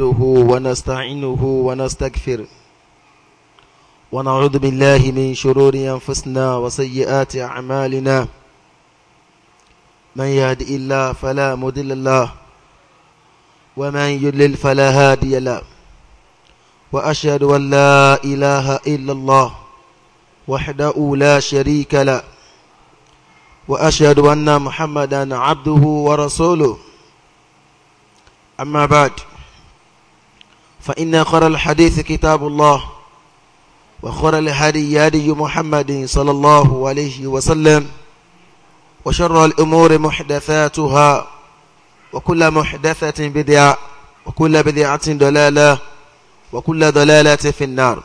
نحمده ونستعينه ونستغفر ونعوذ بالله من شرور أنفسنا وسيئات أعمالنا من يهد الله فلا مضل له ومن يضلل فلا هادي له وأشهد أن لا إله إلا الله وحده لا شريك له وأشهد أن محمدا عبده ورسوله أما بعد فإن خر الحديث كتاب الله وخر الهدي هدي محمد صلى الله عليه وسلم وشر الأمور محدثاتها وكل محدثة بدعة وكل بدعة ضلالة وكل ضلالة في النار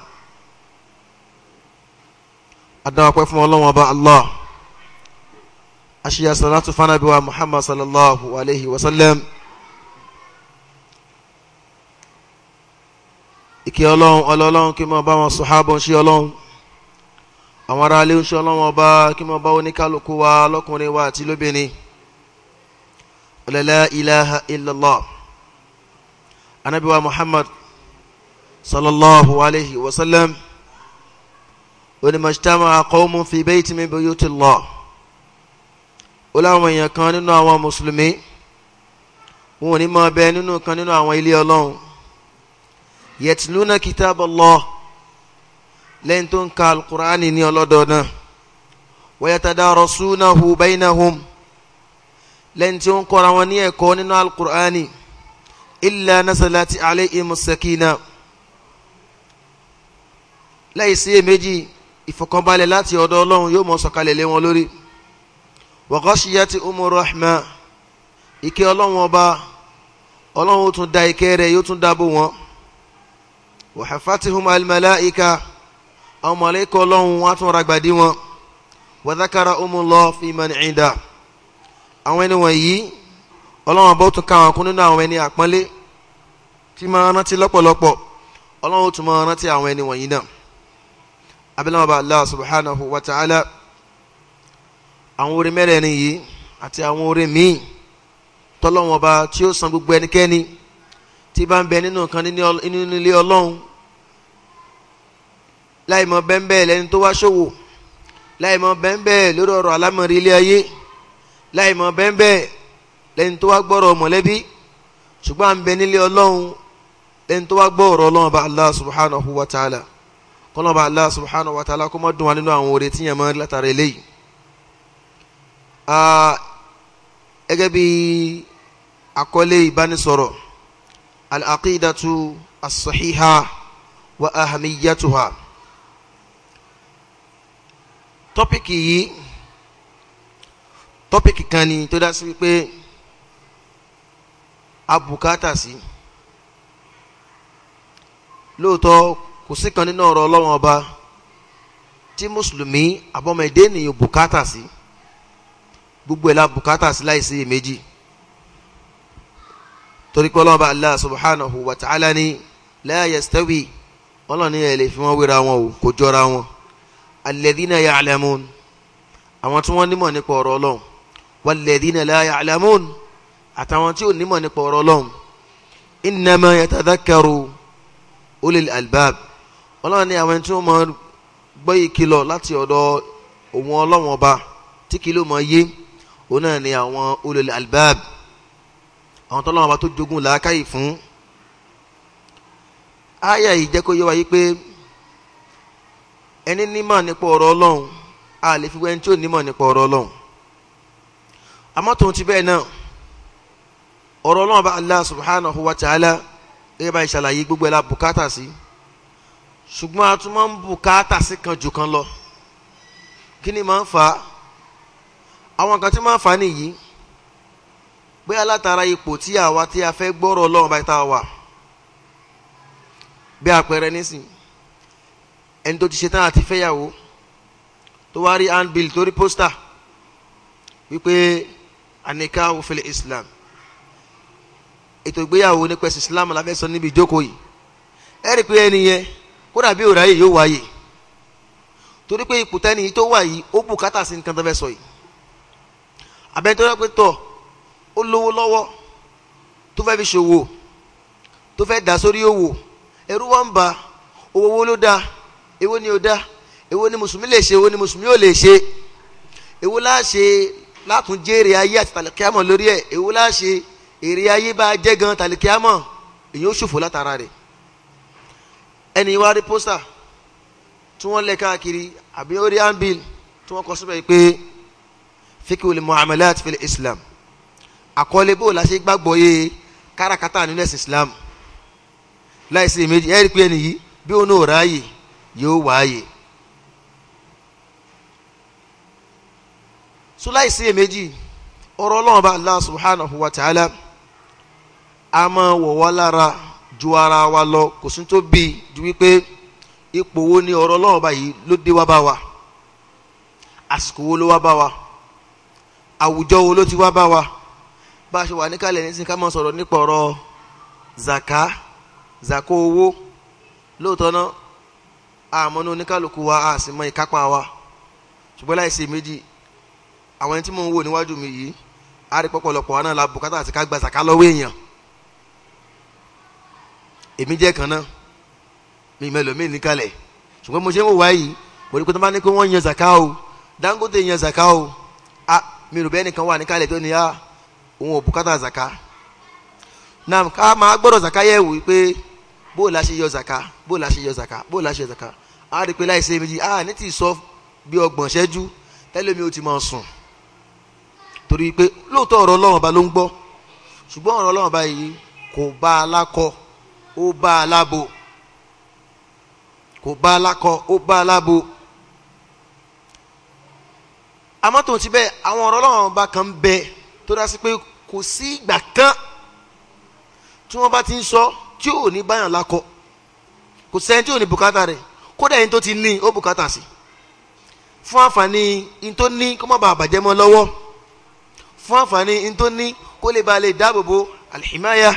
أدعوك وفهم الله وبع الله أشياء صلاة فنبي محمد صلى الله عليه وسلم ìkẹ́ ọlọ́run ọlọ́run kí máa bá wọn sọ̀hábọ̀ ń ṣe ọlọ́run àwọn ará ilé ń ṣe ọlọ́run ọba kí máa bá oníkálukú wa lọ́kùnrin wa àti lóbìnrin la ilaha illallah anábíwá muhammad sallallahu alayhi wa sallam onímọ̀ṣítàmà qawmun fi bayti min buyutillah ó láwọn èèyàn kan nínú àwọn mùsùlùmí wọn ò ní máa bẹ nínú kan nínú àwọn ilé ọlọ́run yẹtìlúnà kìtàbọ̀ lọ lẹ́yìn tó ń ka alukur'ani ní ọlọ́dọọdún wọ́yàtàdá rọ̀ṣúnà hù bẹ́yìnà hùm lẹ́yìn tí ó ń kọ́ra wọn ní ẹ̀kọ́ nínú alukur'ani ilà nasalati alẹ́ imusakina láìsí èméjì ìfọ̀kànbalẹ̀ láti ọ̀dọ̀ ọlọ́run yóò mọ sọ̀kalẹ̀ lé wọn lórí wàkọ́ṣíyàtì umar rahma ike ọlọ́run ọba ọlọ́run ó tún da ike rẹ̀ yóò tún dábò wọn. وحفتهم الملائكة أو ملائكة الله واتم رقبدي وذكر أم الله في من عنده àwọn ẹni wọ̀nyí ọlọ́run ọba ó tún ká àwọn kún nínú àwọn ẹni àpọ́nlé tí máa rántí lọ́pọ̀lọpọ̀ ọlọ́run ó tún máa rántí àwọn ẹni wọ̀nyí náà abilawo ọba allah subhanahu wa ta'ala àwọn orin mẹ́rẹ̀ẹ̀rin yìí àti àwọn orin míì tọ́lọ́run ọba tí ó san gbogbo ẹnikẹ́ni tí bá ń bẹ nínú nǹkan nínú ilé ọlọ́run láìmọ̀ bẹ́ńbẹ́ lẹ́ni tó wá ṣòwò láìmọ̀ bẹ́ńbẹ́ lórí ọ̀rọ̀ alámọ̀rí ilé ayé láìmọ̀ bẹ́ńbẹ́ lẹ́ni tó wá gbọ́rọ̀ mọ̀lẹ́bí ṣùgbọ́n à ń bẹ nílé ọlọ́run lẹ́ni tó wá gbọ́ ọ̀rọ̀ ọlọ́run bá allah subhanahu wa ta'ala kọ́nà bá allah subhanahu wa ta'ala kó mọ́ dùn wá nínú àwọn oore tí mọ́ látara eléyìí. gẹ́gẹ́ bí àkọlé ìbánisọ̀rọ̀ al-aqidatu as-sahiha wa ahamiyatuha tọ́pìkì yìí tọ́pìkì kan ni tó dá sí wípé abùkátà sí lóòótọ́ kò sí kan nínú ọ̀rọ̀ ọlọ́wọ́n ọba tí mùsùlùmí àbọ̀mọ̀dé nìyí bùkátà sí gbogbo ẹ̀ la bùkátà sí láìsí èméjì torí pé ọlọ́wọ́n bá Allah subhanahu wa ta'ala ni la yastawi ọlọ́ni ẹ̀ lè fi wọ́n wéra wọn o kò jọra wọn alẹ́dínà ya'lamun àwọn tí wọ́n nímọ̀ nípa ọ̀rọ̀ ọlọ́run walẹ́dínà la ya'lamun àtàwọn tí ò nímọ̀ nípa ọ̀rọ̀ ọlọ́run innama yatadhakkaru ulil albab ọlọ́run ní àwọn tí wọ́n mọ gbọ́ ìkìlọ̀ láti ọ̀dọ̀ òun ọlọ́run ọba tí kìlọ̀ mọ yé òun náà ní àwọn ulil albab àwọn tọ́lọ́run ọba tó jogún làákàyè fún áyà yìí jẹ́ kó pé ẹni nímọ̀ nípa ọ̀rọ̀ ọlọ́run a lè fi wẹ́ ẹni tí ò nímọ̀ nípa ọ̀rọ̀ ọlọ́run àmọ́ tòun ti bẹ́ẹ̀ náà ọ̀rọ̀ ọlọ́run bá Allah subhanahu wa ta'ala gẹ́gẹ́ bá ìṣàlàyé gbogbo ẹ̀ la bùkátà sí ṣùgbọ́n a tún máa ń bùkátà sí kan jù kan lọ kí ni máa ń fa àwọn kan tí máa ń fa nìyí bóyá látara ipò tí àwa tí a fẹ́ gbọ́rọ̀ ọlọ́run bá ta wà bí àpẹẹrẹ nísìnyí ẹni tó ti ṣetán àti fẹ́yàwó tó wá rí handbill tó rí pósítà wípé àníká òfìlẹ̀ islam ètò ìgbéyàwó nípa ẹ̀sìn islam la fẹ́ sọ níbi ìjókòó yìí ẹ rí i pé ẹni yẹn kódà bí òòrà yìí yóò wáyé torí pé ipò tẹ́ni yìí tó wà yìí ó bùkátà sí nǹkan tó fẹ́ sọ yìí abẹ́ntọ́ pé tọ̀ ó lówó lọ́wọ́ tó fẹ́ fi ṣòwò tó fẹ́ dá sórí òwò ẹ̀rú wọn ń ba owó ló dáa èwo ni ó dá èwo ni mùsùlùmí lè ṣe èwo ni mùsùlùmí ò lè ṣe èwo la ṣe látún jèrè ayé àti tàlìkíámọ̀ lórí ẹ̀ èwo la ṣe èrè ayé bá jẹ́ gan tàlìkíámọ̀ èyí ó ṣòfò látara rẹ̀ ẹni wá rí pósítà tí wọ́n lẹ̀ káàkiri àbí ó rí tí wọ́n kọ síbẹ̀ pé fíkìwìlì muamalat fil islam àkọlé bó la ṣe gbàgbọ́ yé káràkátà nínú ẹ̀sìn islam láìsí èméjì ẹ̀rí pé ẹni yìí bí òun ò ráàyè yóò wáyé sulayi sí èméjì ọ̀rọ̀ ọlọ́run bá Allah subhanahu wa ta'ala a máa wọ̀ lára ju ara wa lọ kò sí tó bí ju wípé ipò wo ni ọ̀rọ̀ ọlọ́run bá yìí ló dé wá bá wa àsìkò wo ló wá bá wa àwùjọ wo ló ti wá bá wa bá a ṣe wà níkàlẹ̀ ní sin ká máa sọ̀rọ̀ nípa ọ̀rọ̀ zaka zaka owó lóòótọ́ náà àmọ́ ní oníkálukú wa a sì mọ ìkápá wa ṣùgbọ́n láìsí méjì àwọn ẹni tí mò ń wò níwájú mi yìí a rí pọ̀pọ̀lọpọ̀ wa náà la bùkátà àti ká gba zàká lọ́wọ́ èèyàn èmi jẹ́ kan náà mi mẹ́lò mí níkàlẹ̀ ṣùgbọ́n mo ṣe ń wò wáyé mo rí pé bá ní pé wọ́n yan zàká o Dangote yan zàká o a mi rò bẹ́ẹ̀ nìkan wà níkàlẹ̀ tó ní a òun ò bùkátà zàká náà ká máa gbọ́dọ̀ zàká bó o la ṣe yọ zaka bó o la ṣe yọ zaka bó o la ṣe yọ zaka a rí i pé láìsí méjì a ní tí sọ bí ọgbọ̀n ṣẹ́jú tẹ́lẹ̀mí o ti máa sùn torí pé lóòótọ́ ọ̀rọ̀ ọlọ́run ọba ló ń gbọ́ ṣùgbọ́n ọ̀rọ̀ ọlọ́run ọba yìí kò bá a lákọ ó bá a lábo kò bá a lákọ ó bá a lábo àmọ́ tòun ti bẹ́ẹ̀ àwọn ọ̀rọ̀ ọlọ́run ọba kan bẹ tó dá sí pé kò sí ìgbà kan tí wọ́n bá ti ń sọ. So, tí ò ní báyàn lakọ kò sẹ́ni tí ò ní bùkátà rẹ̀ kódà yín tó ti ní ó bùkátà sí fún àǹfààní yín tó ní kó má bàa bàjẹ́ mọ́ lọ́wọ́ fún àǹfààní yín tó ní kó lè ba lè dáàbòbò alhimaya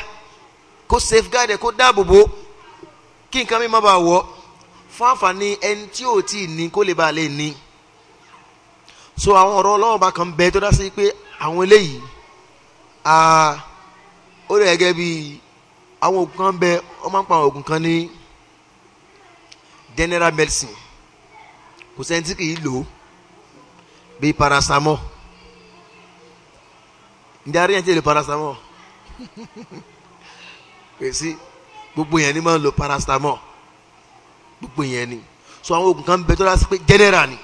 kó safeguard ẹ̀ kó dáàbòbò kí nǹkan mi má bàa wọ̀ fún àǹfààní ẹni tí ò tí ì ní kó lè ba lè ní so àwọn ọ̀rọ̀ ọlọ́wọ́ bá kan bẹ tó dá sí pé àwọn eléyìí ó rẹ̀ gẹ́gẹ́ bíi àwọn oògùn kan bẹ wọ́n máa ń pa àwọn oògùn kan ní general medicine kò sẹ́ni tí kìí lò ó bíi paracetamol ǹjẹ́ àríyàn ti lè paracetamol pèsè gbogbo yẹn ni máa ń lo paracetamol gbogbo yẹn ni so àwọn oògùn kan bẹ tó dá sí pé general ni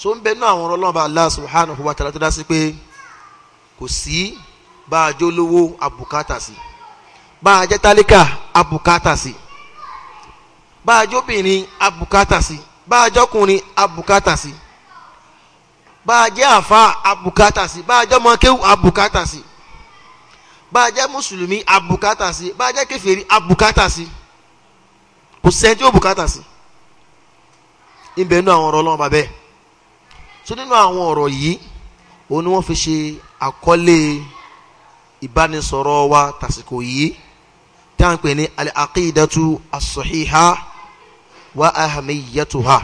so ń bẹ náà àwọn ọ̀rọ̀ ọlọ́run bá Allah wa tó dá pé kò sí bá a jó lówó àbùkátà sí i bá a jẹ́ tálíkà abùkátà sí bá a jóbìnrin abùkátà sí bá a jọkùnrin abùkátà sí bá a jẹ́ àfa abùkátà sí bá a jẹ́ mọ́kéwù abùkátà sí bá a jẹ́ mùsùlùmí abùkátà sí bá a jẹ́ kèfèrí abùkátà sí kò sẹ́ni tí ó bùkátà sí ìbẹ̀ nínú àwọn ọ̀rọ̀ ọlọ́run bàbẹ́ so nínú àwọn ọ̀rọ̀ yìí òun ni wọ́n fi ṣe àkọlé ìbánisọ̀rọ̀ wa tàsìkò yìí táǹpẹ̀ ní al-aqidatu as-sahiha wa ahamiyatuha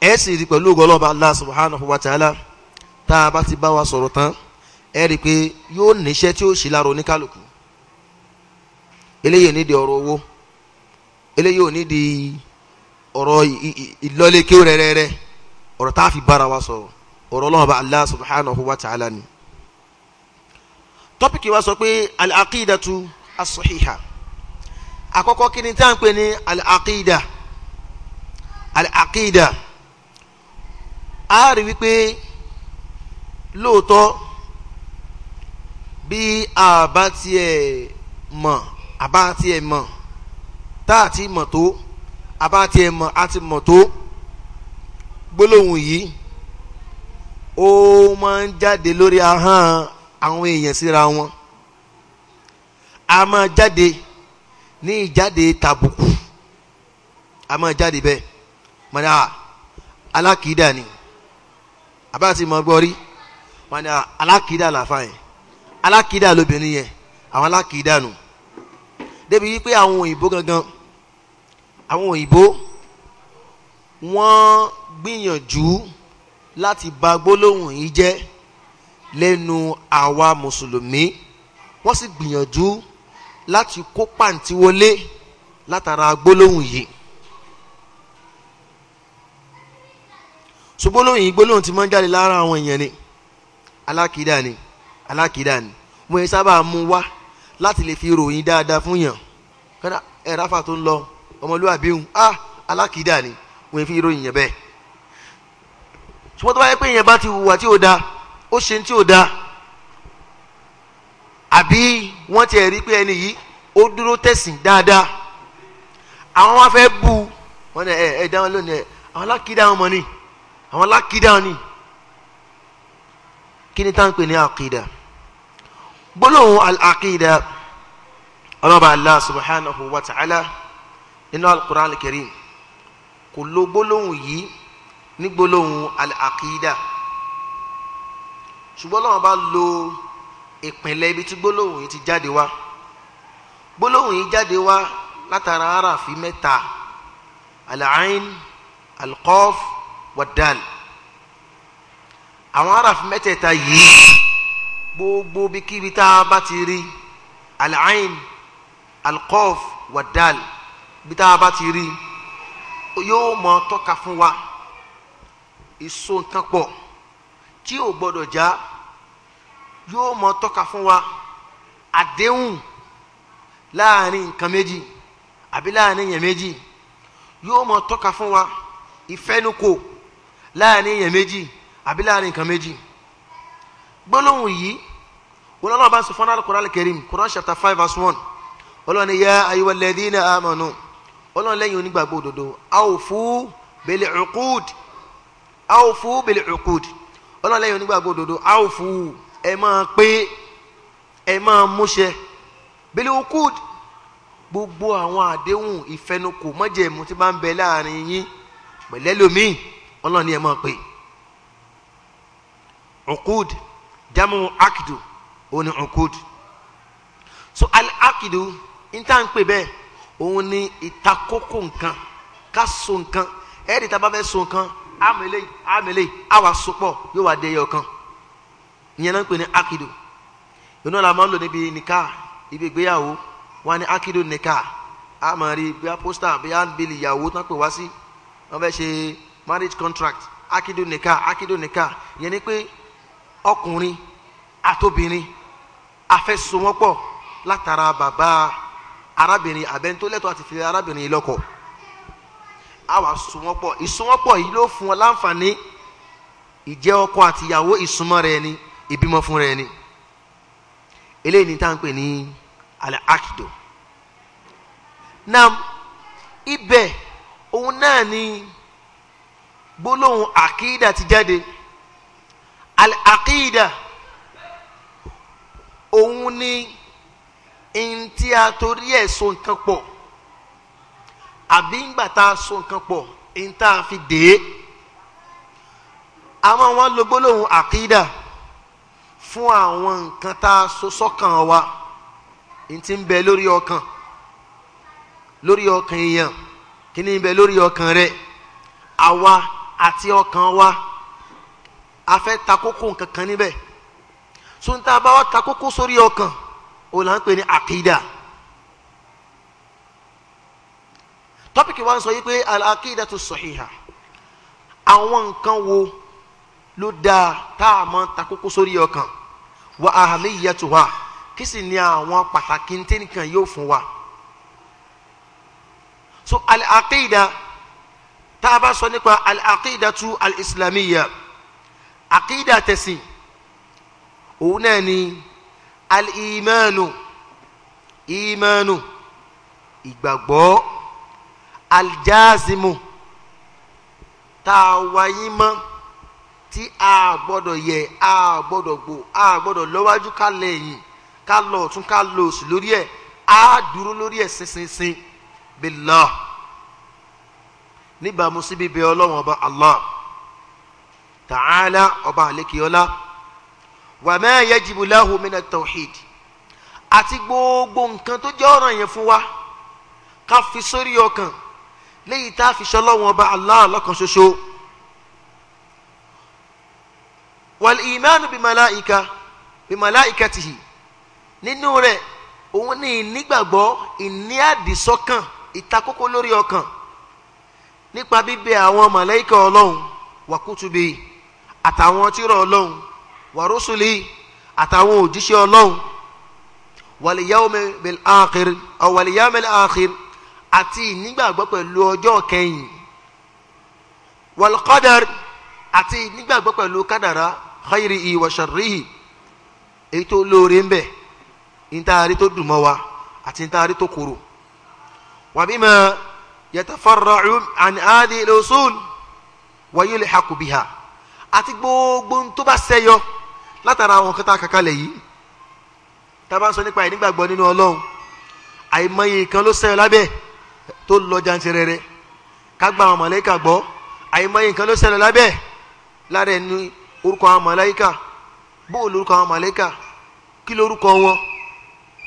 ẹ sì rí pẹ̀lú ọgọlọ́ba Allah subhanahu wa ta'ala tá a bá ti bá wa sọ̀rọ̀ tán ẹ rí i pé yóò níṣẹ́ tí ó ṣe lára oníkálukú eléyìí nídìí ọ̀rọ̀ owó eléyìí ò nídìí ọ̀rọ̀ ìlọ́lékè rẹ́rẹ́rẹ́ ọ̀rọ̀ tá a fi bára wa sọ̀rọ̀ ọ̀rọ̀ ọlọ́ọ̀ba Allah subhanahu wa ta'ala ni tọ́pìkì wa sọ pé al-aqidatu as-sahiha àkọ́kọ́ kí ni al-aqida al-aqida a rí wípé lóòótọ́ bí a bá tiẹ̀ mọ̀ a bá tiẹ̀ mọ̀ tá a ti mọ̀ tó a bá tiẹ̀ mọ̀ a ti mọ̀ tó gbólóhùn yìí ó máa ń jáde lórí ahọ́n àwọn èèyàn síra wọn a máa jáde ní ìjáde tàbùkù a máa jáde bẹ́ẹ̀ mọ̀nà alákìídà ni àbáàtì mọ̀ gbọ́ rí mọ̀nà alákìídà làfà yẹn alákìídà lóbìnrin yẹn àwọn alákìídà nù débi wípé àwọn òyìnbó gangan àwọn òyìnbó wọ́n gbìyànjú láti bà gbólóhùn yìí jẹ́ lẹ́nu àwa mùsùlùmí wọ́n sì gbìyànjú láti kó pàǹtí wọlé látara gbólóhùn yìí so gbólóhùn yìí gbólóhùn tí máa ń jáde lára àwọn èèyàn ni alákìídà ni alákìídà ni mo yẹ sábà mú wá láti lè fi ròyìn dáadáa fún yàn kódà ẹ ráfà tó ń lọ ọmọlúwàbí ń ah alákìídà ni mo yẹ fi ròyìn yẹn bẹ́ẹ̀ ṣùgbọ́n tó bá yẹ pé èèyàn bá ti hùwà tí ò da ó ṣe tí ò da àbí wọ́n ti rí pé ẹni yìí ó dúró tẹ̀sìn dáadáa àwọn wá fẹ́ bu wọn ẹ ẹ dáwọn lónìí ẹ àwọn alákìdá wọn mọ ni àwọn alákìdá wọn ni kí ni táwọn pè ní àkìdá gbólóhùn àkìdá ọlọ́ba allah subhanahu wa ta'ala nínú al-Qur'an al-Karim kò lo gbólóhùn yìí ní gbólóhùn àkìdá ṣùgbọ́n lọ́wọ́ bá lo ìpìlẹ̀ ibi tí gbólóhùn yìí ti jáde wá gbólóhùn yìí jáde wá látara aráàfin mẹ́ta alain alqaf wadal àwọn aráàfin mẹ́tẹ̀ẹ̀ta yìí gbogbo bíkíbi tá a bá ti rí alain alqaf wadal bí tá a bá ti rí yóò mọ tọ́ka fún wa ìso nǹkan pọ̀ tí ò gbọ́dọ̀ já. Ja, yóò mọ tọ́ka fún wa àdéhùn láàrin nǹkan méjì àbí láàrin èèyàn méjì yóò mọ tọ́ka fún wa ìfẹ́nukò láàrin èèyàn méjì àbí láàrin nǹkan méjì gbólóhùn yìí wọn lọ́nà bá ń sọ fún aláàlú Qur'an al-Karim Qur'an chapter five verse one ọlọ́run ni ya ayyuhal ladhina amanu ọlọ́run lẹ́yìn onígbàgbọ́ òdodo awfu bil uqud awfu bil uqud ọlọ́run lẹ́yìn onígbàgbọ́ òdodo awfu ẹ máa pé ẹ máa múṣẹ biliwukud gbogbo àwọn àdéhùn ìfẹnukò mọ́jẹ̀mú tí bá ń bẹ láàrin yín pẹ̀lẹ́lòmíì ọlọ́run ni ẹ máa pé ukud jamu akidu òun ni ukud so al akidu níta ń pè bẹ́ẹ̀ òun ni ìtakókò nǹkan ká so nǹkan ẹ̀ẹ́dì tá a bá fẹ́ so nǹkan àmì eléyìí àmì eléyìí àwa sopọ̀ yóò wá dé ẹyọ kan ìyẹn náà ń pè ní akidu inú la máa ń lò níbi nìka ibi ìgbéyàwó wọn ní akidu nìka a máa rí bí a pósítà bí a bí ìyàwó pè wá sí wọn fẹ́ ṣe marriage contract akido nìka akido nìka ìyẹn ni pé ọkùnrin àtobìnrin a fẹ́ so wọ́n pọ̀ látara bàbá arábìnrin àbẹ́ntólẹ́tọ̀ àti fi arábìnrin lọ́kọ a wà so wọ́n ìsowọ́pọ̀ yìí ló fún ọ láǹfààní ìjẹ́ ọkọ àtìyàwó ìsúnmọ́ rẹ̀ ni ìbímọ fúnra ẹni eléyìí ní táwọn pè ní alẹ́ akido náà ibẹ̀ òun náà ni gbólóhùn àkídà ti jáde alẹ́ àkídà òun ni ntí a torí ẹ̀ so nǹkan pọ̀ àbí ńgbà tá a so nǹkan pọ̀ ntá a fi dè é àwọn wọn lo gbólóhùn àkídà fún àwọn nǹkan tá a so sọ́kàn wa n ti ń bẹ lórí ọkàn lórí ọkàn èèyàn kí ni ń bẹ lórí ọkàn rẹ àwa àti ọkàn wa a fẹ́ ta kókó nǹkan kan níbẹ̀ so n ta bá wa ta kókó sórí ọkàn o là ń pè ní àkídà tọ́pìkì wa ń sọ yìí pé àkídà tó sọ̀híhà àwọn nǹkan wo ló dáa tá a mọ̀ ta kókó sórí ọkàn wa ahamiyatuha kí sì ni àwọn pàtàkì ntẹ́nìkan yóò fún wa so al-aqida tá a bá sọ nípa al-aqidatu al-islamiyya aqida tẹ̀sìn òun náà ni al-imanu imanu ìgbàgbọ́ aljazimu tá a wáyé tí a gbọ́dọ̀ yẹ a gbọ́dọ̀ gbò a gbọ́dọ̀ lọ́wájú ká lẹ́yìn ká lọ ọ̀tún ká lọ òsì lórí ẹ̀ á dúró lórí ẹ̀ sísinsin billah níbàámu sí bíbẹ ọlọ́run ọba allah ta'ala ọba àlékiọlá wa ma yajibu lahu mina tawhid àti gbogbo nǹkan tó jẹ́ ọ̀ràn yẹn fún wa ká fi sórí ọkàn léyìí tá a fi sọ ọlọ́run ọba allah lọ́kàn ṣoṣo. والإيمان īmānu bi-malā'ika bi-malā'ikatihi nínú rẹ̀ òun ní ìnígbàgbọ́ ìní àdìsọ́kàn ìtakókó lórí ọkàn nípa bíbẹ àwọn màláíkà ọlọ́run wa kutubi àtàwọn tírà ọlọ́run wa rusuli àtàwọn òjíṣẹ́ ọlọ́run wal-yawmi bil-ākhir aw wal-yawmi al-ākhir àti ìnígbàgbọ́ pẹ̀lú ọjọ́ kẹyìn wal-qadar àti ìnígbàgbọ́ pẹ̀lú kádàrá khairihi wa sharrihi èyí tó lóore ń bẹ ntaari tó dùn mọ́ wa àti ntaari tó kúrò wa bima yatafarra'u an adi al-usul wa yulhaqu biha àti gbogbo tó bá ṣẹyọ látara àwọn kan tá a kàkà lẹ̀ yìí tá sọ nípa ìnígbàgbọ́ nínú ọlọ́run àìmọye kan ló ṣẹyọ lábẹ́ tó lọ jantirẹrẹ ká gba àwọn mọ̀lẹ́kà gbọ́ àìmọye kan ló ṣẹlẹ̀ lábẹ́ lára ẹni orúkọ àwọn màláíkà bóò lórúkọ àwọn màláíkà kí lórúkọ wọn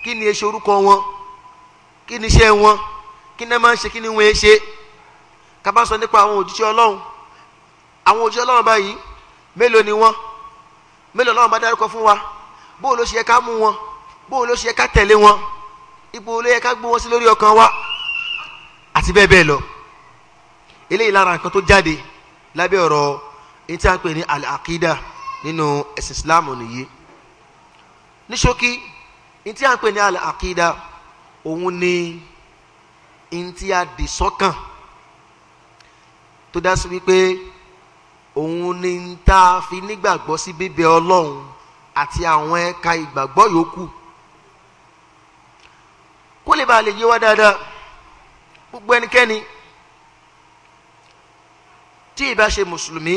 kí ni eṣe orúkọ wọn kí ni iṣẹ́ wọn kí ni máa ń ṣe kí ni wọ́n ṣe ká bá sọ nípa àwọn òjíṣẹ́ Ọlọ́run àwọn òjíṣẹ́ Ọlọ́run báyìí mélòó ni wọ́n mélòó Ọlọ́run bá dárúkọ fún wa bóò ló ṣe ká mú wọn bóò ló ṣe ká tẹ̀lé wọn ipò ló yẹ ká gbé wọn sí lórí ọkàn wa àti bẹ́ẹ̀ bẹ́ẹ̀ lọ eléyìí lára nǹkan tó jáde lábẹ́ ọ̀rọ̀ èyí tí a ń pè ní al-aqida nínú ẹ̀sìn islam nìyí ní ṣókí èyí a pè ní al-aqida òun ni èyí tí a dì sọ́kàn tó dá sí wípé òun ni ń tá a fi nígbàgbọ́ sí bíbẹ ọlọ́run àti àwọn ẹ̀ka ìgbàgbọ́ yòókù kó lè bàa lè yé wa dáadáa gbogbo ẹnikẹ́ni tí ì ṣe mùsùlùmí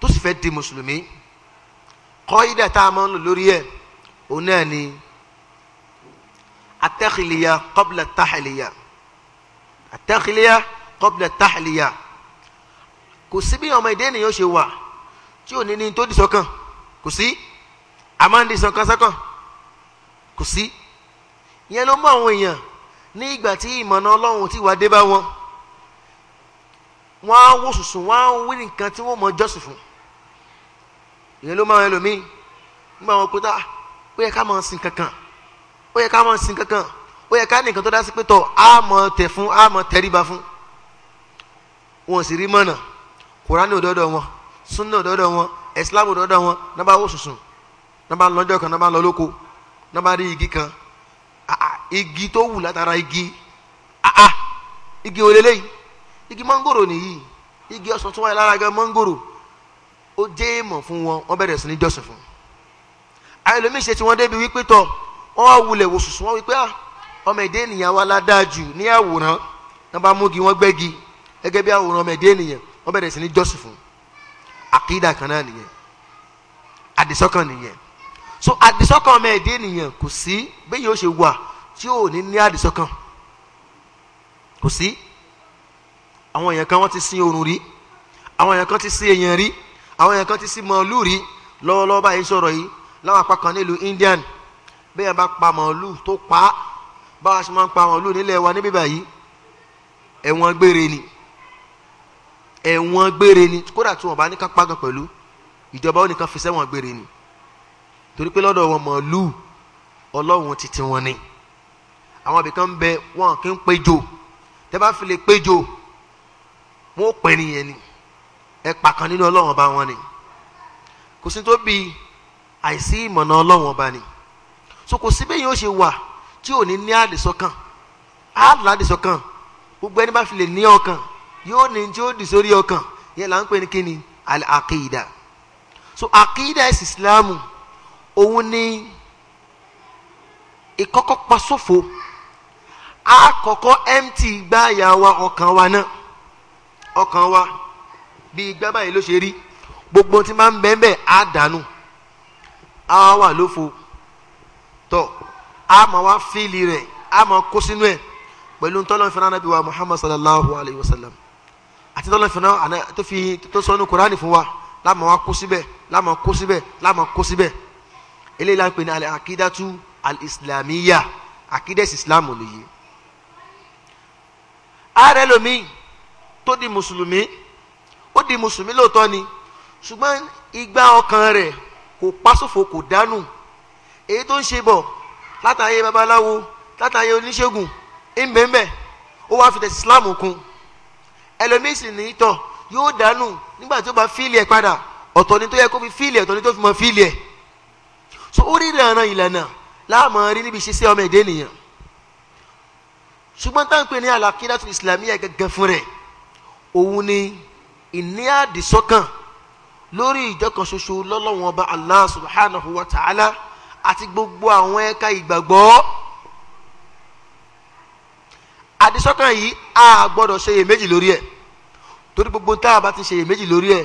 tó sì fẹ́ di mùsùlùmí kọ́ídà tá a máa ń lò lórí ẹ̀ òun náà ni atẹ́kìlìyà kọ́bìlà táhìlìyà atẹ́kìlìyà kọ́bìlà táhìlìyà kò sí bí ọmọ ìdí ènìyàn ṣe wà tí ò ní ní tó di sọ́kàn kò sí àmọ́ ń di sọ́kàn sọ́kàn kò sí ìyẹn ló mú àwọn èèyàn ní ìgbà tí ìmọ̀nà ọlọ́run ti wà dé bá wọn wọ́n á wò wọ́n á wí nǹkan tí wọ́n mọ jọ́sìn fún ìyẹn ló máa ń ẹlòmíì nígbà wọn pé tá ó yẹ ká máa sin kankan ó yẹ ká máa sin kankan ó yẹ ká nìkan tó dá sí pé tọ á mọ tẹ fún á mọ tẹríba fún wọn sì rí mọ̀nà kùránì òdòdó wọn súnà òdòdó wọn ìsìlámù òdòdó wọn náà wò sùsùn náà bá kan náà lọ lóko náà rí igi kan igi tó wù látara igi igi òlélẹ́yìn igi mọ́ngòrò nìyí igi ọ̀sán tó wáyé lára gan mọ́ngòrò ó jẹ́ èèmọ̀ fún wọn wọ́n bẹ̀rẹ̀ sí ní jọ́sìn fún un àìlómi ṣe tí wọ́n débi wípé tọ̀ wọ́n wulẹ̀ wò sùsùn wọ́n wípé à ah, ọmọ èdè ènìyàn wa ládàá jù ní àwòrán náà bá múgi wọ́n gbẹ́gi gẹ́gẹ́ bí àwòrán ọmọ èdè ènìyàn wọ́n bẹ̀rẹ̀ sí ní jọ́sìn fún àkídà kan náà nìyẹn àdìsọ́kàn nìyẹn so àdìsọ́kàn ọmọ èdè ènìyàn kò sí bẹ́ẹ̀ yóò ṣe wà tí ò ní ní àdìsọ́kàn kò sí àwọn èèyàn kan wọ́n ti sin oòrùn rí àwọn èèyàn kan ti sin èèyàn rí àwọn èèyàn kan ti sí màálù rí lọ́wọ́lọ́wọ́ báyìí sọ̀rọ̀ yìí láwọn apá nílùú Indian bẹ́ẹ̀ bá pa màálù tó pa báwa ṣe máa ń pa màálù nílẹ̀ wa níbí báyìí ẹ̀wọ̀n gbére ni ẹ̀wọ̀n gbére ni kódà tí wọ́n bá ní ká pàgọ́ pẹ̀lú ìjọba ó nìkan fi sẹ́wọ̀n gbére ni torí pé lọ́dọ̀ wọn màálù ọlọ́run titi wọn ni àwọn ibìkan ń bẹ wọn kì í péjò tẹ bá fi lè péjò wọn ò pẹ́ nìyẹn ni ẹ pàkan nínú ọlọ́run ọba wọn ni kò sí tó bí àìsí ìmọ̀nà ọlọ́run ọba ni so kò sí bẹ́ẹ̀ yóò ṣe wà tí ò ní ní àdìsọ́kàn àdìsọ́kàn gbogbo ẹni bá fi lè ní ọkàn yóò ní tí ó dì sórí ọkàn yẹn là ń pè ní kíni àkìdá so àkìdá ẹ̀sìn ìsìláàmù òun ni ìkọ́kọ́ pa sófo àkọ́kọ́ empty gbáàyà wa ọkàn wa náà ọkàn wa bíi igbá báyìí ló ṣe rí gbogbo tí máa ń bẹ́ẹ̀ bẹ́ẹ̀ á dànù á wà lófo tọ́ á máa wá fíìlì rẹ̀ á máa kó sínú ẹ̀ pẹ̀lú tọ́lọ́ fúnra nàbí wa muhammad sallallahu alayhi wa sallam àti tọ́lọ́ fúnra tó fi tó sọ́nù kuraani fún wa láàmú wa kó síbẹ̀ láàmú kó síbẹ̀ láàmú kó síbẹ̀ eléyìí láti pè ní alẹ́ akídàtú alìsìlámíyà akídẹ́sì islam nìyí. ààrẹ lomi tó di mùsùlùmí ó di mùsùlùmí lóòótọ́ ni ṣùgbọ́n igbá ọkàn rẹ̀ kò pásòfò kò dánù èyí tó ń ṣe bọ̀ látàyè babaláwo látàyè oníṣègùn ìmẹ̀mẹ̀ ó wá fi tẹ̀sí islam kún ẹlòmíì sì ní tọ̀ yóò dánù nígbà tí ó bá fíìlì ẹ̀ padà ọ̀tọ̀ ni tó yẹ kó fi fíìlì ẹ̀ ọ̀tọ̀ ni tó fi mọ fíìlì ẹ̀ so oríire ọ̀ràn ìlànà láàmú rí níbi ṣiṣẹ́ ọmọ èdè nìyẹn ṣùgbọ́n táwọn pè ní alakidatu islamiyya gẹ́gẹ́ fún rẹ̀ òun ni ìní àdìsọ́kàn lórí ìjọkan ṣoṣo lọ́lọ́wọ́n ọba allah subhanahu wa ta'ala àti gbogbo àwọn ẹ̀ka ìgbàgbọ́ àdìsọ́kàn yìí a gbọ́dọ̀ ṣe iyèméjì lórí ẹ̀ torí gbogbo tá a bá ti ṣe iyèméjì lórí ẹ̀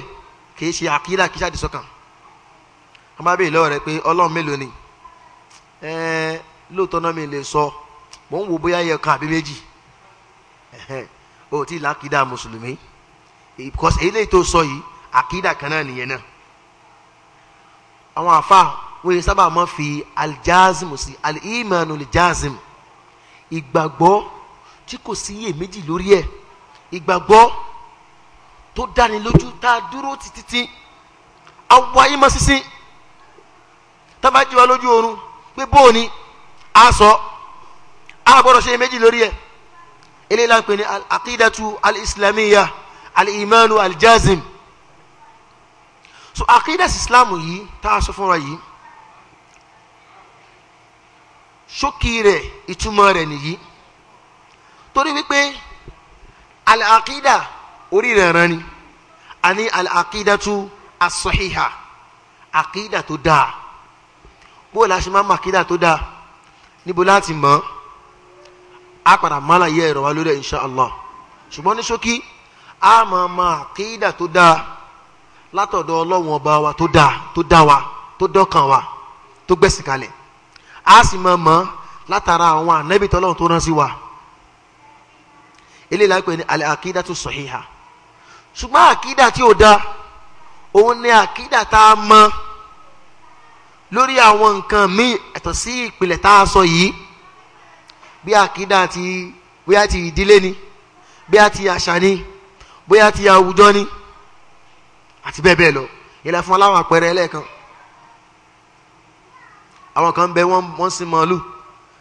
kìí ṣe àkídà kìí ṣe àdìsọ́kàn wọ́n bá bèèrè lọ́wọ́ rẹ pé ọlọ́run mélòó ni ẹ̀ẹ́n lóòótọ́ náà mi lè sọ mò ń wo bóyá ẹyọ kan àbí méjì o ò tí ì lákìdá mùsùlùmí because eléyìí tó sọ yìí àkídà kan náà nìyẹn náà àwọn àfa wọ́n yẹ sábà máa fi aljazm sí alimanu aljazm ìgbàgbọ́ tí kò sí iye méjì lórí ẹ̀ ìgbàgbọ́ tó dáni lójú tá a dúró títí awa ìmọ̀ sísìn tábàjì wa lójú oorun pé bóòní a sọ a gbọ́dọ̀ ṣe iye méjì lórí ẹ̀ eléyìí la ń pè ní akídàtu alislamiya. Al al-imanu al-jazim so akidas islamu yìí tá a sọ fúnra yìí ṣókí rẹ̀ ìtumọ̀ rẹ̀ nìyí torí wípé al-akida orí rẹ̀ rán ni àní al-akidatu as-sahiha akida tó dáa bó la ṣe máa ma akida tó dáa níbo láti mọ̀ á padà mọ́ àlàyé ẹ̀rọ wa lórí ẹ̀ insha Allah ṣùgbọ́n ní ṣókí a máa ma àkídà tó dáa látọ̀dọ̀ ọlọ́run ọba wa tó dáa tó dá wa tó dọ́kàn wa tó gbẹ̀sìn kalẹ̀ a sì máa mọ̀ látara àwọn ànábì tọ́lọ́run tó rán sí wa eléyìí láìpẹ́ ní alẹ́ àkídà tó sọ̀híhà ṣùgbọ́n àkídà tí ò dáa òun ni àkídà tá a mọ̀ lórí àwọn nǹkan míì ẹ̀tọ́ sí ìpìlẹ̀ tá a sọ yìí bí àkídà ti bóyá ti ìdílé ni bí a ti àṣà ni bóyá ti àwùjọ ni àti bẹ́ẹ̀ bẹ́ẹ̀ lọ ìlà fún aláwọ̀ àpẹẹrẹ ẹlẹ́ẹ̀kan àwọn kan bẹ wọ́n wọ́n sin màálù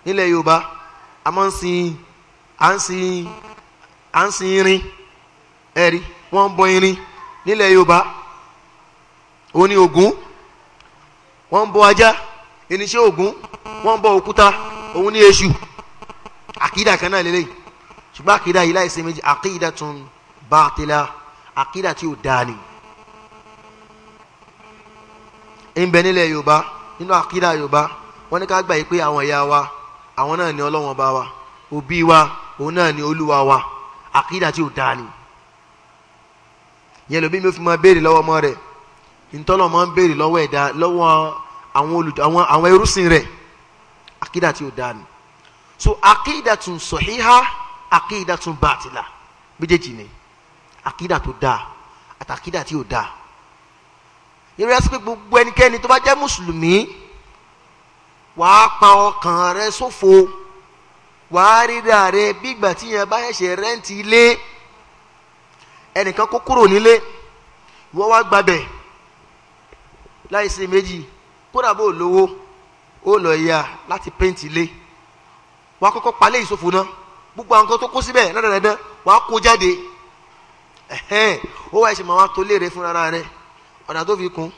nílẹ̀ yorùbá a máa ń sin à ń sin à ń sin irin ẹ̀rí wọ́n ń bọ irin nílẹ̀ yorùbá òun ni ògún bọ ajá irinṣẹ́ ògún wọ́n bọ òkúta òun ni èṣù àkídà kan náà lélẹ́yìn ṣùgbọ́n àkídà yìí láì ṣe méjì tún bàtìlá àkídà tí ò dáa ni ń bẹ nílẹ̀ yorùbá nínú àkídà yorùbá wọ́n ní ká gbà yí pé àwọn ìyá wa àwọn náà ni ọlọ́wọ́n bá wa òbí wa òun náà ni olúwa wa àkídà tí ò dáa ni yẹn lóbi mi fi máa béèrè lọ́wọ́ ọmọ rẹ̀ ntọ́lọ̀ máa ń béèrè lọ́wọ́ ẹ̀dá lọ́wọ́ àwọn olù àwọn àwọn ẹrúsìn rẹ̀ àkídà tí ò dáa so àkídà tún sọ̀híhá àkídà tún bàtìlà méjèèjì ni àkídà tó dáa àtàkídà tí ò dáa ìrẹ́ sí pé gbogbo ẹnikẹ́ni tó bá jẹ́ mùsùlùmí wàá pa ọkàn rẹ sófo wàá ríra rẹ bí ìgbà tí yẹn bá ṣẹ̀ṣẹ̀ rẹ́ǹtì ilé ẹnìkan kó kúrò nílé ìwọ wá gbàbẹ̀ láìsí méjì kódà bó lówó ó lọ ya láti péǹtì ilé wàá kọ́kọ́ palẹ̀ ìsòfò náà gbogbo àwọn kan tó kó síbẹ̀ lọ́dọ̀dọ̀dọ̀ wàá kó jáde ẹ̀hẹ́n ó wáyé ṣe máa tó léèrè fún ara rẹ̀ tó fi kún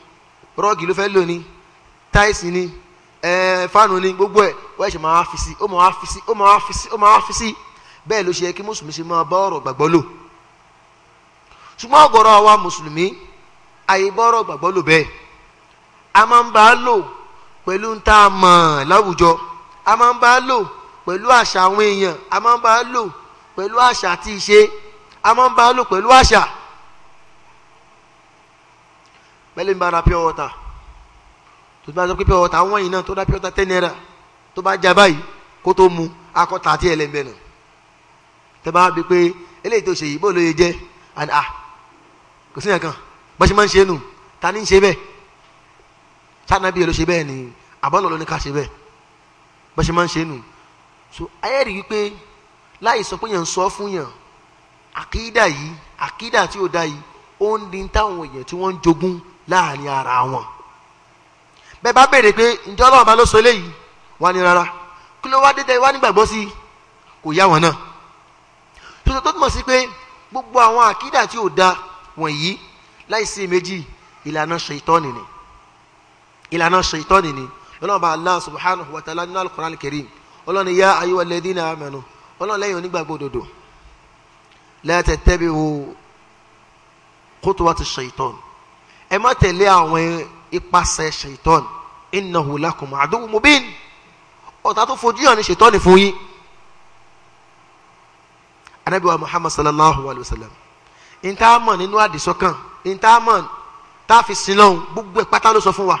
rọ́ọ̀gì ló fẹ́ lò ní táìsì ni gbogbo ẹ̀ wáyé ṣe máa fi sí ó máa wá fi sí ó máa wá fi sí ó máa wá fi sí bẹ́ẹ̀ ló ṣe kí mùsùlùmí ṣe máa a máa ń bá a lò pẹ̀lú ń tá a mọ̀ láwùjọ a máa ń bá a lò pẹ̀lú àṣà àwọn a máa ń bá a lò pẹ̀lú àṣà àti a máa ń bá lò pẹ̀lú àṣà pẹ̀lú ìbára pure water tó bá sọ pé pure water àwọn yìí náà tó dá pure water ten naira tó bá já báyìí kó tó mu akọ tààtì ẹlẹ́gbẹ́ nù tẹ́ bá bí pé eléyìí tó ṣe yìí bó yẹ jẹ́ and ah kò sí nǹkan bó ṣe máa ń ṣe nù ta ni ń ṣe bẹ́ẹ̀ sanabi yẹn ló ṣe bẹ́ẹ̀ ni àbọ̀lọ̀ ló ní ká ṣe bẹ́ẹ̀ bó ṣe máa ń ṣe nù so ayé rí i pé láì sọ pé yẹn ń sọ fún yẹn àkídà yìí àkídà tí ó da yìí ó ń di táwọn èèyàn tí wọ́n ń jogún láàrin ara wọn bẹ́ẹ̀ bá béèrè pé ǹjẹ́ ọlọ́run bá ló sọ eléyìí wọ́n á ní rárá kí ló wá dé tẹ́ wá nígbàgbọ́ sí i kò yá wọn náà tuntun tó túmọ̀ sí pé gbogbo àwọn àkídà tí ò da wọ̀nyí láìsí méjì ìlànà ṣètọ́ni ni ìlànà ṣètọ́ni ni ọlọ́run bá Allah subhanahu wa ta'ala nínú al-Qur'an al-Karim ọlọ́run ya ayyuhalladhina amanu ọlọ́run lẹ́yìn onígbàgbọ́ òdodo la tattabi'u khutuwati shaitan ẹ má tẹ̀lé àwọn ipasẹ̀ shaitan innahu lakum aduwwun mubin ọ̀tá tó fojú hàn ní shaitan fún yín anabi wa muhammad sallallahu alayhi wa sallam ntaamọ̀ nínú àdìsọ́kàn ntaamọ̀ táàfin sinlọ́hún gbogbo ẹ̀ pátá ló sọ fún wa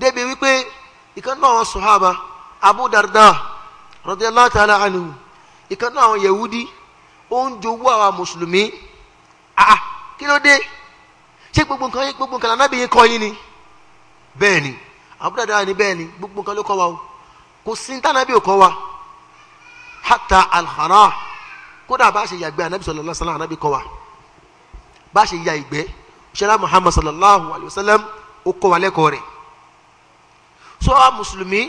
débi wípé ìkan náà sọ̀hábà abu darda radiyallahu ta'ala anhu ìkan náà àwọn yẹ̀wúdí ó ń jowú àwọn mùsùlùmí àà kí ló dé ṣé gbogbo nǹkan yín gbogbo nǹkan lànàbí yín kọ́ yín ni bẹ́ẹ̀ ni àbúrò dára ni bẹ́ẹ̀ ni gbogbo nǹkan ló kọ́ wa o kò sí ní tànàbí ò kọ́ wa hata alhara kódà bá ṣe yàgbẹ́ anabi sallallahu alaihi wasallam anabi kọ́ wa bá ṣe ya ìgbẹ́ ṣẹlá muhammad sallallahu alaihi wasallam ó kọ́ wa lẹ́kọ̀ọ́ rẹ̀ sọ́wọ́ mùsùlùmí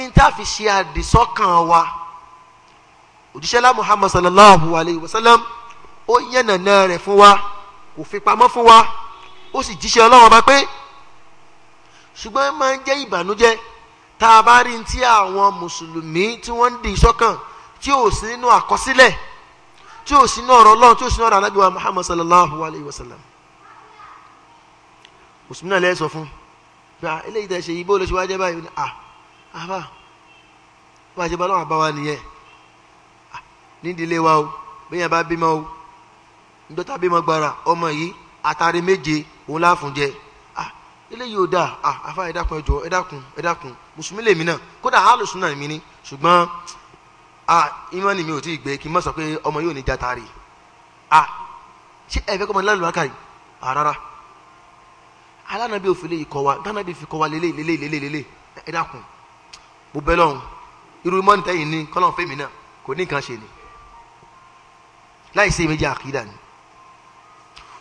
ń tàfi ṣe àdìsọ́kàn wa. So, òjíṣẹ́lá muhammad sallallahu alayhi wa sallam ó yànnàná rẹ̀ fún wa kò fi pamọ́ fún wa ó sì jíṣẹ́ ọlọ́wọ́n bá pé ṣùgbọ́n máa ń jẹ́ ìbànújẹ́ tá a bá rí ti àwọn mùsùlùmí tí wọ́n ń di sọ́kàn tí ò sí nínú àkọsílẹ̀ tí ò sí nínú ọ̀rọ̀ ọlọ́run tí ò sí nínú ọ̀rọ̀ anábìwá muhammad sallallahu alayhi wa sallam mùsùlùmí náà lẹ́sọ̀ fún gba ah, eléyìí tẹ̀ ṣe yìí bó ló ṣe wá jẹ́ àbá ah, bá a nídìílé wa o bẹ́ẹ̀ bá bímọ o ndọ́tà bímọ gbàrà ọmọ yìí àtàrí méje òun láàfún jẹ ah eléyìí ò dáa ah àfa ẹ dákun ẹ jọ ẹ dákun ẹ dákun mùsùlùmí lèmi náà kódà alùsùn náà mi ni ṣùgbọ́n ah ìmọ̀ni mi ò tí ì gbé kí n má sọ pé ọmọ yóò ní jata rè ah ṣé ẹ fẹ́ kọ́ ọmọ lálùbá kàrí ah rárá alánàbí òfin lè kọ́ wa gánàbí fi kọ́ wa lélẹ̀ lélẹ̀ lélẹ̀ lélẹ̀ ẹ dákun bó bẹ́ lọ́hùn irú mọ́nìtẹ́yìn ni kọ́lọ́n fẹ́mi náà kò ní nǹkan ṣe ni láì ṣe méjì àkídà ni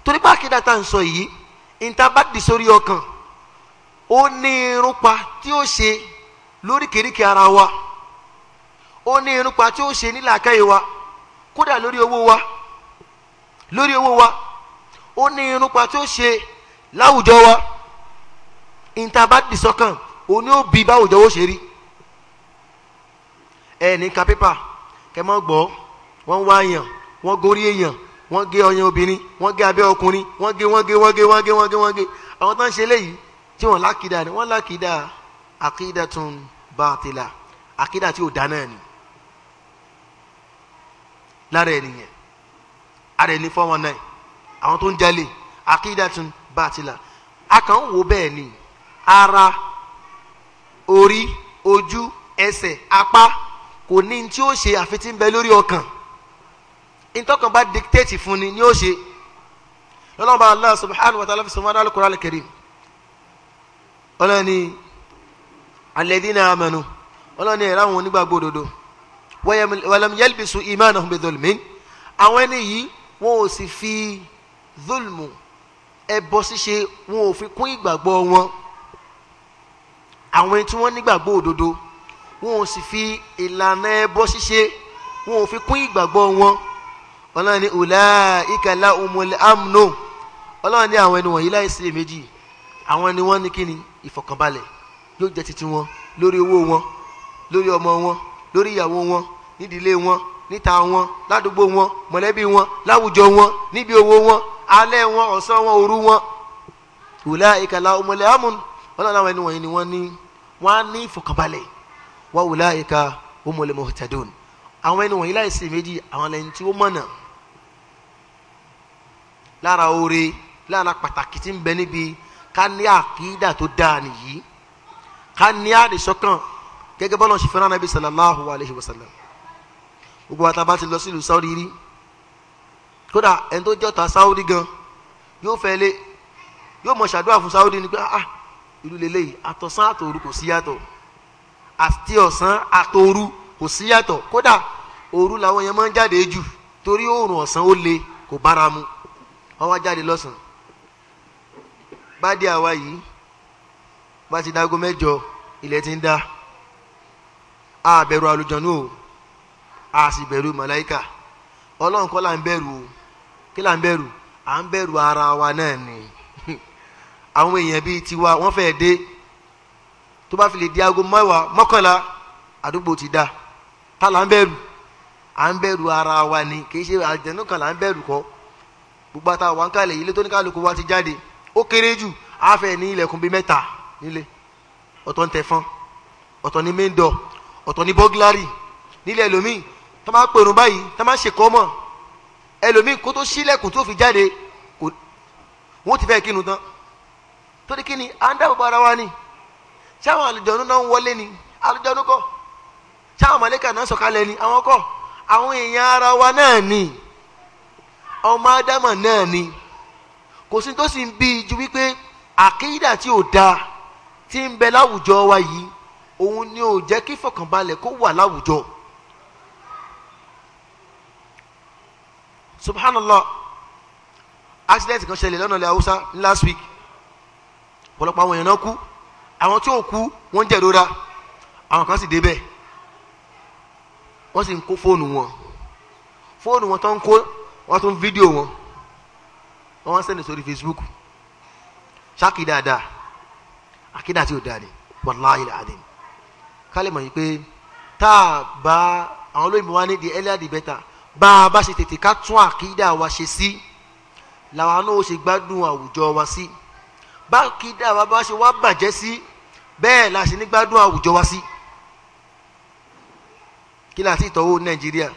torí pé àkídà tá à ń sọ yìí níta bá di sórí ọkàn ó ní irúpa tí ó ṣe lóríkèéríkèé ara wa ó ní irúpa tí ó ṣe nílàákàyè wa kódà lórí owó wa lórí owó wa ó ní irúpa tí ó ṣe láwùjọ wa níta bá di sọ́kàn ó ní ó báwùjọ ó ṣe rí ẹ ní ka pépà kẹ mọ́ gbọ́ wọ́n wá yàn wọ́n gorí èèyàn wọ́n gé ọyàn obìnrin wọ́n gé abẹ́ ọkùnrin wọ́n gé wọ́n gé wọ́n gé wọ́n gé wọ́n gé wọ́n gé àwọn tó ń ṣe léyìí tí wọ́n lákìdá ni wọ́n lákìdá àkìdá tún bàtìlà àkìdá tí ò dáná ni lára ènìyàn ara ẹni four one nine àwọn tó ń jalè àkìdá tún bàtìlà a kàn ń wo bẹ́ẹ̀ ni ara orí ojú ẹsẹ̀ apá kò ní tí ó ṣe àfi tí ń bẹ lórí ọkàn ntọ́kàn bá dictate fún ni ni ó ṣe lọ́lọ́run Allah subhanahu wa ta'ala fi sọmọ́dá al-Qur'an al-Karim ọlọ́ni alladhina amanu ọlọ́ni ẹ̀rọ àwọn onígbàgbọ́ òdodo walam yalbisu imanahum bidhulmin àwọn ẹni yìí wọn ò sì fi zulmu ẹbọ ṣíṣe wọn ò fi kún ìgbàgbọ́ wọn àwọn tí wọ́n nígbàgbọ́ òdodo wọn ò sì fi ìlànà ẹbọ ṣíṣe wọn ò fi kún ìgbàgbọ́ wọn ọlọ́run ní ulaika lahumul amnu ọlọ́run ní àwọn ẹni wọ̀nyí láìsí èméjì àwọn ni wọ́n ní kíni ìfọ̀kànbalẹ̀ yóò jẹ́ titi wọn lórí owó wọn lórí ọmọ wọn lórí ìyàwó wọn nídìílé wọn níta wọn ládùúgbò wọn mọ̀lẹ́bí wọn láwùjọ wọn níbi owó wọn alẹ́ wọn ọ̀sán wọn òru wọn ulaika lahumul amnu ọlọ́run àwọn ẹni wọ̀nyí ni wọ́n ní wọ́n á ní ìfọ̀kànbalẹ̀ wa ulaika humul muhtadun àwọn ẹni wọ̀nyí láìsí èméjì àwọn ẹni tí ó mọ̀nà lára oore lára pàtàkì tí ń bẹ níbi ká ní àkídà tó dáa nìyí ká ní àdìsọ́kàn gẹ́gẹ́ bọ́lá ṣe fẹ́ràn nàbí sallallahu alayhi wa sallam gbogbo wa ta bá ti lọ sílùú Saudi rí kódà ẹni tó jọta Saudi gan yóò fẹ́ lé yóò mọ̀ ṣàdúrà fún Saudi ni pé ah ìlú ah, lélẹ́yìí àtọ̀sán àtòru kò sí yàtọ̀ àti ọ̀sán àtòru kò sí yàtọ̀ kódà òru làwọn yẹn máa ń jáde jù torí oòrùn ọ̀sán ó le kò bára mu wọ́n wá jáde lọ́sàn-án bá dé àwa yìí bá ti dágó mẹ́jọ ilẹ̀ ti ń dá a bẹ̀rù àlùjọ̀nú o a sì bẹ̀rù màláìkà ọlọ́run kọ́ là ń bẹ̀rù o kí là ń bẹ̀rù à ń bẹ̀rù ara wa náà ni àwọn èèyàn bíi tiwa wọ́n fẹ́ dé tó bá fi lè di aago mẹ́wàá mọ́kànlá àdúgbò ti dá ta là ń bẹ̀rù à ń bẹ̀rù ara wa ni kì í ṣe àjẹnú kan là ń bẹ̀rù kọ́ gbogbo àtàwọn wọn kálẹ̀ ilé tó ní kálukú wa ti jáde ó kéré jù àfẹ́ ní ilẹ̀kùn bíi mẹ́ta nílé ọ̀tọ̀ ń tẹ̀fọ́n ọ̀tọ̀ ní main door ọ̀tọ̀ ní burglary nílẹ̀ ẹlòmíì tó máa pèrún báyìí tó máa ṣèkọ́ mọ̀ ẹlòmíì kó tó sílẹ̀kùn tó fi jáde kò wọ́n ti fẹ́ kínu tán torí kí ni à ń dáàbò ara wa ni sáwọn àlùjọ̀nù náà ń wọlé ni àlùjọ̀nù kọ́ sáwọn mọ̀lẹ́kà náà sọ̀kalẹ̀ ni àwọn kọ́ àwọn èèyàn ara wa náà ni ọmọ ádámà náà ni kò sí tó sì ń bí i ju wípé àkídà tí ò dáa tí ń bẹ láwùjọ wa yìí òun ni ò jẹ́ kí fọkànbalẹ̀ kó wà láwùjọ. subhanallah accident kan ṣẹlẹ̀ lọ́nà ilẹ̀ haúsá last week ọ̀pọ̀lọpọ̀ àwọn èèyàn náà kú àwọn tí ò kú wọ́n ń jẹ̀rora àwọn kan sì débẹ̀ wọ́n sì ń kó fóònù wọn fóònù wọn tó ń kó wọ́n tún fídíò wọn wọ́n sẹ́ni sórí Facebook ṣáàkì dáadáa àkídà tí ò dáa ni wàláhì làádìm kálí mọ̀ yìí pé tá a bá àwọn olóyìnbó wa ní di earlier the better bá a bá ṣe tètè ká tún àkídà wa ṣe sí làwọn náà ó ṣe gbádùn àwùjọ wa sí bá àkídà wa bá ṣe wá bàjẹ́ sí bẹ́ẹ̀ la ṣe ní gbádùn àwùjọ wa sí kí láti ìtọ́wò Nàìjíríà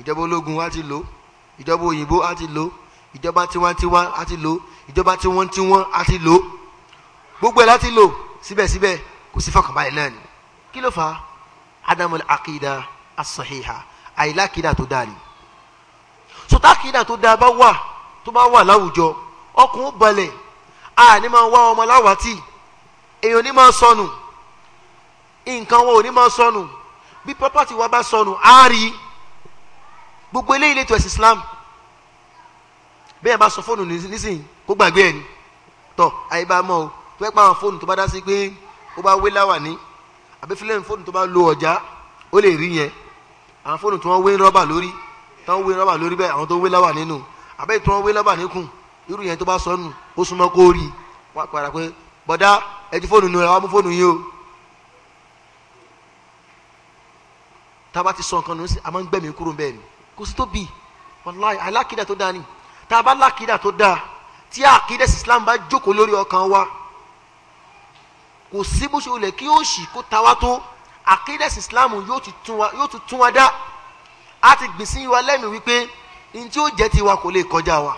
ìjọba ológun wa ti lò ó ìjọba òyìnbó á ti lò ìjọba tiwantiwa á ti lò ìjọba tiwantiwọn á ti lò gbogbo ẹ̀ láti lo, síbẹ̀síbẹ̀ kò sí fọkànbalẹ̀ náà ni kí ló fà á akida asahiha àìlákìdá tó dáa ni sọtákìdá tó dáa bá wà tó bá wà láwùjọ ọkùn ó balẹ̀ àní máa wá ọmọ láwàtì èèyàn ní máa sọnù nǹkan wọn ò ní máa sọnù bí pọ́pátì wa bá sọnù á rí i gbogbo eléyìí lè tó ẹ̀sìn Islam bẹ́ẹ̀ bá sọ fóònù nísìnyí kó gbàgbé ẹ̀ ni tọ́ àyè bá mọ́ o tó ẹ̀ pa àwọn fóònù tó bá dá sí pé ó bá wé láwàní àbí fílẹ̀mù fóònù tó bá lo ọ̀já ó lè rí yẹn àwọn fóònù tí wọ́n wé rọ́bà lórí tí wọ́n wé rọ́bà lórí bẹ́ẹ̀ àwọn tó wé láwà nínú àbẹ́ tí wọ́n wé láwà níkùn irú yẹn tó bá sọnù ó súnmọ́ kó rí wọ́n padà pé a bá ti sọ nǹkan nù ni kò sí tó bì wàláì alákìdá tó dáa ni tá a bá lákìdá tó dáa tí àkìdá islam bá jókòó lórí ọkàn wa kò sí bó ṣe olè o ó ṣì kó ta wá tó àkìdá islam yóò tún tún wa dá a ti gbìn sí wa lẹ́mìí wípé ní tí ó jẹ́ tiwa kò le kọjá wa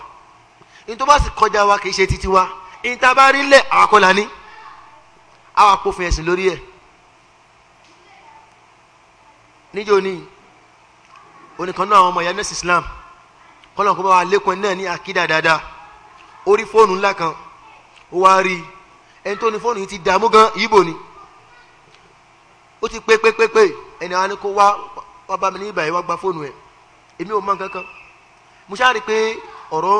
ní tó bá sì kọjá wa kì í titi wa ní tá a bá rí lẹ̀ àwọn akọ́lá ní àwọn àpòfin ẹ̀sìn lórí ẹ̀ níjó ni. Joni, oníkan náà ọmọ ìyá nẹ́sì islam kọ́lọ́n kó bá wa lékun náà ní fóònù ńlá kan ó rí ẹni tó ní fóònù yìí ti dààmú gan ni ó ti pé pé pé pé ẹni fóònù èmi ò rí i pé ọ̀rọ̀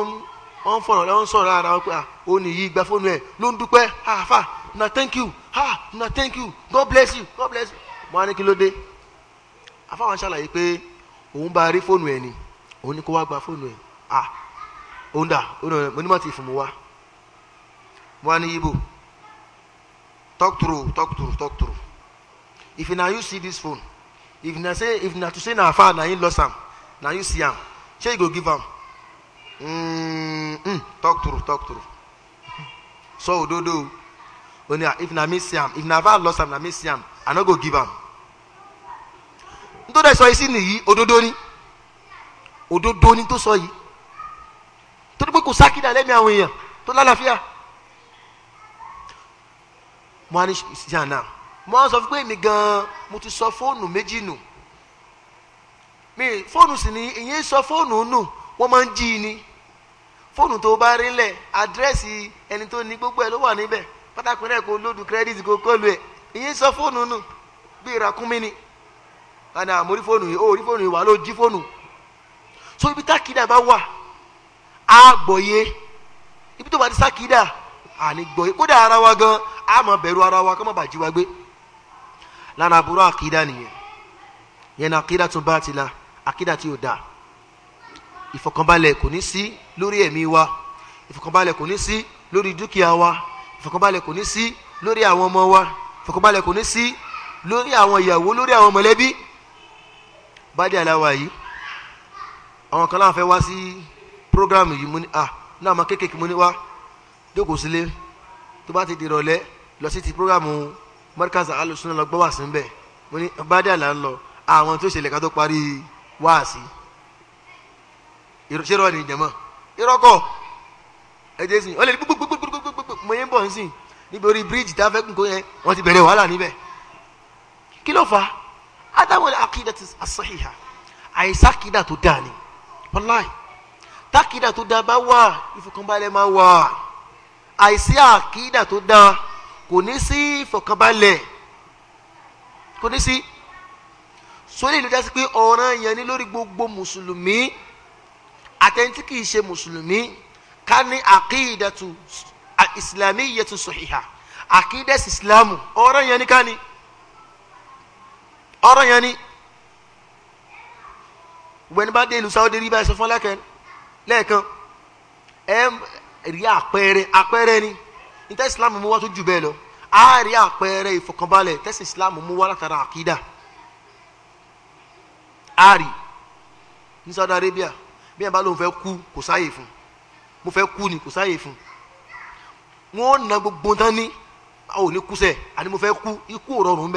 wọn fọ̀rọ̀ lọ́wọ́ ń sọ̀rọ̀ ara gba fóònù ẹ ló ń dúpẹ́ àfà na thank ha na thank you God bless you God bless you mo á ní kí òun bá rí fóònù ẹ ni òun ní kó wá gba fóònù ẹ ah òun dà mo ní má ti fún mu wá mo wá ní yíbo talk through talk through talk through if na you see this phone if na say if na to say na far na him lost am na you see am shey you go give am mm, mm, talk through talk through so ododo o ni if na me see am if na far lost am na me see am i no go give am. tó dẹ̀ sọ yìí sí nìyí òdodo ni òdodo ni tó sọ yìí torí pé kò sákìdá lẹ́mí àwọn èèyàn tó lálàáfíà mo á ní jàǹdà mo á sọ fún pé èmi gan-an mo ti sọ fóònù méjì nù mi fóònù sì ni ìyẹn sọ fóònù nù wọ́n máa ń jí i ni fóònù tó bá rí àdírẹ́sì ẹni tó ní gbogbo ẹ̀ ló wà níbẹ̀ pátákó rẹ̀ kó lóòdù kírẹ́dìtì kó kọ́lu ẹ̀ ìyẹn sọ fóònù nù bí ìràkúnmí ni. Ana amori fóònù yìí ó rí fóònù yìí wà ló jí fóònù so ibi tá kìdá bá wà á gbọ́yé ibi tó bá ti sá kìdá à ní gbọ́yé kódà ara wa gan á mọ̀ bẹ̀rù ara wa kó má bàa jí wa gbé lánàá burú àkìdá nìyẹn yẹn ní àkìdá tún bá ti la àkìdá tí ò dáa ìfọ̀kànbalẹ̀ kò ní sí lórí ẹ̀mí wa ìfọ̀kànbalẹ̀ kò ní sí lórí dúkìá wa ìfọ̀kànbalẹ̀ kò ní sí lórí àwọn ọmọ wa ìfọ̀kànbalẹ̀ kò ní sí lórí àwọn ìyàwó lórí àwọn mọ̀lẹ́bí bàdé aláwa yìí àwọn kan láwọn fẹ́ wá sí programu yìí mo ní ah náà mo kéékèèké mo ní wá jókòó sílé tó bá ti di ìrọ̀lẹ́ lọ sí ti programu Markaz Al-Sunnah lọ gbọ́ wá sí nbẹ̀ mo ní bàdé àlá ń lọ àwọn tó ṣẹlẹ̀ ká tó parí wá sí ṣé rọ ni jẹ̀mọ́ irọ́kọ̀ ẹ̀jẹ̀ sìn ọ lè ní gbogbogbogbogbogbogbò mo yẹn bọ̀ ń sìn níbi orí bíríìjì tá a fẹ́ kún kó yẹn wọ́n ti bẹ̀rẹ̀ wàhálà níbẹ̀ kí ló fà á adáwọlé akídà ti àṣàhìhà àìsà akídà tó dáa ni wàláì tákìdà tó dáa bá wà ìfọkànbalẹ̀ máa wà àìsí àkídà tó dáa kò ní sí ìfọkànbalẹ̀ kò ní sí sórí ìlú jásí pé ọ̀ràn yẹn ní lórí gbogbo mùsùlùmí àtẹ̀ntí kì í ṣe mùsùlùmí ká ní àkídà tó ìsìlámì yẹn tó sọ̀hìhà àkídà sí ìsìlámù ọ̀ràn yẹn ní ká ní. Ọrọ yẹn ni gbẹni bá dé ìlú Saudi rí báyìí sọ fún lẹ́kẹ̀ẹ́ ẹ rí àpẹẹrẹ àpẹẹrẹ ni níta Islam mú wá tó jù lọ a rí àpẹẹrẹ ìfọkànbalẹ̀ tẹ́sí Islam mú wá látara àkídà a rí ní Saudi Arabia bí ẹ bá lóun kú kò sáyè fún mo fẹ kú ni kò sáyè fún wọn ò na gbogbo tán ni a ò ní kú sẹ́ẹ̀ àní mo kú ikú rọrùn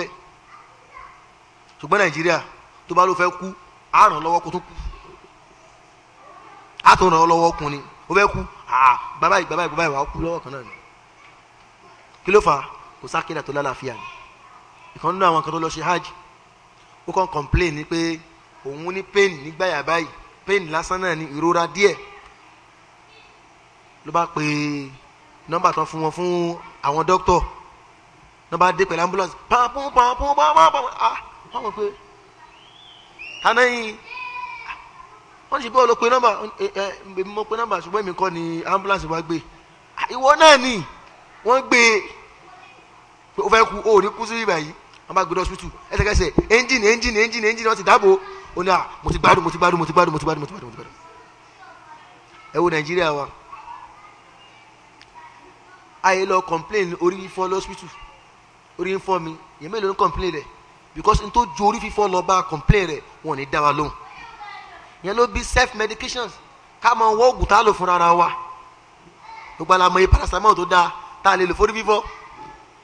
ṣùgbọ́n nàìjíríà tó bá ló fẹ́ kú á ràn lọ́wọ́ kó tó kú á tó ràn lọ́wọ́ kún ni ó fẹ́ kú bàbá yìí bàbá yìí bàbá yìí wà á kú lọ́wọ́ kan náà ni kí ló fà á kò sákìlà tó lálàáfíà ni ìkan nínú àwọn kan tó lọ ṣe hajj ó kàn complain ni pé òun ní pain nígbàyà báyìí pain lásán náà ni ìrora díẹ̀ ló bá pe nọ́mbà tán fún wọn fún àwọn dókítọ̀ nọ́mbà dé pẹ̀lú ambulance pàápàá pàápàá pàápàá ah wọ́n mọ̀ pé àná yìí wọ́n sì bọ́ọ̀ lọ pe nọ́mbà ẹ mo pe nọ́mbà ṣùgbọ́n èmi kọ́ ni ambulance wa gbé ìwọ náà ni wọ́n gbé e o fẹ́ ku o ò ní kú sí ibà yìí wọ́n bá gbé lọ hospital ẹsẹ̀kẹsẹ̀ engine engine engine engine wọ́n ti dáàbò ó ní à mo ti gbádùn mo ti gbádùn mo ti gbádùn mo ti gbádùn mo ti gbádùn mo ti gbádùn ẹ wo nàìjíríà wa ayé lọ complain orí fọ́ lọ hospital orí ń mi yẹn mélòó ń complain rẹ̀ because n tó ju orí fífọ́ lọ bá complain rẹ̀ wọn ò ní dá wa lóhùn yẹn ló bí self medications ká máa wọ oògùn tá a lò fúnra ara wa gbogbo àlàmọ́ yìí paracetamol tó dáa tá a lè lò fórí fífọ́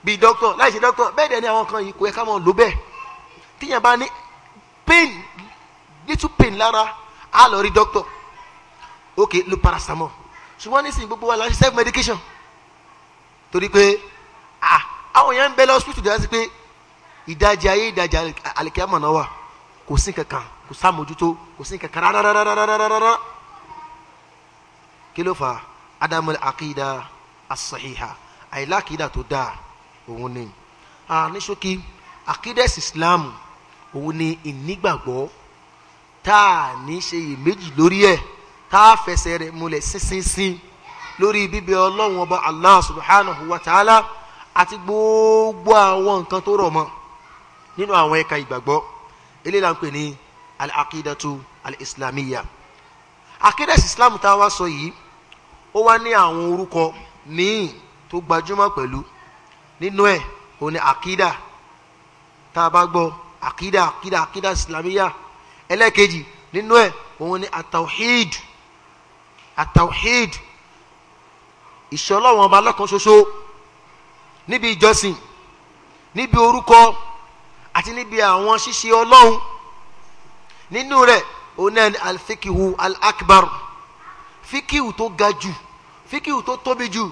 bíi doctor láì ṣe doctor bẹ́ẹ̀ dẹ̀ ni àwọn kan yìí kò yẹ ká máa lò bẹ́ẹ̀ tíyẹn bá ní pain little pain lára a lọ rí doctor ok lo paracetamol ṣùgbọ́n nísìnyí gbogbo wa la ṣe self medication torí pé ah àwọn yẹn ń bẹ lọ hospital dá sí pé ìdajì ayé ìdajì àlìkíyàmọ̀ náà wà kò sí kankan kò sàmójútó kò sí kankan rárárárárárá kí ló fà ádámù àkìdá as-sahiha àìlákìdá tó dáa òun ni ní ṣókí àkìdá ìsìlámù òun ni ìnígbàgbọ́ tá a ní ṣe iyèméjì lórí ẹ̀ tá a fẹsẹ̀ rẹ̀ múlẹ̀ sínsínsín lórí bíbẹ ọlọ́run ọba allah subhanahu wa ta'ala àti gbogbo àwọn nǹkan tó rọ̀ mọ́ nínú àwọn ẹ̀ka ìgbàgbọ́ eléyìí là ń pè ní al-aqidatu al-islamiyya akídẹ́sì islam tá a wá sọ yìí ó wá ní àwọn orúkọ míì tó gbajúmọ̀ pẹ̀lú nínú ẹ̀ ó ní akídà tá a bá gbọ́ akídà akídà akídà islamiyya ẹlẹ́ẹ̀kejì nínú ẹ̀ òun ni atawhid atawhid ìṣọlọ́wọ́n ọba lọ́kan ṣoṣo níbi ìjọsìn níbi orúkọ àti níbi àwọn ṣíṣe ọlọ́run nínú rẹ̀ onáà ní alfikihu alakbar fikihu tó ga jù fikihu tó tóbi jù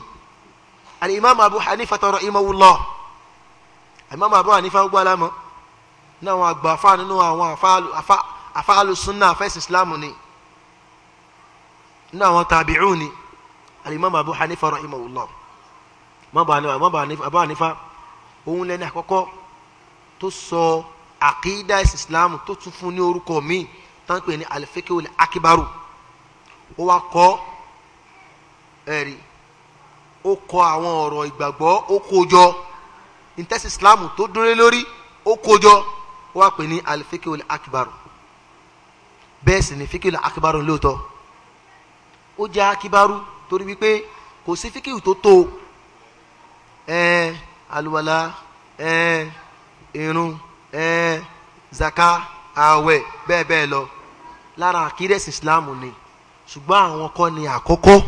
alimami abu hanifa rahimahullah alimami abu hanifa gbọ́ alámọ́ náà àwọn àgbà afa nínú àwọn afa alùsùnà afẹ́sì islam ni nínú àwọn tàbíù ni alimami abu hanifa rahimahullah mọ́bà abu hanifa òun lẹ́ni àkọ́kọ́ tó sọ àkídá ìsìlámù tó tún fún ní orúkọ míì tán pè ní alifekewele akibaru ó wá kọ ẹ̀rí ó kọ àwọn ọ̀rọ̀ ìgbàgbọ́ ó kó jọ ìtẹ́sí ìsìlámù tó dúró lórí ó kó ó wá pè ní alifekewele akibaru bẹ́ẹ̀ sì ni fíkìlì akibaru lóòótọ́ ó jẹ́ akibaru torí wípé kò sí fíkìlì tó tó ẹ̀ aluwala ẹ̀. Eh, irun ẹ̀ẹ́ eh, zaka awẹ, bẹẹ bẹẹ lọ lára àkídẹ́sì islamu ni ṣùgbọ́n àwọn kọ ni àkọ́kọ́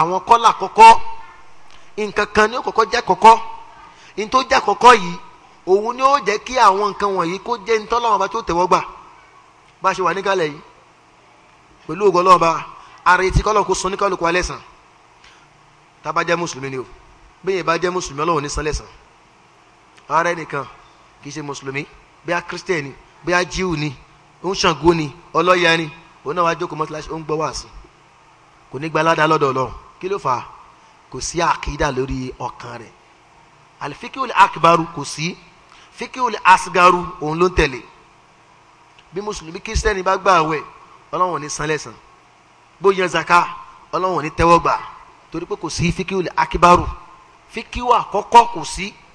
àwọn kọ́ nǹkan kan ni ó kọ́kọ́ jẹ́ ní tó jẹ́ kọ́kọ́ yìí òun ni ó jẹ́ kí àwọn nǹkan wọ̀nyí kó jẹ ntọ́lọ́wọ́n bá tó bá a ṣe wà yìí pẹ̀lú sun ní alẹ́ sàn ni o ara ẹnìkan kì í ṣe mùsùlùmí bíá kírísítẹ̀nì bíá jíù ni ó ń ṣàngó ni ọlọ́yà ni òun náà wá jókòó mọ́tíláṣí ó ń gbọ́ wàásù kò ní gba aládàá lọ́dọ̀ ọlọ́run kí ló fà á kò sí àkídà lórí ọkàn rẹ̀ àlìfíkìwòlì akibaru kò sí fíkìwòlì asigaru òun ló ń tẹ̀lé bí mùsùlùmí kírísítẹ́nì bá gbà wẹ̀ ọlọ́run ní san lẹ́san bó yan zaka ọlọ́run ní tẹ́wọ́ gbà torí pé kò sí fíkìwòlì akibaru fíkìwò àkọ́kọ́ kò sí. Si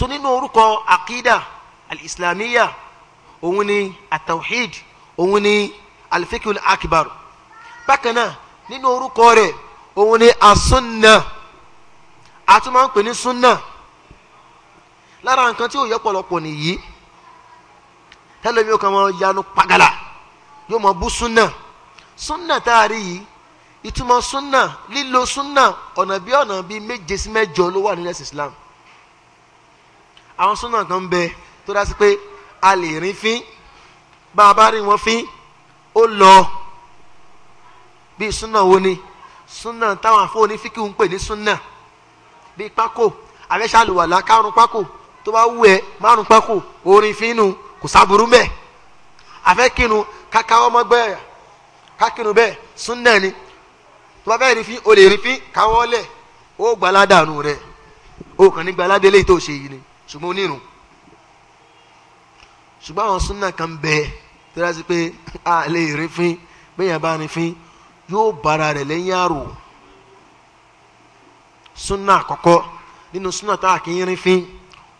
so nínú orúkọ akida al-islamiyya òun ni atawhid òun ni alifikul akbar bákan náà nínú orúkọ rẹ̀ òun ni asunna a tún máa ń pè ní sunna lára nǹkan tí ò yẹ pọ̀lọpọ̀ nìyí tẹlẹmi ó máa yanu pagala yóò máa bú sunna sunna tá yìí ìtumọ̀ sunna lílo sunna ọ̀nà bí ọ̀nà bíi méje sí mẹ́jọ ló wà nílẹ̀ islam àwọn súnà kan bẹ tó dá sí pé a lè rí fín bá a bá rí wọn fín ó lọ bí súnà wo ni súnà táwọn afọ onífíkì ń pè ní súnà bí pákó àfẹsàlùwàlà kárùn pákó tó bá wù ẹ márùn pákó orin fínú kò sábúrú mbẹ àfẹkínu kàkà ọmọ gbẹ kákínu bẹ súnà ni tó bá bẹ́ẹ̀ rí fín o lè rí fín káwọ́ lẹ̀ ó gbaládàánú rẹ̀ o kàn ní gbaládélé tó ṣe yìí ni ṣùgbọ́n onírun ṣùgbọ́n àwọn súnà kan bẹ tẹ́lá sí pé a lè rí fín bẹ́yàn bá rí fín yóò bára rẹ̀ lẹ́yìn àrò súnà àkọ́kọ́ nínú súnà tá a kì í rí fín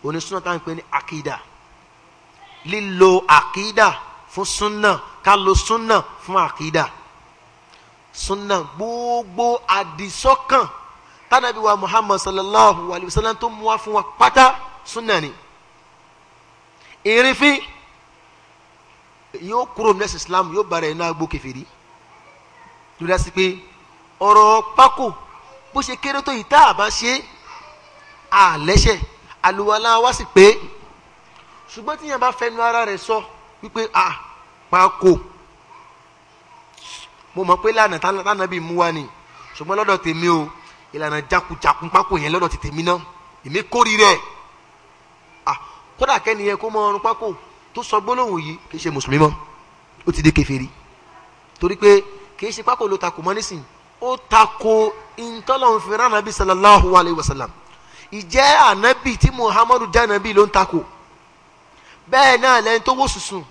òní súnà tá a ń pè ní àkídà lílo àkídà fún súnà ká lo súnà fún àkídà súnà gbogbo àdìsọ́kàn tánàbí Muhammad sallallahu alayhi wa sallam tó mú wa fún wa pátá súnà ni ìrìnfín yóò kúrò nílẹ̀ islam yóò bára ẹ̀ náà gbó kẹfìrí lórí àti pé ọ̀rọ̀ pákó bó ṣe kéré tó yìí tá a bá ṣe àlẹ́ṣẹ̀ àlùwalá wa sì pé ṣùgbọ́n tíyẹn bá fẹnu ara rẹ̀ sọ wípé a pákó mo mọ̀ pé lánàá tánà bíi mú wa ni ṣùgbọ́n lọ́dọ̀ tèmi o ìlànà jakujakun pákó yẹn lọ́dọ̀ tèmi náà èmi kórìí rẹ̀ kódà kẹ́ni yẹn kó mọ ọrùn pákó tó sọ gbólóhùn yìí kì í ṣe mùsùlùmí mọ́ ó ti di kèfèrí torí pé kì í ṣe pákó ló takò mọ́ nísìn ó takò ntọ́lọ́nfẹ́rẹ́ anabi sallallahu alayhi wa sallam ìjẹ́ anabi tí muhammadu jẹ́ anabi ló ń takò bẹ́ẹ̀ náà lẹ́yìn tó wó sùsùn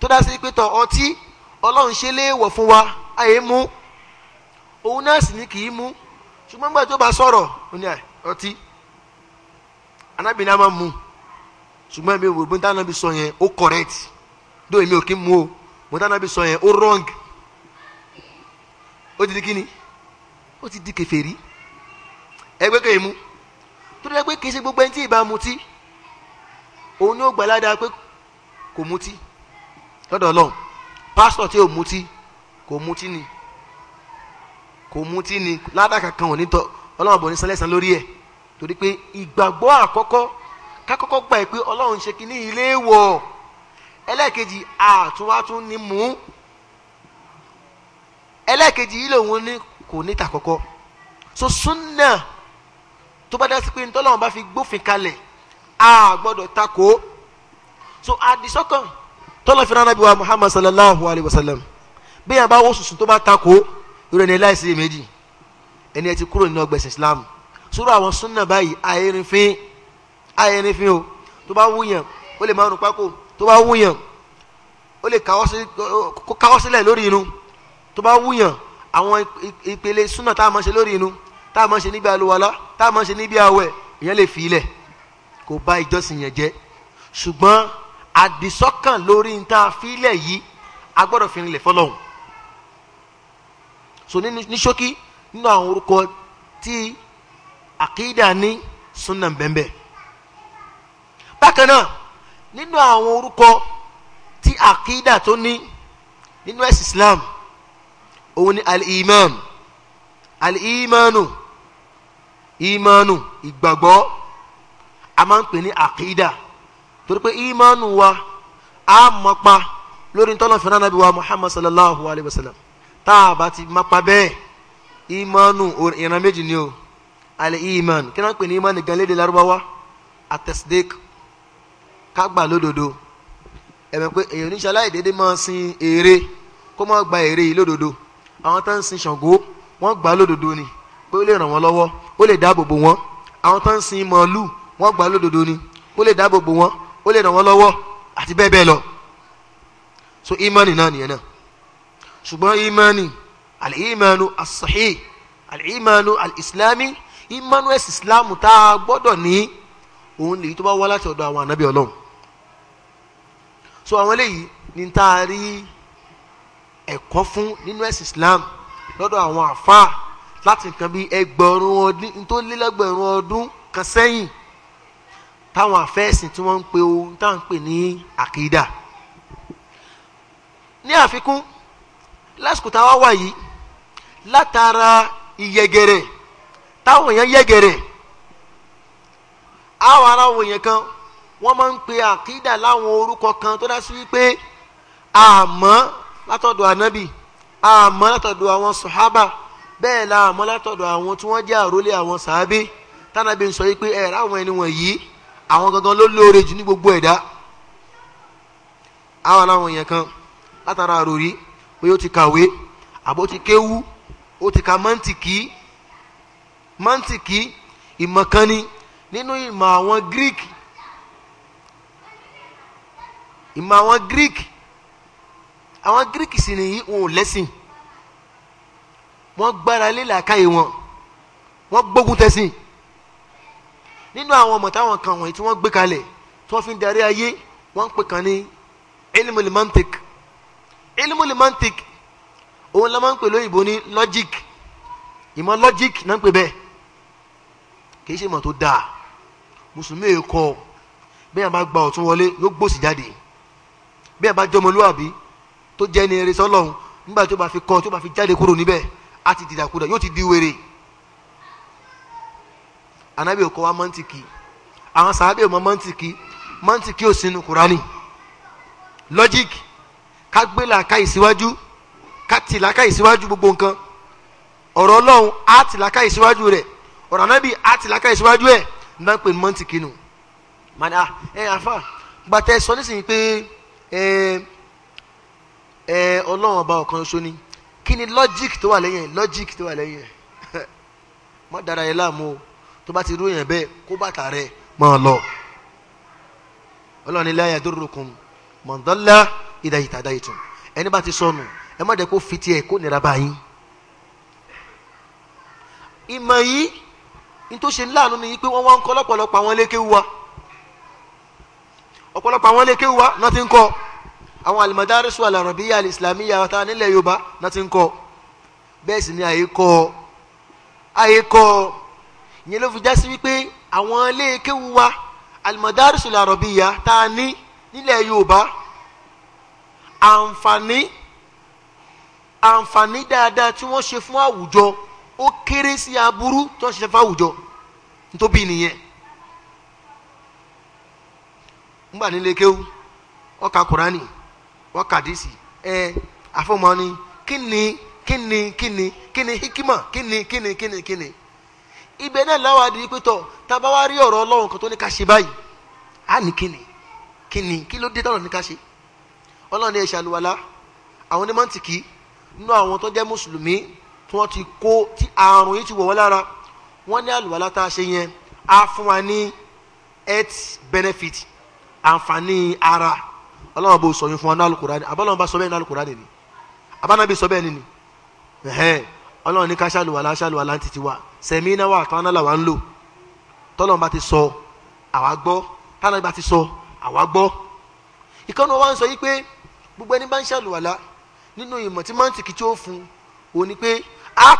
tó dá sí pé tọ̀ ọtí ọlọ́run ṣe léèwọ̀ fún wa àyè mú òun náà sì ní kì í mú ṣùgbọ́n gbà tó bá sọ̀rọ̀ ọtí anabi náà máa mú un ṣùgbọ́n mi ò wò bóńtà náà bí sọ yẹn ó correct dó èmi ò kí mú o bóńtà bí sọ yẹn ó wrong ó ti di kíni ó ti di kèfèrí ẹgbẹ́ kan ìmú tó dẹ́ pé kì í ṣe gbogbo ẹni tí ìbá mutí òun ni ó gbà ládàá pé kò mutí lọ́dọ̀ Ọlọ́run pásítọ̀ tí ò mutí kò mutí ni kò mutí ni ládàá kankan ò ní tọ́ Ọlọ́run bò ní lórí ẹ̀ torí pé ìgbàgbọ́ àkọ́kọ́ kákọ́kọ́ gbà pé ọlọ́run ṣe kínní ilé wọ̀ ẹlẹ́ẹ̀kejì àtúwátún ni mú ẹlẹ́ẹ̀kejì yìí lòun ní kò ní tàkọ́kọ́ so súnà tó bá dá sí pé ntọ́lọ́run bá fi gbófin kalẹ̀ a gbọ́dọ̀ takò so àdìsọ́kàn tọ́lọ̀ fi rán nàbí Muhammad sallallahu alayhi wa sallam bí yàrá bá wọ́n sùsùn tó bá takò ìrẹ̀ ní láìsí méjì ẹni ẹ ti kúrò nínú ọgbẹ̀sìn Islam sórí àwọn súnà báyìí àìrìnfín ayé ní fi hàn tó bá wúyàn ó lè máa rún pákó tó bá wúyàn ó lè káwọ́ sílẹ̀ lórí inú tó bá wúyàn àwọn ìpele súnà tá a máa ṣe lórí inú tá a máa ṣe níbi àlùwàlá tá a máa ṣe níbi àwẹ̀ èèyàn lè fi ilẹ̀ kò bá ìjọsìn yẹn jẹ́ ṣùgbọ́n àdìsọ́kàn lórí ní tá yìí a gbọ́dọ̀ fi rinlẹ̀ fọlọ́hún so ní ṣókí nínú àwọn orúkọ tí àkídà ní súnà bẹ́ẹ̀ bẹ́ẹ̀ bákan náà nínú àwọn orúkọ tí àkídà tó ní nínú ẹ̀sìn Islam òun ni al-imam al-imanu imanu ìgbàgbọ́ a máa ń pè ní àkídà torí pé imanu wa a mọ̀ pa lórí ntọ́nà fẹ́ràn nàbí wa Muhammad sallallahu alayhi wa sallam tá a bá ti mọ̀ pa bẹ́ẹ̀ imanu ìran méjì ni o al-iman kí náà ń pè ní imanu gan lédè Lárúbáwá at ká gbà lódodo ẹ̀mẹ̀ pé èyàn oníṣẹ́ aláìdédé máa sin ère kó máa gba ère yìí lódodo àwọn tó ń sin Ṣàngó wọ́n gbà lódodo ni pé ó lè ràn wọ́n lọ́wọ́ ó lè dáàbò bò wọ́n àwọn tó ń sin màálù wọ́n gbà lódodo ni ó lè dáàbò bò wọ́n ó lè ràn wọ́n lọ́wọ́ àti bẹ́ẹ̀ bẹ́ẹ̀ lọ so imani náà nìyẹn náà ṣùgbọ́n imani al-imanu as-sahih imanu al-islami tá a gbọ́dọ̀ ní òun lèyí tó bá wá láti ọ̀dọ̀ àwọn ànábì ọlọ́run so àwọn eléyìí ní tá a rí ẹ̀kọ́ fún nínú ẹ̀sìn Islam lọ́dọ̀ àwọn àfáà láti nǹkan bíi ẹgbẹ̀rún ọdún tó lé lẹ́gbẹ̀rún ọdún kan sẹ́yìn táwọn àfẹ́sìn tí wọ́n ń pe ohun táwọn ń pè ní àkídà ní àfikún lásìkò tá wà yìí látara ìyẹgẹrẹ táwọn èèyàn yẹgẹrẹ àwọn aráwọ̀ èèyàn kan wọ́n máa ń pe àkídà láwọn orúkọ kan tó dá sí wípé àmọ́ látọ̀dọ̀ ànábì àmọ́ látọ̀dọ̀ àwọn sọ̀hábà bẹ́ẹ̀ la àmọ́ látọ̀dọ̀ àwọn tí wọ́n jẹ́ àrólé àwọn sàábé tánàbí ń sọ wípé ẹ̀ ráwọn ẹni wọ̀nyí àwọn gangan ló lóore jù ní gbogbo ẹ̀dá àwọn aláwọn èèyàn kan látara àròrí pé ó ti kàwé àbó ti kéwú ó ti ka mọ́ǹtìkì mọ́ǹtìkì ìmọ̀ ni nínú ìmọ̀ àwọn Greek ìmọ̀ àwọn greek àwọn greek sì nìyí wọn ò lẹ́sìn wọ́n gbára lé làákàyè wọn wọ́n gbógun tẹ̀sìn nínú àwọn ọmọ táwọn kan wọ̀nyí tí wọ́n gbé kalẹ̀ tí wọ́n fi ń darí ayé wọ́n ń pè kan ní ilmul mantik òun la máa ń pè lóyìnbó ní logic ìmọ̀ logic náà ń pè bẹ́ẹ̀ kìí ṣe ìmọ̀ tó dáa mùsùlùmí èkó bẹ́ẹ̀ bá gba ọ̀tún wọlé yóò gbòsì jáde bí ẹ bá jọmọ lúwàbí tó jẹ́ ní eré sọ́lọ́hún nígbà tó bá fi kọ́ tó bá fi jáde kúrò níbẹ̀ á ti dìdàkudà yóò ti di wèrè anabi ò kọ́ wa mọ́ntìkì àwọn sàábì ò mọ mọ́ntìkì mọ́ntìkì ò sínú kúránì lọ́jíìkì ká gbé làákàyè síwájú ká tì làákàyè síwájú gbogbo nǹkan ọ̀rọ̀ ọlọ́run á tì làákàyè síwájú rẹ̀ ọ̀rọ̀ anabi á tì làákàyè síwájú ẹ̀ ń bá pè mọ́ntìkì nù màdà ah, ẹ̀ àfà gbàtẹ́ sọ nísìnyí pé ẹ ẹ ọlọ́run ọba ọ̀kan ṣoṣo ni kí ni logic tó wà lẹ́yìn ẹ̀ logic tó wà lẹ́yìn ẹ̀ má dára yẹn láàmú o tó bá ti rú yẹn bẹ́ẹ̀ kó bàtà rẹ̀ máa lọ ọlọ́run la yadurrukum man dalla idha ihtadaytum ẹni bá ti sọnù ẹ má dẹ́ kó fi tiẹ̀ kó nira báyìí ìmọ̀ yìí nítòsí ńláàánú ni yìí pé wọ́n wá ń kọ́ lọ́pọ̀lọpọ̀ àwọn lékè wa ọ̀pọ̀lọpọ̀ àwọn lékè wa náà ń kọ́ àwọn alimọ̀dárísù alàrọ̀bíyà alìsìlámíyà wa ta nílẹ̀ yorùbá náà ti ń kọ́ bẹ́ẹ̀ sì ni àyè kọ́ àyè kọ́ ìyẹn ló fi já sí wípé àwọn ilé wa alimọ̀dárísù alàrọ̀bíyà ta ní nílẹ̀ yorùbá àǹfààní àǹfààní dáadáa tí wọ́n ṣe fún àwùjọ ó kéré sí aburú tó ń ṣe fún àwùjọ nítorí nìyẹn ńgbà nílé kéwu ó ka wọ́n kà díìsì ẹ àfọmọ́ni kini kini kí ni hikima kini kini kini kini kí ni náà láwa di pé tọ̀ tábà wá rí ọ̀rọ̀ ọlọ́run kan tó ní ká ṣe báyìí á ní kí ni kí ni kí ló dé tọ̀rọ̀ ní ká ṣe àwọn onímọ̀ntìkì nínú àwọn tó jẹ́ mùsùlùmí tí wọ́n ti kó tí àrùn yìí ti wọ̀ wọ́n lára wọ́n ní àlùwàlá tá a ṣe yẹn á fún wa ní health benefit àǹfààní ara ọlọ́run bó sọ yín fún wa náà alukurani abọ́lọ́run bá sọ bẹ́ẹ̀ náà alukurani ni abánabi sọ bẹ́ẹ̀ ni ni ẹ̀hẹ́n ọlọ́run ní ká ṣàlùwàlá ṣàlùwàlá ti ti wa sẹ̀mí náà wà tán náà làwa ń lò tọ́lọ́run bá ti sọ àwa gbọ́ tánà bá ti sọ àwa gbọ́ ìkànnì wa ń sọ yí pé gbogbo ẹni bá ń ṣàlùwàlá nínú ìmọ̀ tí máa ń tìkì tí ó fún òun ni pé á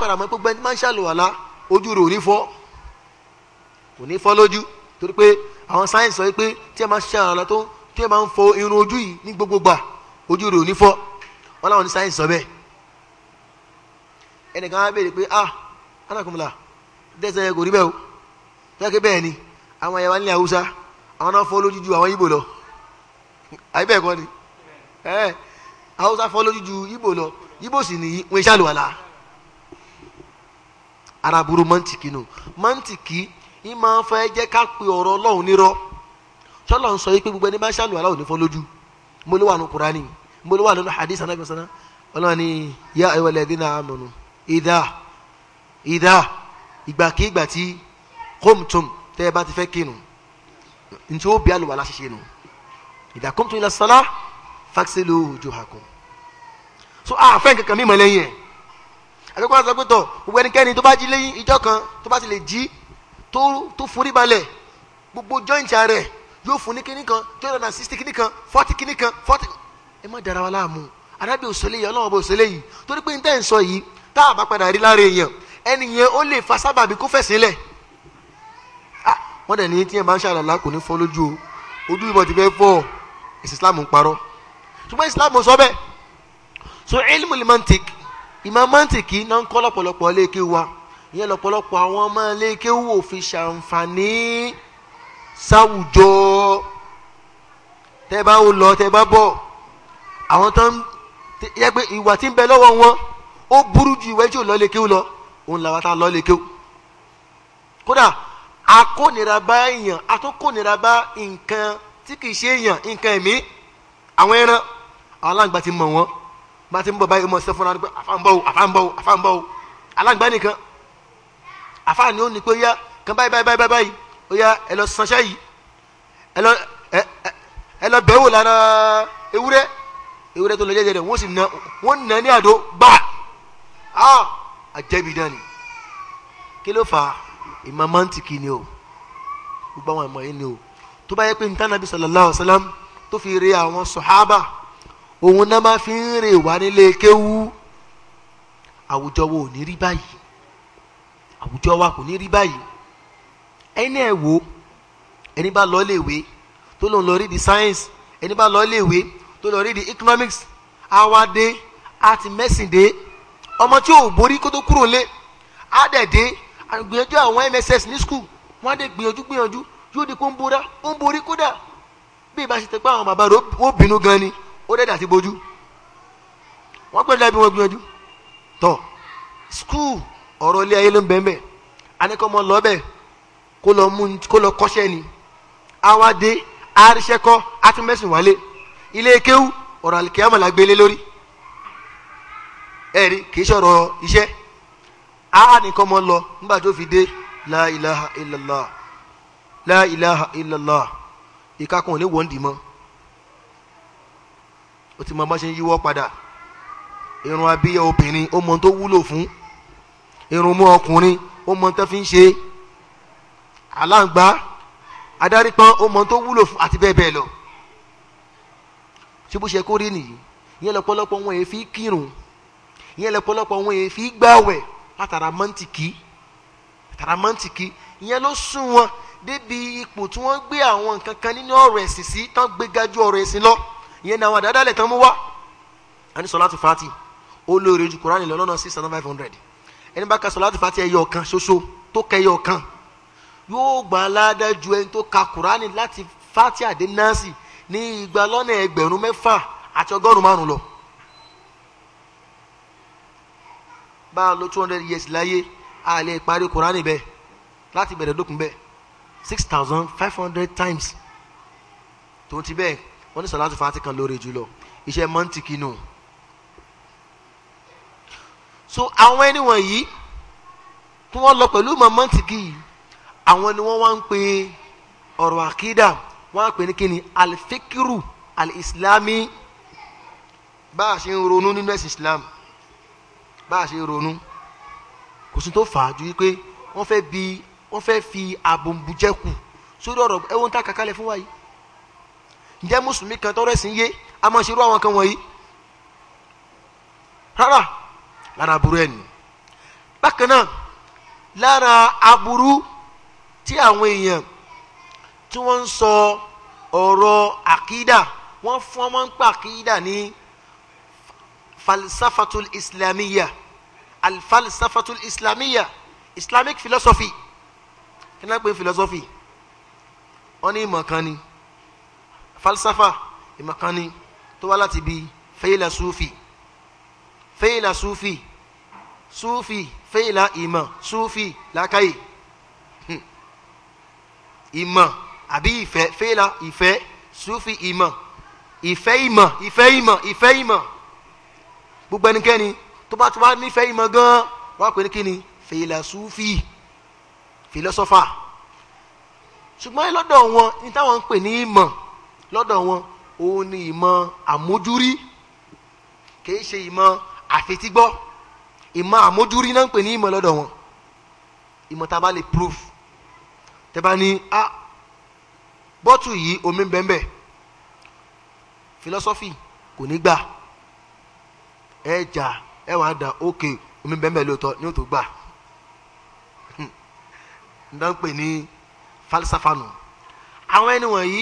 tí ẹ máa ń fọ irun ojú yìí ní gbogbogbà ojú rẹ̀ ò ní fọ́ wọn làwọn ní sọ ẹnìkan á ah alákùnmùlà dẹ́sẹ̀ kò rí bẹ́ẹ̀ o tẹ́kẹ́ bẹ́ẹ̀ ni àwọn ẹ̀yà wa nílẹ̀ haúsá àwọn náà fọ́ lójú ju àwọn ibo lọ àyè bẹ́ẹ̀ kọ́ ni ẹ̀ haúsá fọ́ lójú ju lọ ni wọn araburu mọ́ntìkì nù mọ́ntìkì yìí máa ń fẹ́ jẹ́ ká pe ọ̀rọ̀ ọlọ́run sọlọ ń sọ yìí pé gbogbo ẹni máa ń ṣàlùwàlá ò ní fọ́ lójú mo ló wà nù kúránì mo ló wà nínú hadith anabi sọ́nà ọlọ́run ni yá ẹ̀wọ̀ lẹ́dí náà amanu ìdá ìdá ìgbàkigbà tí kómtum tẹ́ ẹ bá ti fẹ́ kínu ntí ó bí àlùwàlá ṣiṣẹ́ nu ìdá kómtum ila salah fagsilu wujuhakum so a fẹ́ nǹkan kan mímọ lẹ́yìn ẹ̀ akẹ́kọ̀ọ́ àti ọgbẹ́tọ̀ gbogbo ẹnikẹ́ni tó bá jí lẹ́yìn ìjọ kan tó bá yóò fún ní kíní kan two hundred and sixty kíní kan forty kíní kan forty ẹ má dara wa láàmú arábì òsèlè yìí ọlọ́wọ́ bó òsèlè yìí torí pé níta ẹ̀ ń sọ yìí tá a bá padà rí lára èèyàn ẹni yẹn ó lè fa sábàbí kó fẹ̀sìn lẹ̀ wọ́n dẹ̀ ní tí yẹn bá ń ṣàlàlá kò ní fọ́ lójú o ojú ìbọn ti fẹ́ fọ́ ẹ̀sìn Islam ń parọ́ ṣùgbọ́n Islam sọ bẹ́ẹ̀ so ilmu limantik ìmọ̀ mantiki náà ń kọ́ lọ́pọ̀lọpọ̀ léèké wa ìyẹn lọ́pọ̀lọpọ̀ àwọn ọmọ léèké wò fi ṣàǹfààní sáwùjọ tẹ́ bá ń lọ tẹ́ bá bọ̀ àwọn tó ń yẹ pé ìwà tí ń bẹ lọ́wọ́ wọn ó burú ju ìwé tí ò lọ lè kéwù lọ òun làwọn tá a lọ lè kéwù kódà akónira bá èèyàn atókónira bá nǹkan tí kì í ṣe èèyàn nǹkan ẹ̀mí àwọn ẹran àwọn ti mọ̀ wọ́n bá ti ń bọ̀ báyìí mọ̀ sí fúnra pé àfáǹbọ̀wò àfáǹbọ̀wò àfáǹbọ̀wò aláǹgbá nìkan àfáàní ó ní pé yá kan báyìí báyìí báyìí báyìí Oya yá ẹ lọ sanṣẹ́ yìí ẹ lọ ẹ ẹ lọ bẹ̀wò lánàá ewúrẹ́ ewúrẹ́ tó lọ jẹjẹrẹ wọ́n sì na wọ́n nà ní àdó gbà á àjẹbí dání kí ló fà á ìmọ̀ mọ́ntìkì ni o gbogbo àwọn ìmọ̀ yìí ni o tó bá yẹ pé nǹkan nàbí sallallahu alaihi wasallam tó fi re àwọn sọ̀hábà òun náà máa fi ń rè wá nílé kéwú àwùjọ wo ò ní rí báyìí àwùjọ wa kò ní rí báyìí ẹ̀yin náà ẹ wò ẹni bá lọ ilé tó lòun lọ rí di science ẹni bá lọ ilé ìwé tó lọ rí di economics awade àti mẹ́sìndé ọmọ tí ò borí kó tó kúrò lé àdẹ̀dé gbìyànjú àwọn mss ní school wọn á dé gbìyànjú gbìyànjú yóò di kó ń bora ó ń borí kódà bí ìbá ṣe tẹ pé àwọn bàbá rẹ ó bínú gan ni ó dẹ́dà ti bojú wọ́n gbẹ́dọ̀ bí wọ́n gbìyànjú tọ̀ school ọ̀rọ̀ ilé ayé ló ń bẹ́ẹ̀ bẹ́ẹ̀ anìkọ́ ọmọ lọ́ọ́ kó lọ mú kó lọ kọ́ṣẹ́ ni awade aríṣẹ́kọ́ atúmẹ̀sìn wálé ilé kéwú ọ̀rọ̀ àlìkíyàmọ̀ la gbélé lórí ẹ̀rí kìí ṣọ̀rọ̀ iṣẹ́ a nìkan mọ lọ nígbà tó fi dé la ilaha illallah la ilaha illallah ìkákan ò ní wọ́n dì mọ́ ó ti mọ bá ṣe ń yíwọ́ padà irun abíyá obìnrin ó mọ tó wúlò fún irun mú ọkùnrin ó mọ tó fi ń ṣe é aláǹgbá adarípọn ọmọ tó wúlò fún àti bẹ́ẹ̀ bẹ́ẹ̀ lọ ṣé bó ṣe kó rí nìyí ìyẹn lọ́pọ̀lọpọ̀ wọn èéfi kírun ìyẹn lọ́pọ̀lọpọ̀ wọn èéfi gbàwẹ̀ látara mọ́ǹtìkì látara mọ́ǹtìkì ìyẹn ló sún wọn débi ipò tí wọ́n gbé àwọn nǹkan kan nínú ọ̀rọ̀ ẹ̀sìn sí tán gbéga ju ọ̀rọ̀ ẹ̀sìn lọ ìyẹn ni àwọn àdádálẹ̀ tán mú wá àní sọláàtù fati ó lóore ju kuraani lọ lọ́nà six thousand five hundred ẹni bá ka sọláàtù fati ẹyọ kan ṣoṣo tó kẹyọ kan yóò gbà ládàá ju ẹni tó ka kùránì láti fati àdé nọ́ọ̀sì ní igba lọ́nà ẹgbẹ̀rún mẹ́fà àti ọgọ́rùn márùn lọ. bá a lo two hundred years láyé a lè parí kùránì bẹ́ẹ̀ láti bẹ̀rẹ̀ dókun bẹ́ẹ̀ six thousand five hundred times tó ti bẹ́ẹ̀ wọ́n ní sọ̀lá tó fati kan lóore jùlọ iṣẹ́ mọ́ntìkì nù. so àwọn ẹni wọ̀nyí tí wọ́n lọ pẹ̀lú mọ́ntìkì yìí àwọn ni wọ́n wá ń pe ọ̀rọ̀ àkídà wọ́n á pè ní kíni alifikiru alislami bá a ṣe ń ronú nínú ẹ̀sìn islam bá a ṣe ń ronú kò sí tó fà á ju wípé wọ́n fẹ́ bi wọ́n fẹ́ fi àbòǹbùjẹ́kù sórí ọ̀rọ̀ ẹ̀wọ̀n tá a kàkálẹ̀ fún wa yìí ǹjẹ́ mùsùlùmí kan tọ́rọ̀ ẹ̀sìn yé a máa ṣe irú àwọn kan wọ̀nyí rárá lára aburú ẹ̀ nù bákan náà lára aburú tí àwọn èèyàn tí wọ́n ń sọ ọ̀rọ̀ àkídà wọ́n fún ọmọ ń pa àkídà ní falsafatul islamiyya alfalsafatul islamiyya islamic philosophy kí náà pé philosophy wọ́n ní ìmọ̀ falsafa ìmọ̀ tó wá láti bi fẹ́yìlà sufi fẹ́yìlà sufi sufi fẹ́yìlà ìmọ̀ sufi làákàyè ìmọ̀ àbí ìfẹ́ fẹ́lá ìfẹ́ sufi ìmọ̀ ìfẹ́ ìmọ̀ ìfẹ́ ìmọ̀ ìfẹ́ ìmọ̀ gbogbo ẹnikẹ́ni tó bá tó bá nífẹ̀ẹ́ ìmọ̀ gan wọ́n á pè ní kí ni fẹ́lá sufi fìlọ́sọ́fà ṣùgbọ́n lọ́dọ̀ wọn ní táwọn ń pè ní ìmọ̀ lọ́dọ̀ wọn òun ni ìmọ̀ àmójúrí kìí ṣe ìmọ̀ àfetígbọ́ ìmọ̀ àmójúrí náà ń pè ní ìmọ̀ lọ́dọ̀ wọn ìmọ̀ tá a bá lè prove tẹ́bá ní a bọ́tù yìí omi bẹ́ẹ̀ philosophy kò ní gbà ẹ jà ẹ wàá dà ókè omi bẹ́ẹ̀ lóòótọ́ ní òtò gbà ǹdá ń pè ní falsafanu àwọn ẹni wọ̀nyí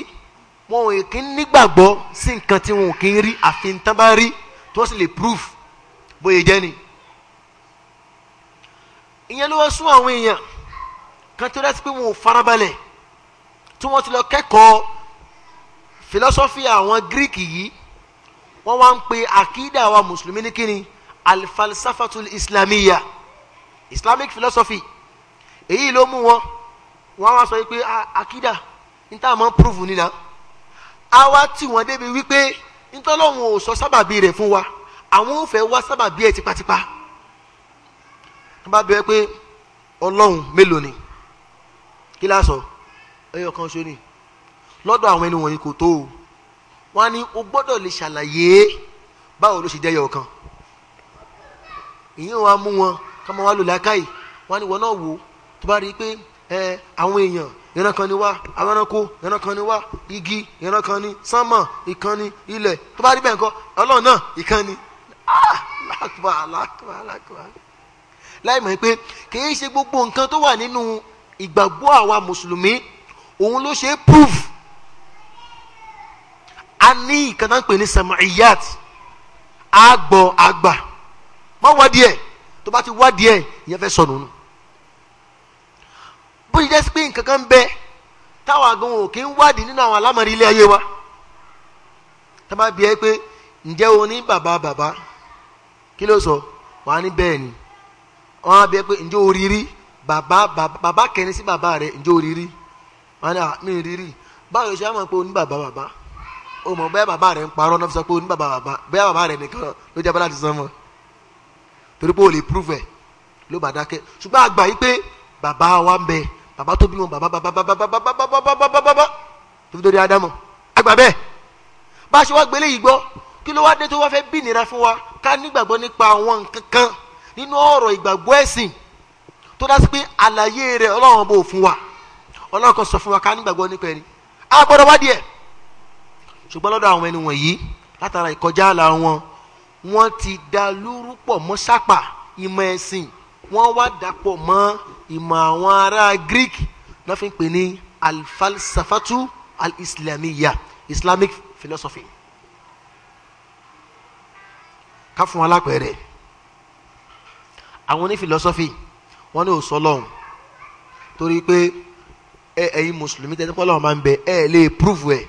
wọn ò kí ń nígbàgbọ́ sí nǹkan tí wọn ò kí ń rí àfi tán bá rí tí wọ́n sì lè proof bóyá jẹ́ ni ìyẹn ló wá sún àwọn èèyàn kan tó dá sí pé wọn ò farabalẹ̀ tí wọ́n ti lọ kẹ́kọ̀ọ́ philosophy àwọn greek yìí wọ́n wá ń pe akida wa mùsùlùmí ní kíni alfalsafatul islamiyya islamic philosophy èyí ló mú wọn wọ́n wá sọ pé akida ní tá a máa ń prove nínà á wá tì wọ́n débi wípé ntọ́lọ́hún ò sọ sábàbí rẹ̀ fún wa àwọn ò fẹ́ wá sábàbí ẹ̀ tipátipá wọ́n bá bẹ̀rẹ̀ pé ọlọ́run mélòó ni kí lásán ẹyọ kan ṣo ni lọ́dọ̀ àwọn ẹni wọ̀nyí kò tó o wọ́n á ní o gbọ́dọ̀ lè ṣàlàyé báwo ló ṣe jẹ́ ẹyọ kan ìyẹn wàá mú wọn ká máa wá lò lákàyè wọ́n á wọn náà wò tó bá rí i pé ẹ àwọn èèyàn ìran kan ni wá àwọn ìran kan ni wá igi ìran kan ni sánmà ìkan ni ilẹ̀ tó bá rí bẹ́ẹ̀ kọ́ ọlọ́run náà ìkan ni lákùbà lákùbà lákùbà láì mọ̀ pé kì í ṣe gbogbo nǹkan tó wà nínú ìgbàgbọ́ àwa mùsùlùmí òun ló ṣe é proof a ní ìkànnà pè ní samayat a gbọ́ a gbà má wádìí ẹ̀ tó bá ti wádìí ẹ̀ ìyẹn fẹ́ sọnù nù bó ṣe jẹ́ sí pé nǹkan kan bẹ táwọn àgbọn ò kí ń wádìí nínú àwọn alámọ̀rí ilé ayé wa tá a máa bí ẹ pé ǹjẹ́ o ní bàbá bàbá kí ló sọ wàá ní bẹ́ẹ̀ ni wọ́n á bí ẹ pé ǹjẹ́ o rí rí bàbá bàbá kẹrin sí bàbá rẹ ǹjẹ́ o rí rí wọn náà mi rí rí báwo ṣe á mọ̀ pé o ní bàbá bàbá o mọ̀ bẹ́ẹ̀ bàbá rẹ ń parọ́ náà fi sọ pé o ní bàbá bàbá bẹ́ẹ̀ bàbá rẹ nìkan ló jẹ́ bọ́lá ti sọ mọ́ torí pé o lè prove ẹ̀ ló bá dákẹ́ ṣùgbọ́n àgbà yìí pé bàbá wa ń bẹ bàbá tó bí wọn bàbá bàbá bàbá bàbá bàbá bàbá bàbá tó fi dórí ádámù àgbà bẹ́ẹ̀ bá a ṣe wá gbélé yìí gbọ́ kí ló wá dé tó wá fẹ́ bí ìnira fún wa ká nígbàgbọ́ nípa àwọn nǹkan kan nínú ọ̀rọ̀ ìgbàgbọ́ ẹ̀sìn tó dá sí pé àlàyé rẹ̀ ọlọ́run bò fún wa ọlọ́run kan sọ fún wa ká nígbàgbọ́ nípa ẹni a gbọ́dọ̀ wá díẹ̀ ṣùgbọ́n lọ́dọ̀ àwọn ẹni wọ̀nyí látara ìkọjá àlà wọn wọ́n ti da lúrú pọ̀ mọ́ sápà ìmọ̀ ẹ̀sìn wọ́n wá dàpọ̀ mọ́ ìmọ̀ àwọn ará greek náà fi ń pè ní alfalsafatu alislamiya islamic philosophy ká fún wa lápẹẹrẹ àwọn onífìlọ́sọ́fì wọ́n ní òsọ lọ́hùn torí pé ẹ ẹ̀yin mùsùlùmí tẹ́tí pọ́ lọ́hùn máa ń bẹ ẹ lè prove ẹ̀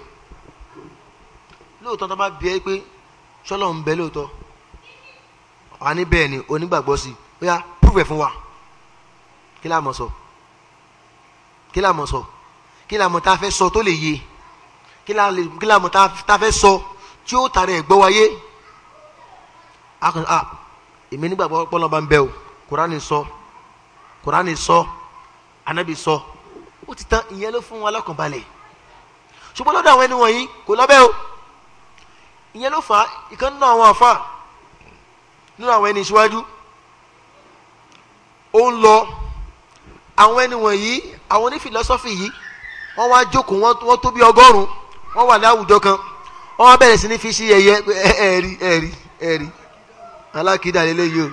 lóòótọ́ tó bá bí ẹ pé sọ́lọ́hùn ń bẹ lóòótọ́ wà ní bẹ́ẹ̀ ni onígbàgbọ́ sí ó yá prove ẹ̀ fún wa kí la mọ̀ sọ kí la mọ̀ sọ kí la mọ̀ tá a fẹ́ sọ tó lè yé kí la tá a fẹ́ sọ tí ó tàrẹ ẹ̀gbọ́ wáyé a ah èmi nígbàgbọ́ pọ́nlọ́ba ń bẹ o Kùránì sọ. So Kurani sọ anábì sọ ó ti tán ìyẹn ló fún wọn lọ́kànbalẹ̀ ṣùgbọ́n lọ́dọ̀ àwọn ẹni wọ̀nyí kò lọ́bẹ̀ o ìyẹn ló fà á ìkan nínú àwọn àfa nínú àwọn ẹni ìṣíwájú ó ń lọ àwọn ẹni wọ̀nyí àwọn onífìlọ́sọ́fì yìí wọ́n wá jókòó wọ́n tó bí ọgọ́rùn-ún wọ́n wà ní àwùjọ kan wọ́n wá bẹ̀rẹ̀ sí ní fi ṣe yẹ̀yẹ́ ẹ̀rí ẹ̀rí ẹ̀rí alákìídà lélẹ́yìí o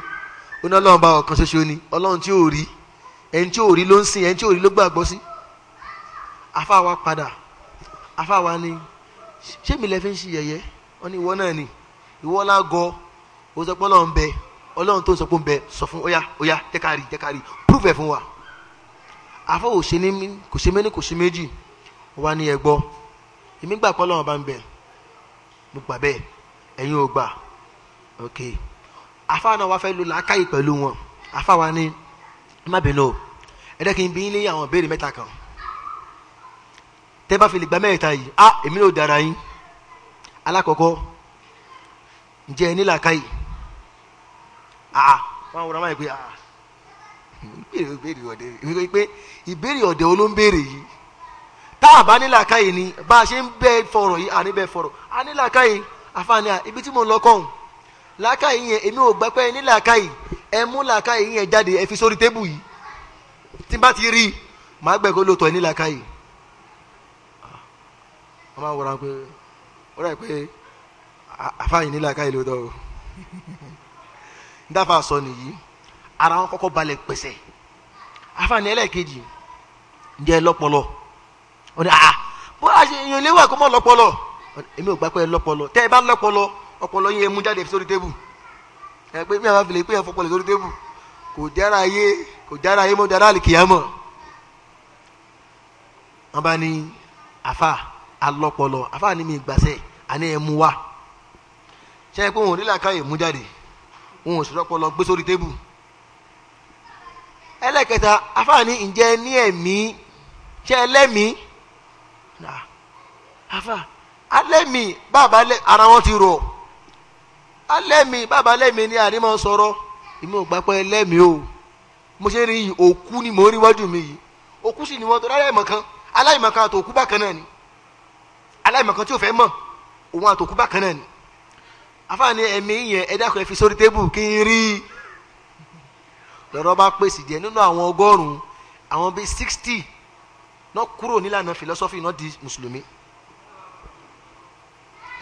ó ọlọ́run bá ọ̀kan ṣoṣo ni ọlọ́run tí ò rí ẹni tí ò rí ló ń sìn ẹni tí ò rí ló gbàgbọ́ sí afa wa padà afa wa ni ṣé mi lẹ fi ń ṣe yẹ̀yẹ́ wọ́n ní ìwọ náà ni ìwọ lágọ o sọ bẹ ọlọ́run tó sọ pé ń bẹ sọ fún ọyá ọyá jẹ́kari jẹ́kari prove ẹ̀ fún wa afa ò ṣe ní kò ṣe méní kò ṣe méjì wa ni ẹ gbọ́ èmi gbà pé ọlọ́run bá ń bẹ mo gbà bẹ́ẹ̀ ẹ̀yin ò gbà ok afa náà wá fẹ́ lu làákàyè pẹ̀lú wọn afa wa ni má bínú o ẹ jẹ́ kí n bí yín lé àwọn ìbéèrè mẹ́ta kan tẹ́ bá fi lè gba mẹ́ta yìí a èmi ló dára yín alákọ̀ọ́kọ́ ǹjẹ́ ẹ nílà káyì àà wọn wúra máa ń pè àà ìbéèrè ìbéèrè ọ̀dẹ ìwé pé ìbéèrè ọ̀dẹ olóńbéèrè yìí tá a bá nílà káyì ni bá a ṣe ń bẹ́ẹ̀ fọ̀rọ̀ yìí à ní bẹ́ẹ̀ fọ̀rọ̀ à nílà káyì àfààní à ibi tí mo lọ kọ́hún làákàyè yẹn èmi ò gbà pé ní làákàyè ẹ mú yẹn jáde ẹ sórí tébù yìí tí bá ti rí màá gbẹ kó lóòótọ́ ẹ ní làákàyè ah, wọ́n máa wọra pé ó rà pé o dáfà ara wọn kọ́kọ́ balẹ̀ pẹ̀sẹ̀ àfààní ẹlẹ́ẹ̀kejì lọ́pọlọ ní bó a ṣe kó mọ̀ lọ́pọlọ èmi ò lọ́pọlọ tẹ́ ẹ bá ọpọlọ yẹn mú jáde sórí tébù ẹ pé bí àwọn afẹlẹ pé ẹfọpọlọ sórí tébù kò dára ayé kò dára ayé mọ dára àlìkìyàmọ wọn bá ní àfa alọpọlọ àfa ni mi gbàsẹ àní ẹ mú wa ṣe é pé òun nílà káyè mú jáde òun sì rọpọlọ gbé sórí tébù ẹlẹ́kẹta àfa ni ǹjẹ́ ní ẹ̀mí ṣe ẹlẹ́mìí àfa alẹ́mìí bàbá ara wọn ti rọ̀ alẹ́mi bàbá lẹ́mi ni àrímọ̀ sọ̀rọ̀ èmi ò gbà pé lẹ́mi o mo ṣe rí yìí òkú ni mò ń rí wájú mi yìí òkú sì ni wọn torí aláìmọ̀kan aláìmọ̀kan àtòkú bákan náà ni aláìmọ̀kan tí ò fẹ́ mọ̀ òun àtòkú bákan náà ni afáàní ẹ̀mí yẹn ẹ dákun ẹ fi sórí tébù kí n rí lọ́rọ́ bá pèsè díẹ̀ nínú àwọn ọgọ́rùn-ún àwọn bíi sixty náà kúrò nílànà philosophy náà di mùsùlùmí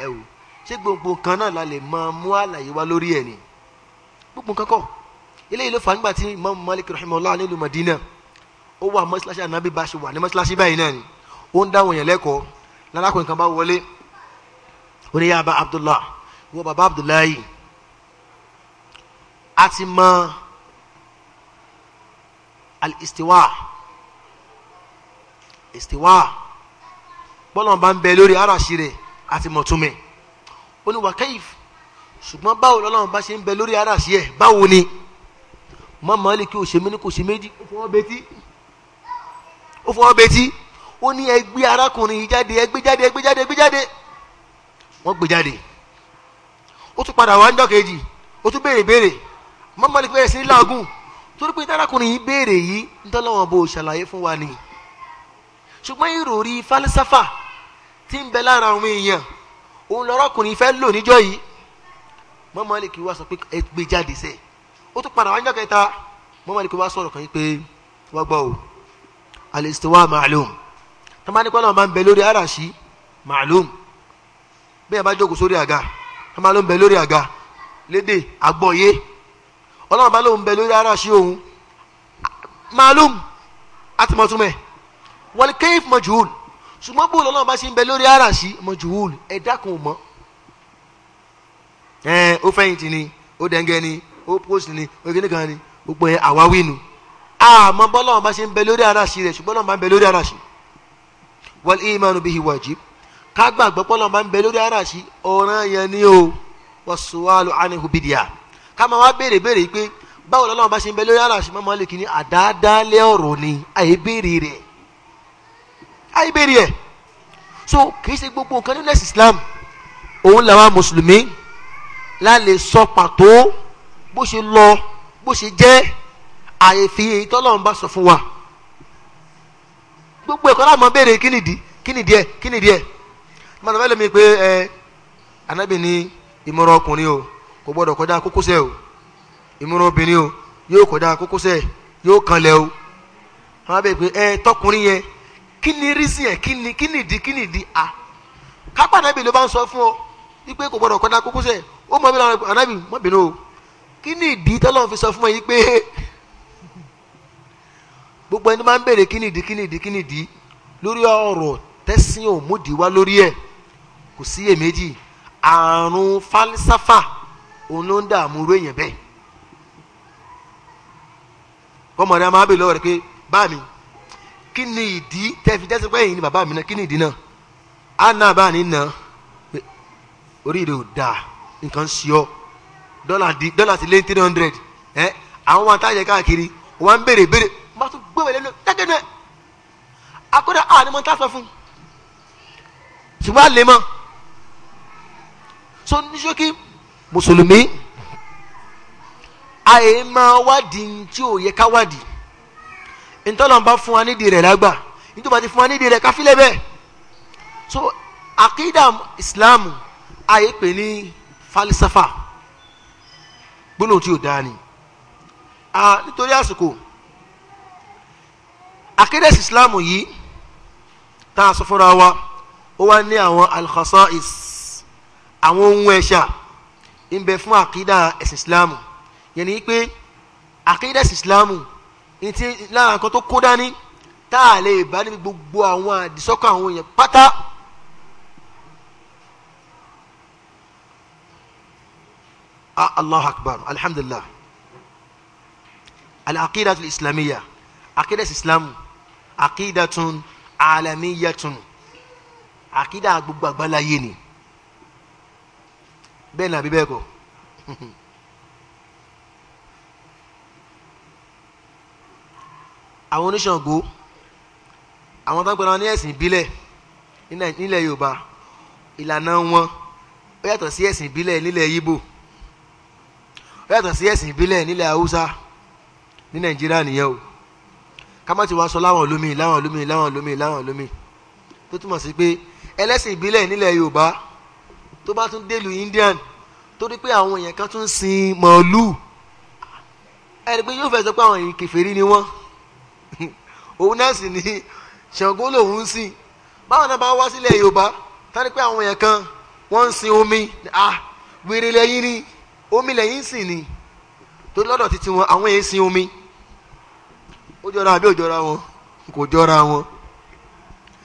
ẹ wò ṣé gbogbo nǹkan náà la lè máa mú àlàyé wá lórí ẹ̀ ni gbogbo nǹkan kọ́ eléyìí ló fà nígbà tí Imam Malik rahimahullah nílùú Madina ó wà mọ́ṣáláṣí ànábì bá wà ní mọ́ṣáláṣí báyìí náà ni ó ń dáwọn èèyàn lẹ́kọ̀ọ́ lálákùnrin kan bá wọlé ó ní yá bá Abdullah wọ bàbá Abdullahi a ti mọ al-istiwa istiwa bọ́lọ̀ bá ń bẹ lórí arashi rẹ̀ a ó ní wàkẹ́yìf ṣùgbọ́n báwo lọ́lọ́run bá ṣe ń bẹ lórí ara sí ẹ̀ ni o ṣe mí ní kò ṣe méjì ó fọwọ́ betí ó fọwọ́ betí ó ní ẹgbẹ́ arákùnrin yìí jáde ẹgbẹ́ jáde ẹgbẹ́ jáde ẹgbẹ́ jáde wọ́n gbé jáde ó tún padà wá ń ó tún béèrè béèrè sí wa ni ṣùgbọ́n ìròrí ti ń òun lọ́rọ́kùnrin fẹ́ lò níjọ́ yìí mọ́mọ́lìkì wá sọ pé ẹ gbé jáde sẹ́ ó tún padà wájú kẹta mọ́mọ́lìkì wá sọ̀rọ̀ kan yìí pé wọ́n gbọ́ o alistiwa ma'lum tó máa ní kọ́lọ́ máa ń bẹ lórí àràṣí ma'lum bẹ́ẹ̀ bá jókòó sórí àga tó ló ń bẹ lórí àga lédè àgbọ̀yé ọlọ́run bá lóun bẹ lórí àràṣí òun ma'lum àtìmọ̀túnmẹ̀ wal kayf majhul ṣùgbọ́n bó lọ́nà bá ṣe ń bẹ lórí àràṣí mọ̀júwùl ẹ̀dá kan ò mọ́ ẹ̀ ó fẹ̀yìntì ni ó dẹ̀ngẹ́ ni ó post ni ó kíní kan ni ó pè é àwáwí nu àmọ́ bọ́lọ́wọ́n bá ṣe ń bẹ lórí àràṣí rẹ̀ ṣùgbọ́n lọ́nà bá ń bẹ lórí àràṣí wal imanu bihi wajib ká gbàgbọ́ pọ́lọ́wọ́n bá ń bẹ lórí àràṣí ọ̀ràn yẹn ni o wasuwalu anihu bidia ká máa wá béèrè béèrè pé báwo lọ́nà bá ṣe ń bẹ lórí àràṣí mọ́mọ́lẹ́kì ni àdáadáa lẹ́ ni àyè béèrè rẹ̀ àìbèrè ẹ̀ so kì í ṣe gbogbo nǹkan nínú ẹ̀sìn Islam òun làwọn mùsùlùmí lálẹ́ sọ pàtó bó ṣe lọ bó ṣe jẹ́ àyèfi èyí tọ́lọ́run bá sọ fún wa gbogbo ẹ̀kọ́ láàmú béèrè kí nìdí kí nìdí ẹ̀ kí nìdí ẹ̀ mọ̀tò bẹ́ẹ̀ lómi pé ẹ anábì ní ìmọ̀ràn ọkùnrin o kò gbọ́dọ̀ kọjá kókósẹ̀ o ìmọ̀ràn obìnrin o yóò kọjá kókósẹ̀ yóò kanlẹ̀ o wọ́n á bẹ̀ pé ẹ tọkùnrin yẹn kí ni rísí kini kí ni kí a kápá anábì ló bá ń sọ fún ọ wípé kò gbọdọ̀ kọ́dá kókó sẹ̀ ó mọ bí anábì mọ́ bínú o kí ni ìdí tọ́lọ́ fi sọ fún ọ yìí pé gbogbo ẹni máa ń di kí ni ìdí kí ni ìdí kí ni ìdí lórí ọ̀rọ̀ tẹ́sí òmùdí wá lórí ẹ̀ kò sí èméjì àrùn òun ló ń bẹ́ẹ̀ kí ni ìdí tẹ́ fi jásí pé ẹ̀yin ni bàbá mi náà kí ni ìdí náà á náà bá orí rẹ̀ ò dáa nǹkan ń ṣe dọ́là di dọ́là sí lé three hundred ẹ àwọn máa tá a yẹ káàkiri wọ́n á ń béèrè béèrè má tún gbé wẹ̀lẹ́ lọ dákẹ́dẹ́ akọ́dà á ni mo ta sọ fún ṣùgbọ́n àlè mọ́ so ní ṣókí mùsùlùmí àyè máa wádìí tí ò yẹ ká wádìí ntọ́lọ́nba fún wa nídìí rẹ̀ lágbà nítorí bá ti fún wa nídìí rẹ̀ káfílẹ̀ bẹ́ẹ̀ so akida islam ayé pè ní falisafa gbólóhùn tí ò dáa ni nítorí àsìkò akida islam yìí tá a sọ fúnra wa ó wá ní àwọn al-khasa'is àwọn ohun ẹ̀ṣà ń bẹ fún akida ẹ̀sìn islam yẹn ni pé akida islam. Yani etí lára nǹkan tó kó dání tá a lè bá níbi gbogbo àwọn àdìsọ́kàn àwọn èèyàn pátá. allahu akbar alhamdulillah alaqidatu islamiyya aqidatu islamu aqidatun alamiyatun aqida gbogbo àgbáláyé ni bẹ́ẹ̀ ni àbí bẹ́ẹ̀ kọ́. àwọn oníṣàngó àwọn tó ń pera wọn ní ẹ̀sìn ìbílẹ̀ nílẹ̀ yorùbá ìlànà wọn ó yàtọ̀ sí ẹ̀sìn ìbílẹ̀ nílẹ̀ yíbò ó yàtọ̀ sí ẹ̀sìn ìbílẹ̀ nílẹ̀ haúsá ní nàìjíríà nìyẹn o ká má ti wá sọ láwọn olómi láwọn olómi láwọn olómi láwọn olómi tó túmọ̀ sí pé ẹlẹ́sìn ìbílẹ̀ nílẹ̀ yorùbá tó bá tún délùú indian torí pé àwọn èèyàn kan tún sin màálù ẹni pé yóò fẹ́ pé àwọn èèyàn kèfèrí ni wọ́n òun náà sì ní Ṣàngó lòun sìn báwọn náà bá wá sílẹ̀ Yorùbá tani pé àwọn yẹn kan wọ́n ń sin omi ah wèrè lẹ́yìn ni omi lẹ́yìn sìn ni tó lọ́dọ̀ títí wọn àwọn yẹn sin omi ó jọra àbí ó jọra wọn kò jọra wọn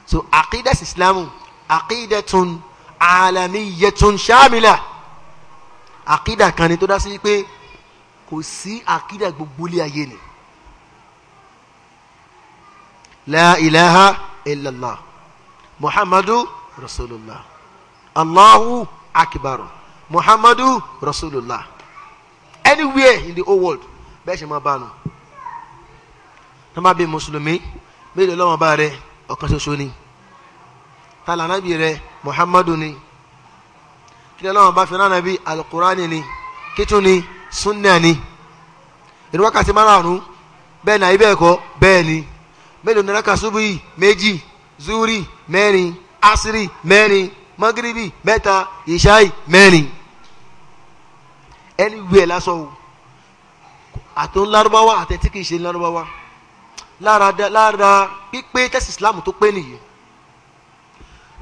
so àkídẹ́sì Islam àkídẹ́tun alamiyetun shamila àkídà kan ni tó dá sí pé kò sí àkídà gbogbo ilé ayé ni. لا إله إلا الله محمد رسول الله الله أكبر محمد رسول الله anywhere in the whole world bẹ́ẹ̀ ṣe máa bá a nù tó máa bí mùsùlùmí méjì lọ́wọ́ bá rẹ ọ̀kan ṣoṣo ni tala anabi rẹ muhammadu ni kí lọ́wọ́ bá fi náà bí alukurani ni kítún ni sunna ni ìrúwákàtí márùn-ún bẹ́ẹ̀ náà ibẹ̀ kọ́ bẹ́ẹ̀ ni mélòó nira ka ṣubú yìí méjì zuri mẹ́rin asiri mẹ́rin magiribi mẹ́ta ìṣáì mẹ́rin anywhere lásán o àtún lárúbáwá àtẹ̀tí kìí ṣe lárúbáwá lára lára pípé tẹ̀sí islam tó pé nìyí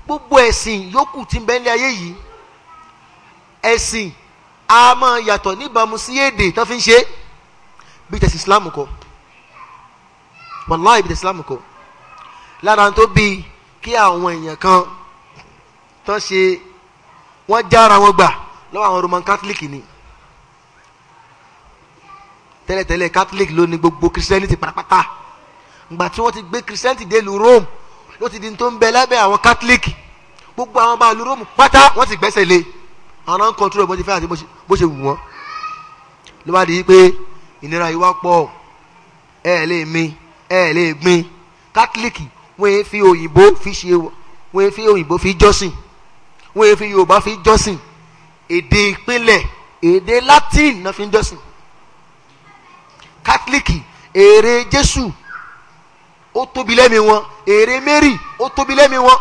gbogbo ẹ̀sìn yòókù tí ń bẹ ní ayé yìí ẹ̀sìn a máa yàtọ̀ níbàámu sí èdè tó fi ń ṣe bí tẹ̀sí islam kọ́ wàláhì ibi islam kọ lára tó bí kí àwọn èèyàn kan tán ṣe wọ́n jára wọn gbà lọ́wọ́ àwọn roman catholic ni tẹ́lẹ̀tẹ́lẹ̀ catholic ló ní gbogbo christianity pátápátá ìgbà tí wọ́n ti gbé christianity dé lu rome ló ti di tó ń bẹ lábẹ́ àwọn catholic gbogbo àwọn ọba lu rome pátá wọ́n ti gbẹ́sẹ̀ lé àwọn náà ń control bó ti fẹ́ àti bó ṣe wù wọ́n ló bá di pé ìnira yìí wá pọ̀ ẹ̀ lè mi ẹ lè gbin kátólíìkì wọ́n fi òyìnbó fi ṣe wọ́n fi òyìnbó fi jọ́sìn wọ́n fi yorùbá fi jọ́sìn èdè ìpínlẹ̀ èdè latin náà fi jọ́sìn kátólíìkì èrè jésù ó tóbi lẹ́mi wọn èrè mary ó tóbi lẹ́mi wọn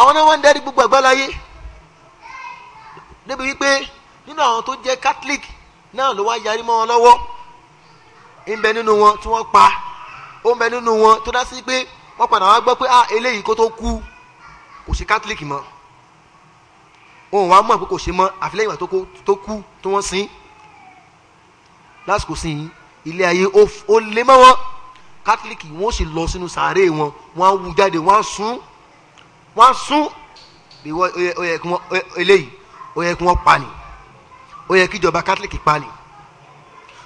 àwọn náà wọ́n ń darí gbogbo àgbáláyé débi wípé nínú àwọn tó jẹ́ catholic náà ló wá yarí mọ́ wọn lọ́wọ́ ń bẹ nínú wọn tí wọ́n pa ó ń bẹ nínú wọn tó dá sí pé wọ́n padà wá gbọ́ pé ah eléyìí kó tó kú kò ṣe catholic mọ́ òun wá mọ̀ pé kò ṣe mọ́ àfilẹ́yìn ìgbà tó kú tí wọ́n sin lásìkò sí yìí ilé ayé ó lé mọ́ wọn catholic wọ́n sì lọ sínú sàárè wọn wọ́n á wú jáde wọ́n á sún wọ́n á sún ìwọ ó yẹ kí wọ́n eléyìí ó yẹ kí wọ́n pa ni ó yẹ kí ìjọba catholic pa ni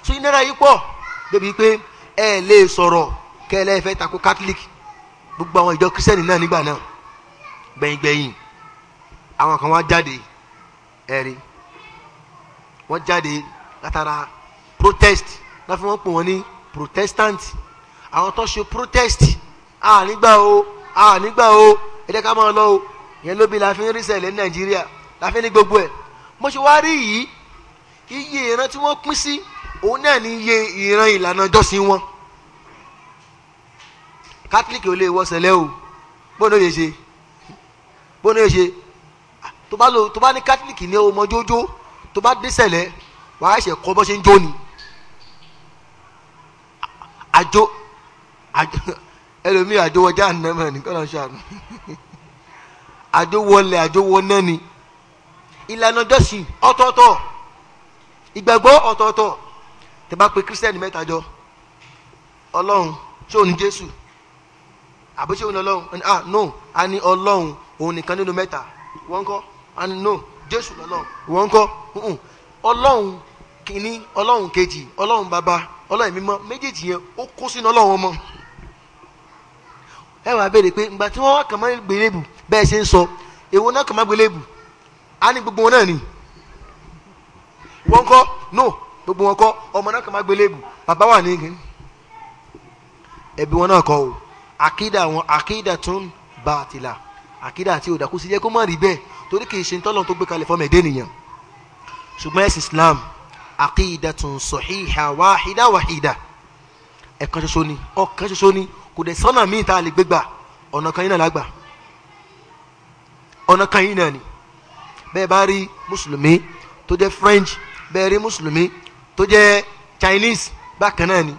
so ìnira yìí pọ̀ débi pé ẹ lè sọ̀rọ̀ kẹlẹ́ fẹ́ tako catholic gbogbo àwọn ìjọ kírísítẹ́nì náà nígbà náà gbẹ̀yìngbẹ̀yìn àwọn kan wá jáde ẹ̀rí wọ́n jáde látara protest láfi wọ́n pè wọ́n ní protestant àwọn tó ṣe protest à nígbà o à nígbà o ẹ jẹ́ ká máa lọ o ìyẹn ló bí la fi ń rí ṣẹlẹ̀ ní nàìjíríà la fi ní gbogbo ẹ̀ mo ṣe wá rí yìí iye ìran tí wọ́n pín sí. Si òun náà ní iye ìran ìlànà jọ́sìn wọn catholic ò lè wọ sẹ̀lẹ̀ o bóun ó yẹ ṣe bóun ó yẹ ṣe tó bá lò tó bá ní catholic ní ọmọ jójó tó bá dé sẹ̀lẹ̀ wàá ṣe kọ́ bó ṣe ń jó ni àjò ẹlòmíì àjò wọjá ànámọ nìkan náà ṣàánú àjò wọlé àjò wọná ni ìlànà jọ́sìn ọ̀tọ̀ọ̀tọ̀ ìgbàgbọ́ ọ̀tọ̀ọ̀tọ̀ tẹ bá pe kírísítẹ́nì mẹ́ta jọ ọlọ́run ṣé òun ni jésù àbí ṣé òun ni ọlọ́run ah no a ní ọlọ́run òun nìkan nínú mẹ́ta wọ́n a ní no jésù lọ́lọ́run wọ́n kọ́ ọlọ́run kìíní ọlọ́run kejì ọlọ́run bàbá ọlọ́run mímọ́ méjèèjì yẹn ó ọlọ́run ọmọ ẹ wàá béèrè pé ìgbà tí wọ́n wá kàn máa gbélébù bẹ́ẹ̀ ṣe gbogbo wọn gbogbo wọn kọ ọmọ náà kàn máa gbélé bù bàbá wà ní kíni ẹbí wọn náà kọ o àkídà wọn àkídà tún bá a ti la àkídà àti òdà kò sí yẹ kó má rí bẹ́ẹ̀ torí kì í ṣe ntọ́lọ́ tó gbé kalẹ̀ fọmọ ẹ̀dẹ́ nìyẹn ṣùgbọ́n ẹ̀sìn Islam àkídà tún sọ̀híhà wáhídà wáhídà ẹ̀kan ṣoṣo ni ọ̀kan ṣoṣo ni kò dẹ̀ sọ́nà míì tá a lè gbé gbà ọ̀nà kan yín náà lágbà ọ̀nà kan yín náà ni bẹ́ẹ̀ French bẹ́ẹ̀ rí tó jẹ́ Chinese bákan náà ni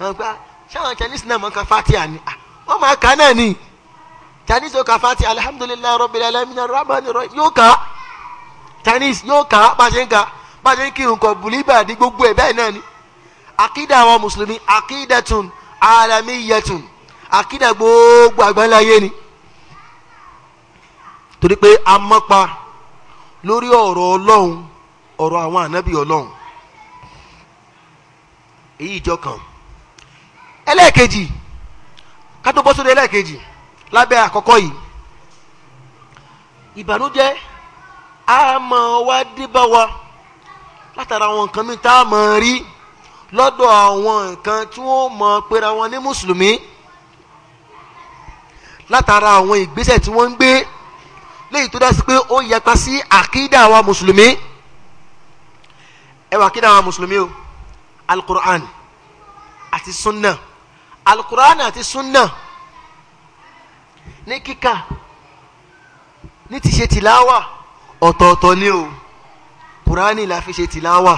wọ́n gbá sáwọn Chinese náà mọ̀ ká fatia ni ah, wọ́n máa kà náà ni Chinese yóò ka fatia alihamudulilayi rabbil alamin rahman yóò kà Chinese yóò kà bá a ṣe ń kà bá a ń kírun kọ bùlíbà ní gbogbo ẹ̀ bẹ́ẹ̀ náà ni akida àwọn mùsùlùmí akidatun alamiyatun akida gbogbo àgbáńláyé ni torí pé a mọ́pa lórí ọ̀rọ̀ ọlọ́run ọ̀rọ̀ àwọn ànábì ọlọ́run èyí ìjọ kan ẹlẹ́ẹ̀kejì kátó bọ́ sórí ẹlẹ́ẹ̀kejì lábẹ́ àkọ́kọ́ yìí ìbànújẹ́ a máa wá dé bá wa látara àwọn nǹkan mi tá a máa rí lọ́dọ̀ àwọn nǹkan tí wọ́n máa pera wọn ní mùsùlùmí látara àwọn ìgbésẹ̀ tí wọ́n ń gbé léyìí tó dá sí pé ó yẹpa sí àkídà wa mùsùlùmí ẹ àkídà wa mùsùlùmí o alukur'an àti sunna alukur'an àti sunna ní kíkà ní ti ṣe tìláwà ọ̀tọ̀ọ̀tọ̀ ni o kùránì la fi ṣe tìláwà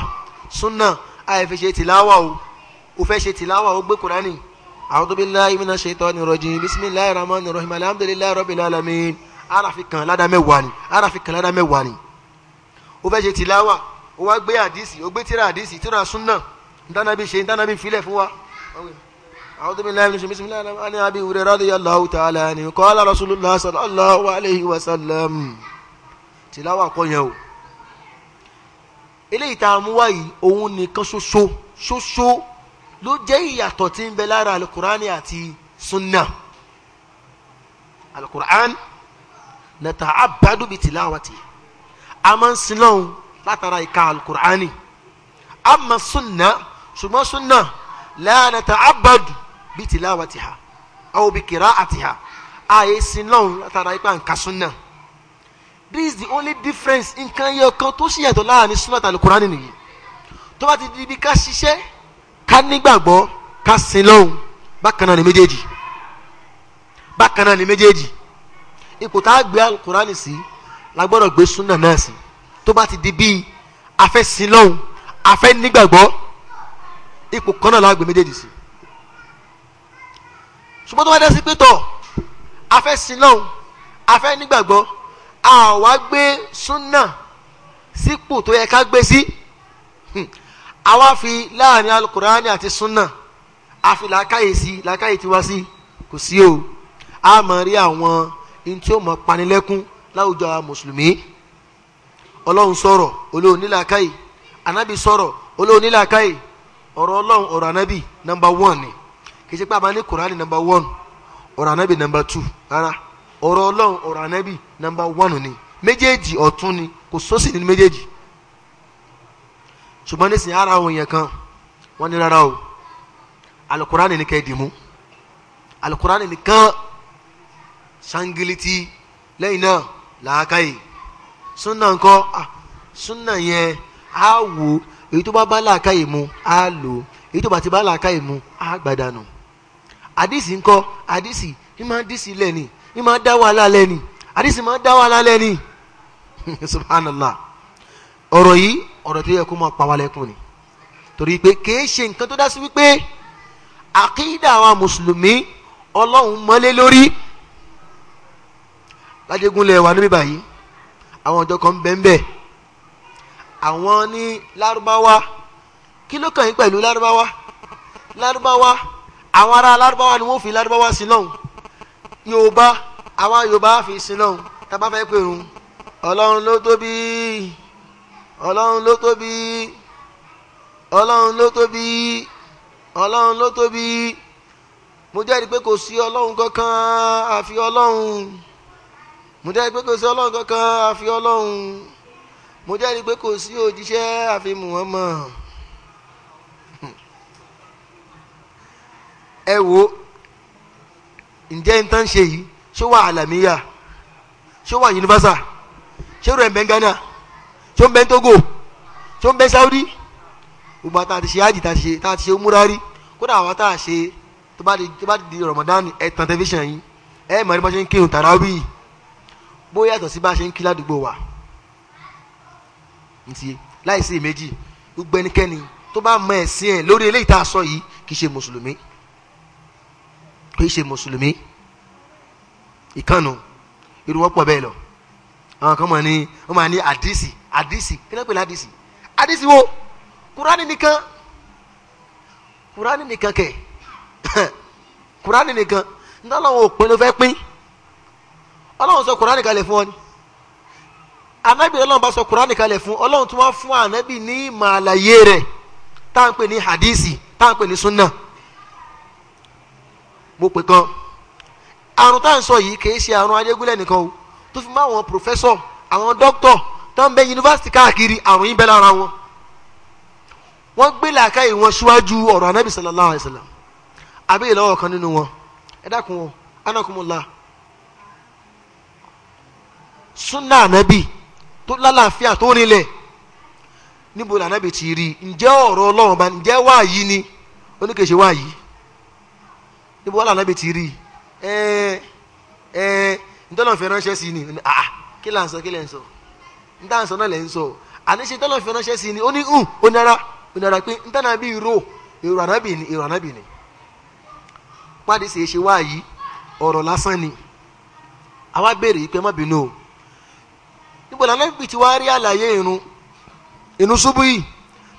sunna àyè fi ṣe tìláwà o o fẹ́ ṣe tìláwà o gbé kùránì. a'udhu billahi minash shaitanir rajim bismillahir rahmanir rahim alhamdulillahi rabbil arafi kan ládàá mẹ́wàá arafi kan ládàá mẹ́wàá o fẹ́ ṣe tìláwà o wá gbé àdìsí o gbé tíra àdìsí tíra sunna ntana bi ṣe ntana bi filẹ̀ fún wa. أعوذ بالله من بسم الله عن أبي هريرة رضي الله تعالى عنه قال رسول الله صلى الله عليه وسلم tìláwà kọ yẹn o eléyìí tá a mú wá yìí òun nìkan ṣoṣo ṣoṣo ló jẹ́ ìyàtọ̀ tí ń bẹ lára alukur'ani àti sunna alukur'an nata abadu bi tilawati a máa ń sin náà látara ìka alukur'ani a máa sunna ṣùgbọ́n sunna la nata'abbadu bi tilawatiha aw bi qira'atiha ààyè sin lọ́hùn látara ipa nǹka this is the only difference nǹkan yẹ kan tó sì yàtọ̀ láàrin sunna àti alukurani nìyí tó bá ti di ibi ká ṣiṣẹ́ ká nígbàgbọ́ ká sin lọ́hùn bákan náà ni méjèèjì bákan náà ni méjèèjì ipò tá a gbé alukurani sí la gbọ́dọ̀ gbé sunna náà sí tó bá ti di bíi afẹ́ sin lọ́hùn afẹ́ nígbàgbọ́ ipò kan náà lágbè méjèèjì sí ṣùgbọ́n tó bá dá sí pé tọ̀ afẹ́ sin náà afẹ́ nígbàgbọ́ àwa gbé súnà sípò tó yẹ ká gbé sí àwa hmm. fi láàrin alukurani àti súnà àfi làákàyè sí làákàyè tiwa sí kò sí o a máa rí àwọn ntí ó máa panilẹ́kún láwùjọ àwọn mùsùlùmí ọlọ́run sọ̀rọ̀ olóòní làákàyè ànábì sọ̀rọ̀ olóòní làákàyè ọ̀rọ̀ ọlọ́run ọ̀rọ̀ anabi nọmba one ni kì í ṣe pé àbá kùránì nọmba one ọ̀rọ̀ anabi nọmba two rárá ọ̀rọ̀ ọlọ́run ọ̀rọ̀ anabi nọmba one ni méjèèjì ọ̀tún ni kò sósì nínú méjèèjì ṣùgbọ́n nísìnyí ara àwọn èèyàn kan wọ́n ní rárá o alukurani ni kẹ́ẹ̀dì mú alukurani nìkan sangiliti lẹ́yìn náà làákàyè sunna ńkọ́ ah yẹn á wò èyí tó bá bá làákàyè mu á lò èyí tó bá ti bá làákàyè mu á gbàdánù àdìsí ńkọ́ àdìsí ní máa ń dìsí lẹ́ni ní máa ń dá wàhálà lẹ́ni àdìsí máa ń dá wàhálà lẹ́ni subhanallah ọ̀rọ̀ yìí ọ̀rọ̀ tó yẹ kó máa pa wá lẹ́kùn ni torí pé kìí ṣe nǹkan tó dá sí wípé àkídà àwọn mùsùlùmí ọlọ́run mọ́lé lórí ládégúnlẹ̀ wà níbí báyìí àwọn ọ̀jọ̀ kan bẹ́ẹ̀ bẹ́ẹ̀ àwọn ní lárúbáwá kí ló kàn yín pẹ̀lú lárúbáwá lárúbáwá àwọn ará lárúbáwá ni wọ́n fi lárúbáwá sí lọ́hùn yorùbá àwọn yorùbá fi sí lọ́hùn tábà fẹ́ pè ń ọlọ́run ló tóbi ọlọ́run ló tóbi ọlọ́run ló tóbi ọlọ́run ló tóbi mo jẹ́rìí pé kò sí ọlọ́run kankan àfi ọlọ́run mo jẹ́rìí pé kò sí ọlọ́run kankan àfi ọlọ́run mo jẹ́rìí pé kò sí òjíṣẹ́ àfi Muhammad ẹ wo ǹjẹ́ n tán ṣe yìí ṣó wà àlàmíyà ṣó wà universal ṣé rẹ̀ ń bẹ Ghana ṣó ń bẹ Togo ṣó ń bẹ Saudi gbogbo àti àti ṣe àjì tá a ti ṣe múra kódà àwọn tá a ṣe tó bá di tó bá di Ramadan ẹ tàn tẹlifíṣàn yìí ẹ mọ̀ ní bá ṣe ń kírun tàràwí bóyá yàtọ̀ bá ṣe ń kí ládùúgbò wa ntí láìsí méjì gbogbo ẹnikẹ́ni tó bá mọ ẹ̀sìn ẹ̀ lórí eléyìí tá a sọ yìí kì í ṣe mùsùlùmí kì í ṣe mùsùlùmí ìkànnù irú wọn pọ̀ bẹ́ẹ̀ lọ àwọn kan mọ̀ ní wọ́n máa ní àdìsí àdìsí kí ló pè ládìsí àdìsí wo kúránì nìkan kúránì nìkan kẹ̀ kúránì nìkan ní ọlọ́run ò pin ló fẹ́ pín ọlọ́run sọ kúránì kalẹ̀ fún ọ ni anabi ọlọ́run bá sọ kurani kalẹ̀ fún ọlọ́run tí wọ́n fún anabi ní ìmọ̀ àlàyé rẹ̀ ní hadisi tá à ní sunna mo pè kan àrùn tá à ń sọ yìí kì í ṣe àrùn ajégúnlẹ̀ nìkan o tó fi mọ́ àwọn pòfẹ́sọ̀ àwọn dókítọ̀ tó ń bẹ yunifásitì káàkiri àrùn yìí bẹ́ lára wọn wọ́n gbé làákàyè wọn síwájú ọ̀rọ̀ anabi sallallahu alayhi wa sallam àbí ìlọ́wọ́ kan nínú wọn ẹ dákun wọn anakumula sunna anabi tó lálàáfíà tó nílẹ̀ níbo lànàbì ti rí ǹjẹ́ ọ̀rọ̀ ọlọ́run bá ǹjẹ́ wáàyí ni oníkèéṣe wáàyí níbo lànàbì ti rí ẹ ẹ ntọ́lọ́n fẹ́ ránṣẹ́ sí ni ah kí là ń sọ kí lẹ̀ ń sọ ntá ń sọ náà lẹ̀ ń sọ àníṣe ntọ́lọ́n fẹ́ ránṣẹ́ sí ni ó ní hùn ó nara ó nara pé ntánàbì rò èrò ànábì ni èrò ànábì ni pàdé ṣe é ṣe wáàyí ọ̀rọ̀ lásán ni àwa béèrè yìí pé má bínú o níbo lànà bìbí ti wá rí àlàyé irun irun ṣubú yìí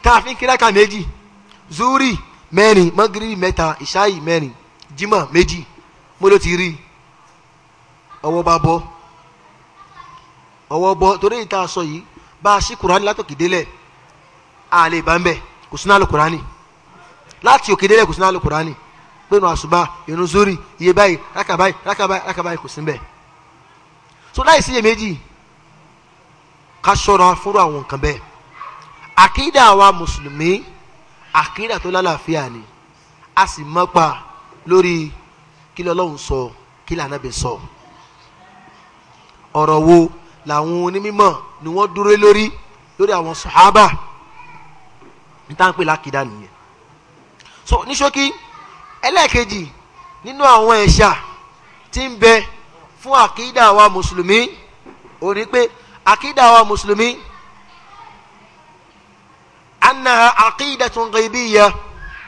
káàfin kíráka méjì zuri mẹ́rin magiri mẹ́ta ìṣáyì mẹ́rin jimá méjì mo ló ti rí ọwọ́ bá bọ́ ọwọ́ bọ́ torí ìta sọ yìí bá a ṣí kurani látòkè délẹ̀ a lè bá ń bẹ̀ kò sínú àlò kurani láti òkè délẹ̀ kò sínú àlò kurani pínu àṣùbà irun zuri iye báyìí rákà báyìí rákà báyìí rákà báyìí kò sí ń so láì síyèméjì ká ṣọ́ra fúnra àwọn nǹkan bẹ́ẹ̀ àkídà àwa mùsùlùmí àkídà tó lálàáfíà ni a sì mọ́pa lórí kí lọ́lọ́run sọ kí lànàbẹ̀ sọ ọ̀rọ̀ wo làwọn onímọ̀ ni wọ́n dúró lórí lórí àwọn sàhábà níta ń pè lákìdá nìyẹn so ní ṣókí ẹlẹ́ẹ̀kejì nínú àwọn ẹ̀ṣà tí ń bẹ fún àkídà àwa mùsùlùmí ó ní pé akida wa muslimi annaha aqidatun ghaibiya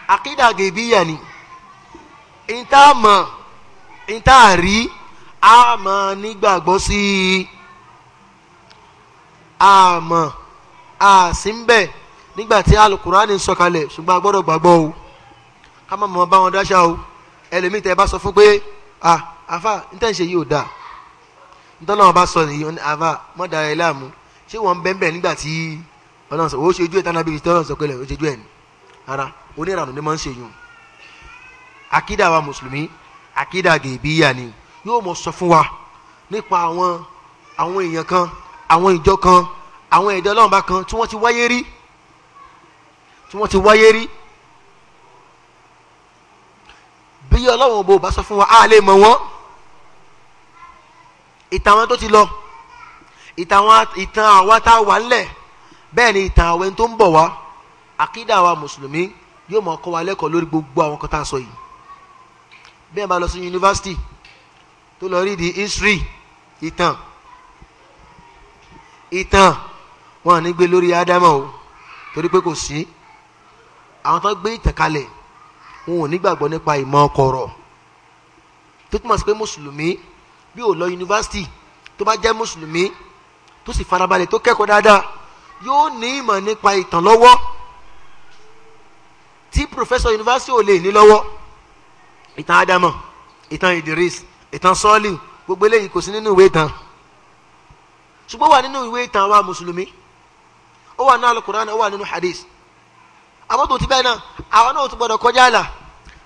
akida ghaibiya ni inta ma inta rí a ma nígbàgbọ́ sí i a mọ̀ a sì ń bẹ̀ nígbà tí alukurani ń sọ̀kalẹ̀ ṣùgbọ́n a gbọ́dọ̀ gbàgbọ́ o ká má mọ̀ wọn dáṣà o ẹlòmíì tẹ́ ẹ bá sọ fún pé a àfa níta ń ṣe yìí ò dáa ntọ́lọ́wọ́n bá sọ nìyí ní ava mọ́dàrá ilé àmú ṣé wọ́n bẹ́ẹ̀ bẹ́ẹ̀ nígbà tí ọlọ́run sọ ó ṣe ojú ẹ̀ tánà bíi tọ́lọ́run sọ pé ó ṣe ẹ̀ ní ara onírànú ni máa ń ṣe yùn. akídà wa mùsùlùmí akídà gèbíyà ni yóò mọ sọ fún wa nípa àwọn àwọn èèyàn kan àwọn ìjọ kan àwọn ẹ̀dọ́ ọlọ́run bá kan tí wọ́n ti wáyé rí tí wọ́n ti wáyé rí bí ọlọ́run bò bá sọ fún wa á lè mọ̀ wọ́n ìtàn àwọn tó ti lọ ìtàn àwa tá a wà ńlẹ̀ bẹ́ẹ̀ ni ìtàn àwọn tó ń bọ̀ wá àkídà àwa mùsùlùmí yóò máa kọ́ wa lẹ́kọ̀ọ́ lórí gbogbo àwọn kan tá a sọ yìí bẹ́ẹ̀ bá lọ sí yunifásitì tó lọ rí di history ìtàn ìtàn wọn à ní gbé lórí ádámà o torí pé kò sí àwọn tó gbé ìtàn kalẹ̀ wọn ò nígbàgbọ́ nípa ìmọ̀ ọkọ̀ọ̀rọ̀ tó túmọ̀ sí pé mùsùlùmí bí ò lọ yunifásitì tó bá jẹ́ mùsùlùmí tó sì farabalẹ̀ tó kẹ́kọ̀ọ́ dáadáa yóò ní ìmọ̀ nípa ìtàn lọ́wọ́ tí pòfẹ́sọ̀ yunifásitì ò lè ní lọ́wọ́ ìtàn ádámọ̀ ìtàn Idris ìtàn sọ́ọ̀lì gbogbo eléyìí kò sí nínú ìwé ìtàn ṣùgbọ́n wà nínú ìwé ìtàn wa mùsùlùmí ó wà nínú alukur'an ó wà nínú hadith àwọn tó ti bẹ́ẹ̀ náà àwọn náà ti gbọ́dọ̀ kọjá àlà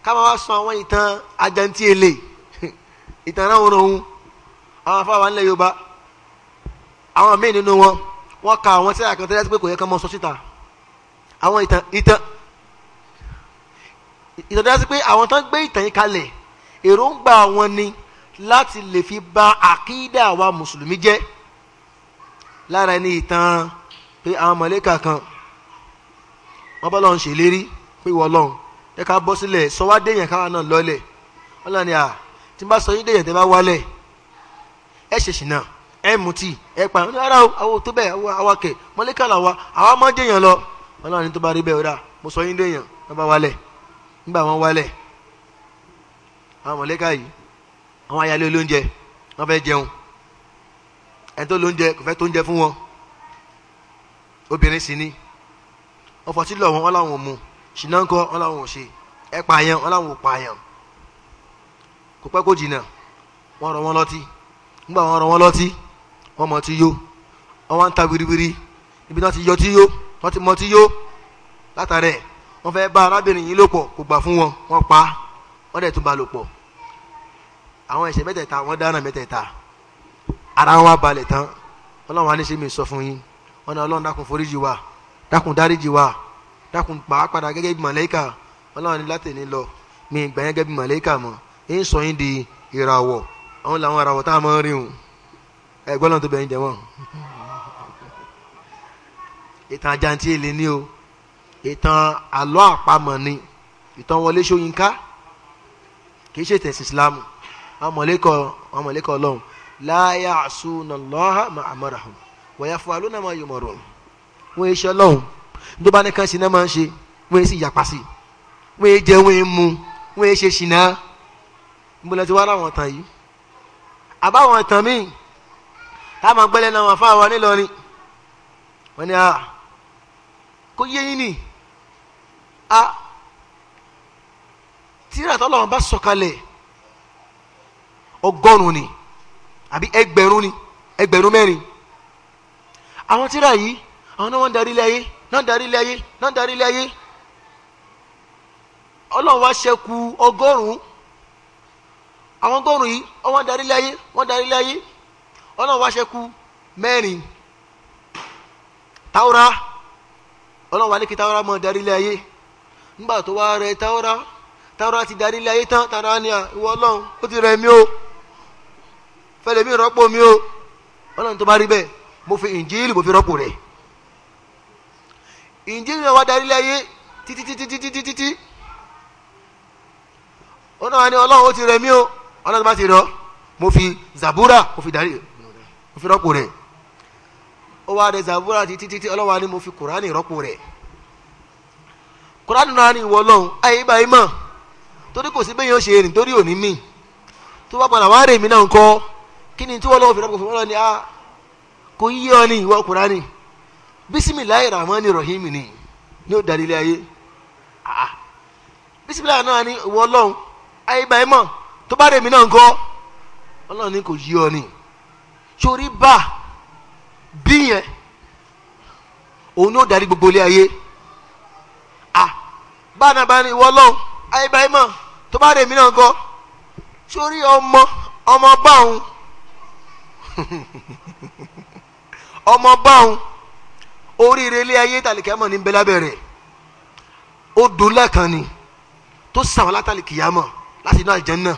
ká máa wá sọ àwọn ìtàn ajanti èlé ìtàn náà wọn òun àwọn afáwa ńlẹ̀ yorùbá àwọn míì nínú wọn wọ́n ka àwọn tírà kan tẹ́lẹ̀ pé kò yẹ kán mọ sọ síta àwọn ìtàn ìtàn ìtàn tẹ́lẹ̀ pé àwọn tán gbé ìtàn yìí kalẹ̀ èròǹgbà wọn ni láti lè fi bà àkídà wa mùsùlùmí jẹ́ lára ẹni ìtàn pé àwọn mọ̀lẹ́kà kan wọ́n bá lọ́n ṣèlérí pé wọ́n lọ́n ẹ ká bọ́ sílẹ̀ sọ wá déyàn káwa náà lọ́lẹ̀ wọ́n lọ́n ni à tí n bá sọ yín déyàn tẹ́ bá wálẹ̀ ẹ ṣe ṣìnà ẹ mutí ẹ pa rárá o àwọn tó bẹ́ẹ̀ àwọn awakẹ̀ mọ́lẹ́kà wa àwa máa jẹ́yàn lọ ọlọ́run ní tó bá rí bẹ́ẹ̀ rà mo sọ yín déyàn wọ́n bá wálẹ̀ nígbà wọ́n wálẹ̀ àwọn mọ̀lẹ́kà yìí àwọn ayálé olóúnjẹ wọ́n fẹ́ jẹun ẹni tó lóúnjẹ kò fẹ́ tó oúnjẹ fún wọn obìnrin sì ni wọ́n fọtí lọ wọn wọ́n ò mu ṣìnà ńkọ́ wọ́n ò ṣe ẹ pààyàn wọ́n láwọn ò pààyàn kò pẹ́ kó jìnnà wọ́n rọ wọn lọ́tí ńgbà wọn rọ wọn lọ́tí wọn mọ̀ ti yó wọn wá ń ta biribiri ibi náà ti yọ tí yó wọn ti mọ tí yó látàrẹ wọn fẹ́ bá arábìnrin yìí lò pọ̀ kò gbà fún wọn wọn pa wọn dẹ̀ tún bá lò àwọn ẹ̀ṣẹ̀ mẹ́tẹ̀ẹ̀ta wọn dáná mẹ́tẹ̀ẹ̀ta ara wọn wá tán ọlọ́run wa ní sọ fún yín wọn náà ọlọ́run dákun foríjì wa dákun dáríjì wa dákun pàápàá gẹ́gẹ́ bí màlẹ́kà ọlọ́run ní látẹ̀ni lọ mi ìgbà yẹn gẹ́gẹ́ bí màlẹ́kà mọ̀ ń sọ yín di ìràwọ̀ àwọn làwọn ara wọ̀ tá a máa ń rí wọn ẹgbẹ́ náà tó bẹ̀rẹ̀ ń jẹ wọ́n. ìtàn àjàntí èlé ni o ìtàn àlọ́ àpamọ̀ ni ìtàn Wọlé Ṣóyínká kì í ṣe tẹ̀sí Ìsìlámù amọ̀lẹ́kọ̀ amọ̀lẹ́kọ̀ ọlọ́run la ya'suna Allaha ma amarahum wa yaf'aluna ma yu'marun wọ́n yẹ ṣe ọlọ́run tó bá ní kan ṣe náà máa ń ṣe wọ́n yẹ sì yàpá sí wọ́n yẹ jẹ wọ́n yẹ mu wọ́n yẹ ṣe ṣìnà ń bọ́lá ti tàn yìí àbáwọn ìtàn míì táwọn gbẹ́lẹ́ náà wọ́n fáwọn nílọrin wọ́n ní a kó yé yín ni a tíra tọ́lọ̀ wọn bá sọ̀kalẹ̀ ọgọ́rùn-ún ni àbí ẹgbẹ̀rún ni ẹgbẹ̀rún mẹ́rin àwọn tíra yìí àwọn náà wọ́n darí ilé ayé náà darí ilé ayé náà darí ilé ayé ọlọ́run wá ṣẹ́kù ọgọ́rùn-ún àwọn gbọ́rùn yìí wọ́n darí láyé wọ́n darí láyé ọlọ́run wá ṣẹ́kù mẹ́rin táwọ́rá ọlọ́run wá ní kí táwọ́rá mọ́ darí láyé nígbà tó wá rẹ táwọ́rá táwọ́rá ti darí láyé tán táwọ́rá ni ìwọ ọlọ́run ó ti rẹ mí o fẹlẹ̀ mi rọ́pò mi o ọlọ́run tó bá rí bẹ́ẹ̀ mo fi ìnjílì mo fi rọ́pò rẹ̀ ìnjílì náà wá darí láyé títítítítítítí ọlọ́run wa ni ọlọ́run ó ti rẹ mí o ọlọ́run bá ti rọ mo fi zabura mo fi darí mo fi rọ́pò rẹ̀ ó wá rẹ zabura títí títí ọlọ́wà ni mo fi kùránì rọ́pò rẹ̀ kùránì náà ni ìwọ ọlọ́run ayé báyìí mọ̀ torí kò sí bẹ́yìn ó ṣe torí òní mi tó bá padà wá rè mí náà ń kọ́ kí ni tí wọ́n lọ́wọ́ fi rọ́pò fún ọlọ́run ni a kò yí ọ ní ìwọ kùránì bisimilayi rahman rahim ni ní ó darí ilé ayé bisimilayi náà ni ìwọ ọlọ́run ayé báyìí mọ̀ tó bá rèmi náà ń kọ́ ní kò yí ọ ni sórí bá bí yẹn òun yóò darí gbogbo ilé ayé à báyìí báyìí ìwọ ọlọ́run ayé báyìí mọ̀ tó bá rèmi náà ń kọ́ sórí ọmọ ọmọ báwọn ọmọ báwọn oríire ilé ayé tàlìkẹ́mọ̀ ní bẹ́lábẹ́rẹ́ odò lẹ́kan ni tó sàn wọn láti inú àlìjẹ́ náà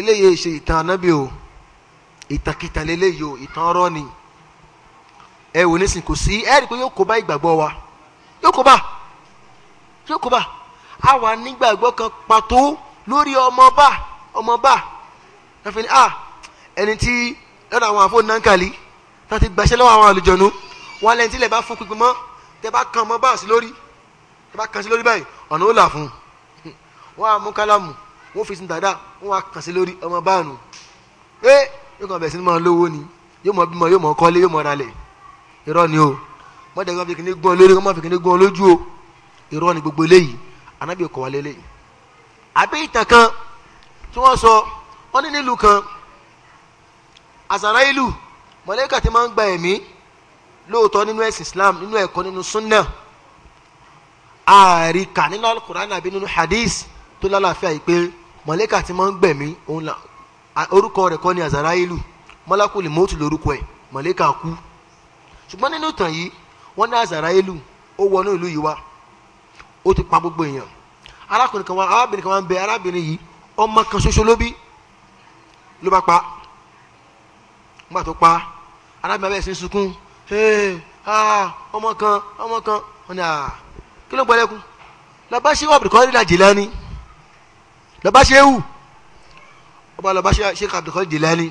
eléyìí ṣe ìtàn anábì o ìtàn kìtàn lélẹ́yìí o ìtàn ọ̀rọ̀ ni ẹ wò nísìnyí kò sí ẹ rí i pé yóò kó bá ìgbàgbọ́ wa yóò kó bá yóò kó bá a wà nígbàgbọ́ kan pàtó lórí ọmọba ọmọba ẹ̀fìn a ẹni tí lọ́dọ̀ àwọn àfọ̀ nankali láti gbàṣẹ́ lọ́wọ́ àwọn àlùjọ̀nù wọn lẹ́yìn tí ilẹ̀ bá fún pípín mọ́ tẹ́ bá kan ọmọba sí lórí tẹ́ bá kan sí lórí báyìí ọ̀nà ó là fún un wọ́n á kálámù wọ́n fi sin dada wọ́n wá kàn sí lórí ọmọ báànù ẹ yóò kàn bẹ̀rẹ̀ sí máa lówó ni yóò mọ bímọ yóò mọ kọ́lé yóò mọ ralẹ̀ irọ́ ni o mọ́tẹ́ kan fi kíní gbọ́n lórí kan máa fi kíní gbọ́n lójú o irọ́ ni gbogbo eléyìí anábì kọ́ wa lélẹ́yìí. àbí ìtàn kan tí wọ́n sọ wọ́n ní nílùú kan àsàrà ìlú mọ̀lẹ́kà ti máa ń gba ẹ̀mí lóòótọ́ nínú ẹ̀sìn Islam nínú ẹ̀kọ́ nínú sunnah àríkà nínú Al-Qur'an àbí nínú hadith tó lálàáfíà yìí pé mọ̀lẹ́kà tí máa ń gbẹ̀mí òun la orúkọ rẹ̀ kọ́ ni azarailu mọ́lákùlì mọ́tò lórúkọ ẹ̀ mọ̀lẹ́kà kú ṣùgbọ́n nínú ìtàn yìí wọ́n ní azarailu ó wọnú ìlú yìí wá ó ti pa gbogbo èèyàn arákùnrin kan wá arábìnrin kan wá ń bẹ arábìnrin yìí ọmọ kan ṣoṣo ló bí ló bá pa nígbà tó pa arábìnrin abẹ́rẹ́ sí sunkún ah, ọmọ kan ọmọ kan wọn ni ah, kí ló ń gbọ́ lẹ́kún lọ́ba ṣíwọ́ àbùkọ́ rí la jìlá lọ́ba ṣéwù ọba lọ́ba ṣéwù Abdulkadir Jilani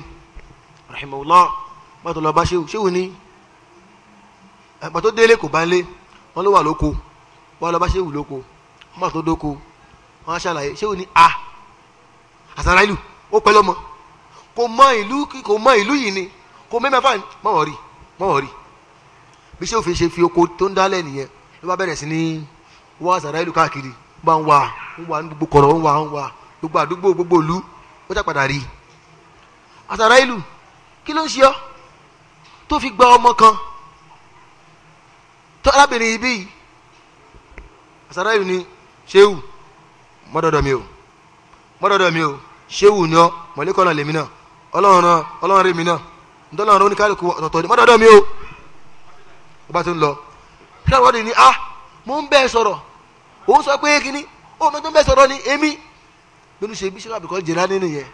rahimahullah bàtò lọ́ba ṣéwù ṣéwù ni bàtò délé kò bá lé wọn ló wà lóko wọn lọ́ba ṣéwù lóko wọn bàtò dóko wọn aṣàlàyé ṣéwù ni a àsàrà ìlú ó pẹ́ lọ́mọ kò mọ ìlú kò mọ ìlú yìí ni kò mẹ́mẹ́fà mọ̀ rí mọ̀ rí bí ṣéwù fi ṣe fi oko tó ń dálẹ̀ nìyẹn ló bá bẹ̀rẹ̀ sí ní wọ́n àsàrà ìlú káàkiri bá wà ń wà ní gbogbo kọ̀rọ̀ ń wà ń wà gbogbo àdúgbò gbogbo ìlú ó jà padà rí i àtàrà ìlú kí ló ń ṣe ọ tó fi gba ọmọ kan tó arábìnrin ibí àtàrà ìlú ni ṣéwù mọ́dọ̀dọ̀ mi o mọ́dọ̀dọ̀ mi o ṣéwù ni ọ mọ̀lẹ́kọ̀ọ́ náà lèmi náà ọlọ́run náà ọlọ́run rèmi náà ntọ́lọ́run oníkálukú ọ̀tọ̀ọ̀tọ̀ ni mọ́dọ̀dọ̀ mi o ọba tó ń lọ kí àwọn ọdún ni ah mo ń bẹ́ẹ̀ sọ̀rọ̀ òun sọ pé kíní ó mẹ́tọ́ ń bẹ́ẹ̀ sọ̀rọ̀ ni èmi bínú ṣe bí sọ́dọ̀ àbíkọ́ Jìlání nìyẹn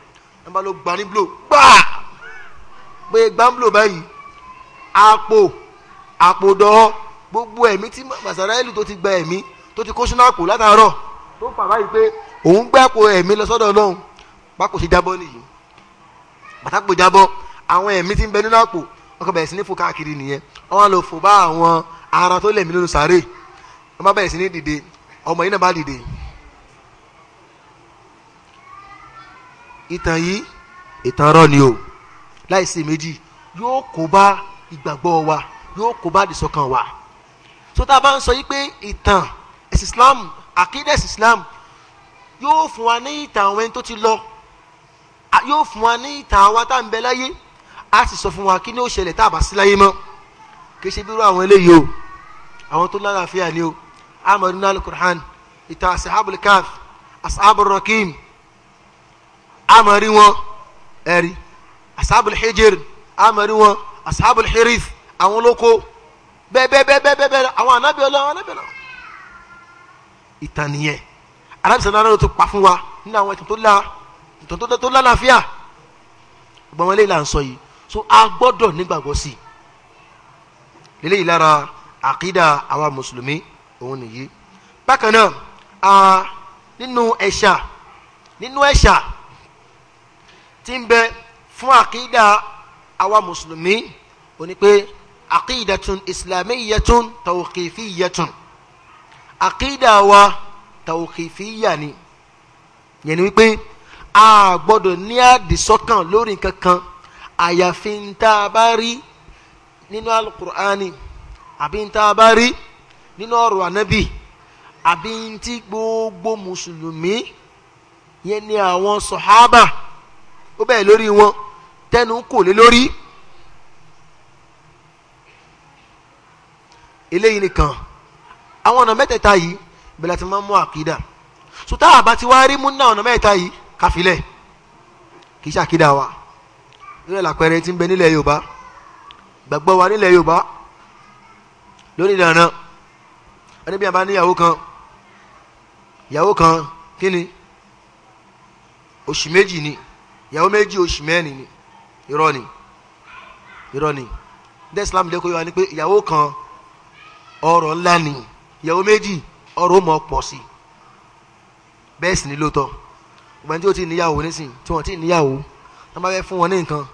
ẹ bá ló gbà ní blo gbà pé gbàǹblo báyìí àpò àpòdọ́ gbogbo ẹ̀mí tí Masaraílù tó ti gba ẹ̀mí tó ti kó sínú àpò látàárọ̀ tó fà báyìí pé òun gbé àpò ẹ̀mí lọ sọ́dọ̀ Ọlọ́run pákó ṣe jábọ́ nìyí bàtàpò jábọ́ àwọn ẹ̀mí tí ń bẹ nínú àpò ọkọ̀ bẹ̀rẹ̀ sí ní fò káàkiri nìyẹn wọ́n lọ fò bá àwọn ara tó lẹ̀mí nínú sàárè wọ́n bá bẹ̀rẹ̀ sí ní dìde ọmọ yìí náà bá dìde ìtàn yìí ìtàn rọ ni o láìsí méjì yóò kó bá ìgbàgbọ́ wa yóò kó bá ìṣọ̀kan wa so tá a bá ń sọ yìí pé ìtàn ẹ̀sìn Islam àkídà Islam yóò fún wa ní ìtàn àwọn ẹni tó ti lọ yóò fún wa ní ìtàn àwa tá à ń bẹ láyé a sì sọ fún wa kí ni ó ṣẹlẹ̀ tá a bá sí láyé mọ́ kì í ṣe bírú àwọn eléyìí o àwọn tó lálàáfíà ni o amadu nal Qur'an ìtàn asahabul kaf asahabul rakim amari wọn ẹ̀rí ashabul hijr amari wọn ashabul hirith àwọn olóko bẹ́ẹ̀ bẹ́ẹ̀ bẹ́ẹ̀ bẹ́ẹ̀ bẹ́ẹ̀ àwọn anabi ọlọ́ àwọn anabi ọlọ́ ìtàn nìyẹn alábìsàn náà ló ti pa fún wa nínú àwọn ìtàn tó la ìtàn tó tó lálàáfíà gbọ́n wọn lè là ń sọ yìí so a gbọ́dọ̀ nígbàgbọ́ sí i lélẹ́yìí lára àkídà àwa mùsùlùmí òun nìyí bákan náà nínú ẹ̀ṣà nínú ẹ̀ṣà tí ń bẹ fún àkídà àwa mùsùlùmí ó ní pé àkídàtún islamiyatun tawqifiyatun àkídà wa tawqifiya ni yẹn ni wípé a gbọ́dọ̀ ní àdìsọ́kàn lórí nǹkan kan àyàfi ń tá a bá rí nínú alukur'ani àbí ń tá a bá rí nínú ọ̀rọ̀ ànábì àbí ń tí gbogbo mùsùlùmí yẹn àwọn sọ̀hábà ó bẹ́ẹ̀ lórí wọn tẹnu kò lé lórí. eléyìí nìkan àwọn ọ̀nà mẹ́tẹ̀ẹ̀ta yìí bẹ̀rẹ̀ láti máa mú àkídà sùtá àbá ti wá rí múná ọ̀nà mẹ́tẹ̀ẹ̀ta yìí káfílẹ̀ kì í ṣe wa nílẹ̀ làpẹẹrẹ ti ń bẹ nílẹ̀ Yorùbá gbàgbọ́ wa nílẹ̀ Yorùbá lórí ìlànà ẹni bí a bá ní ìyàwó kan ìyàwó kan kí ni oṣù méjì ni ìyàwó méjì oṣù mẹ́rin ni irọ́ ni irọ́ ni ndé islam dẹ́kọ̀ yóò wá ní pé ìyàwó kan ọrọ̀ ńlá ni ìyàwó méjì ọrọ̀ ó mọ̀ pọ̀ sí bẹ́ẹ̀ sì ni lóòótọ́ ìgbàni tí o ti níyàwó nísìn tí wọ́n ti níyàwó wọ́n bá fẹ́ fún wọn ní nǹkan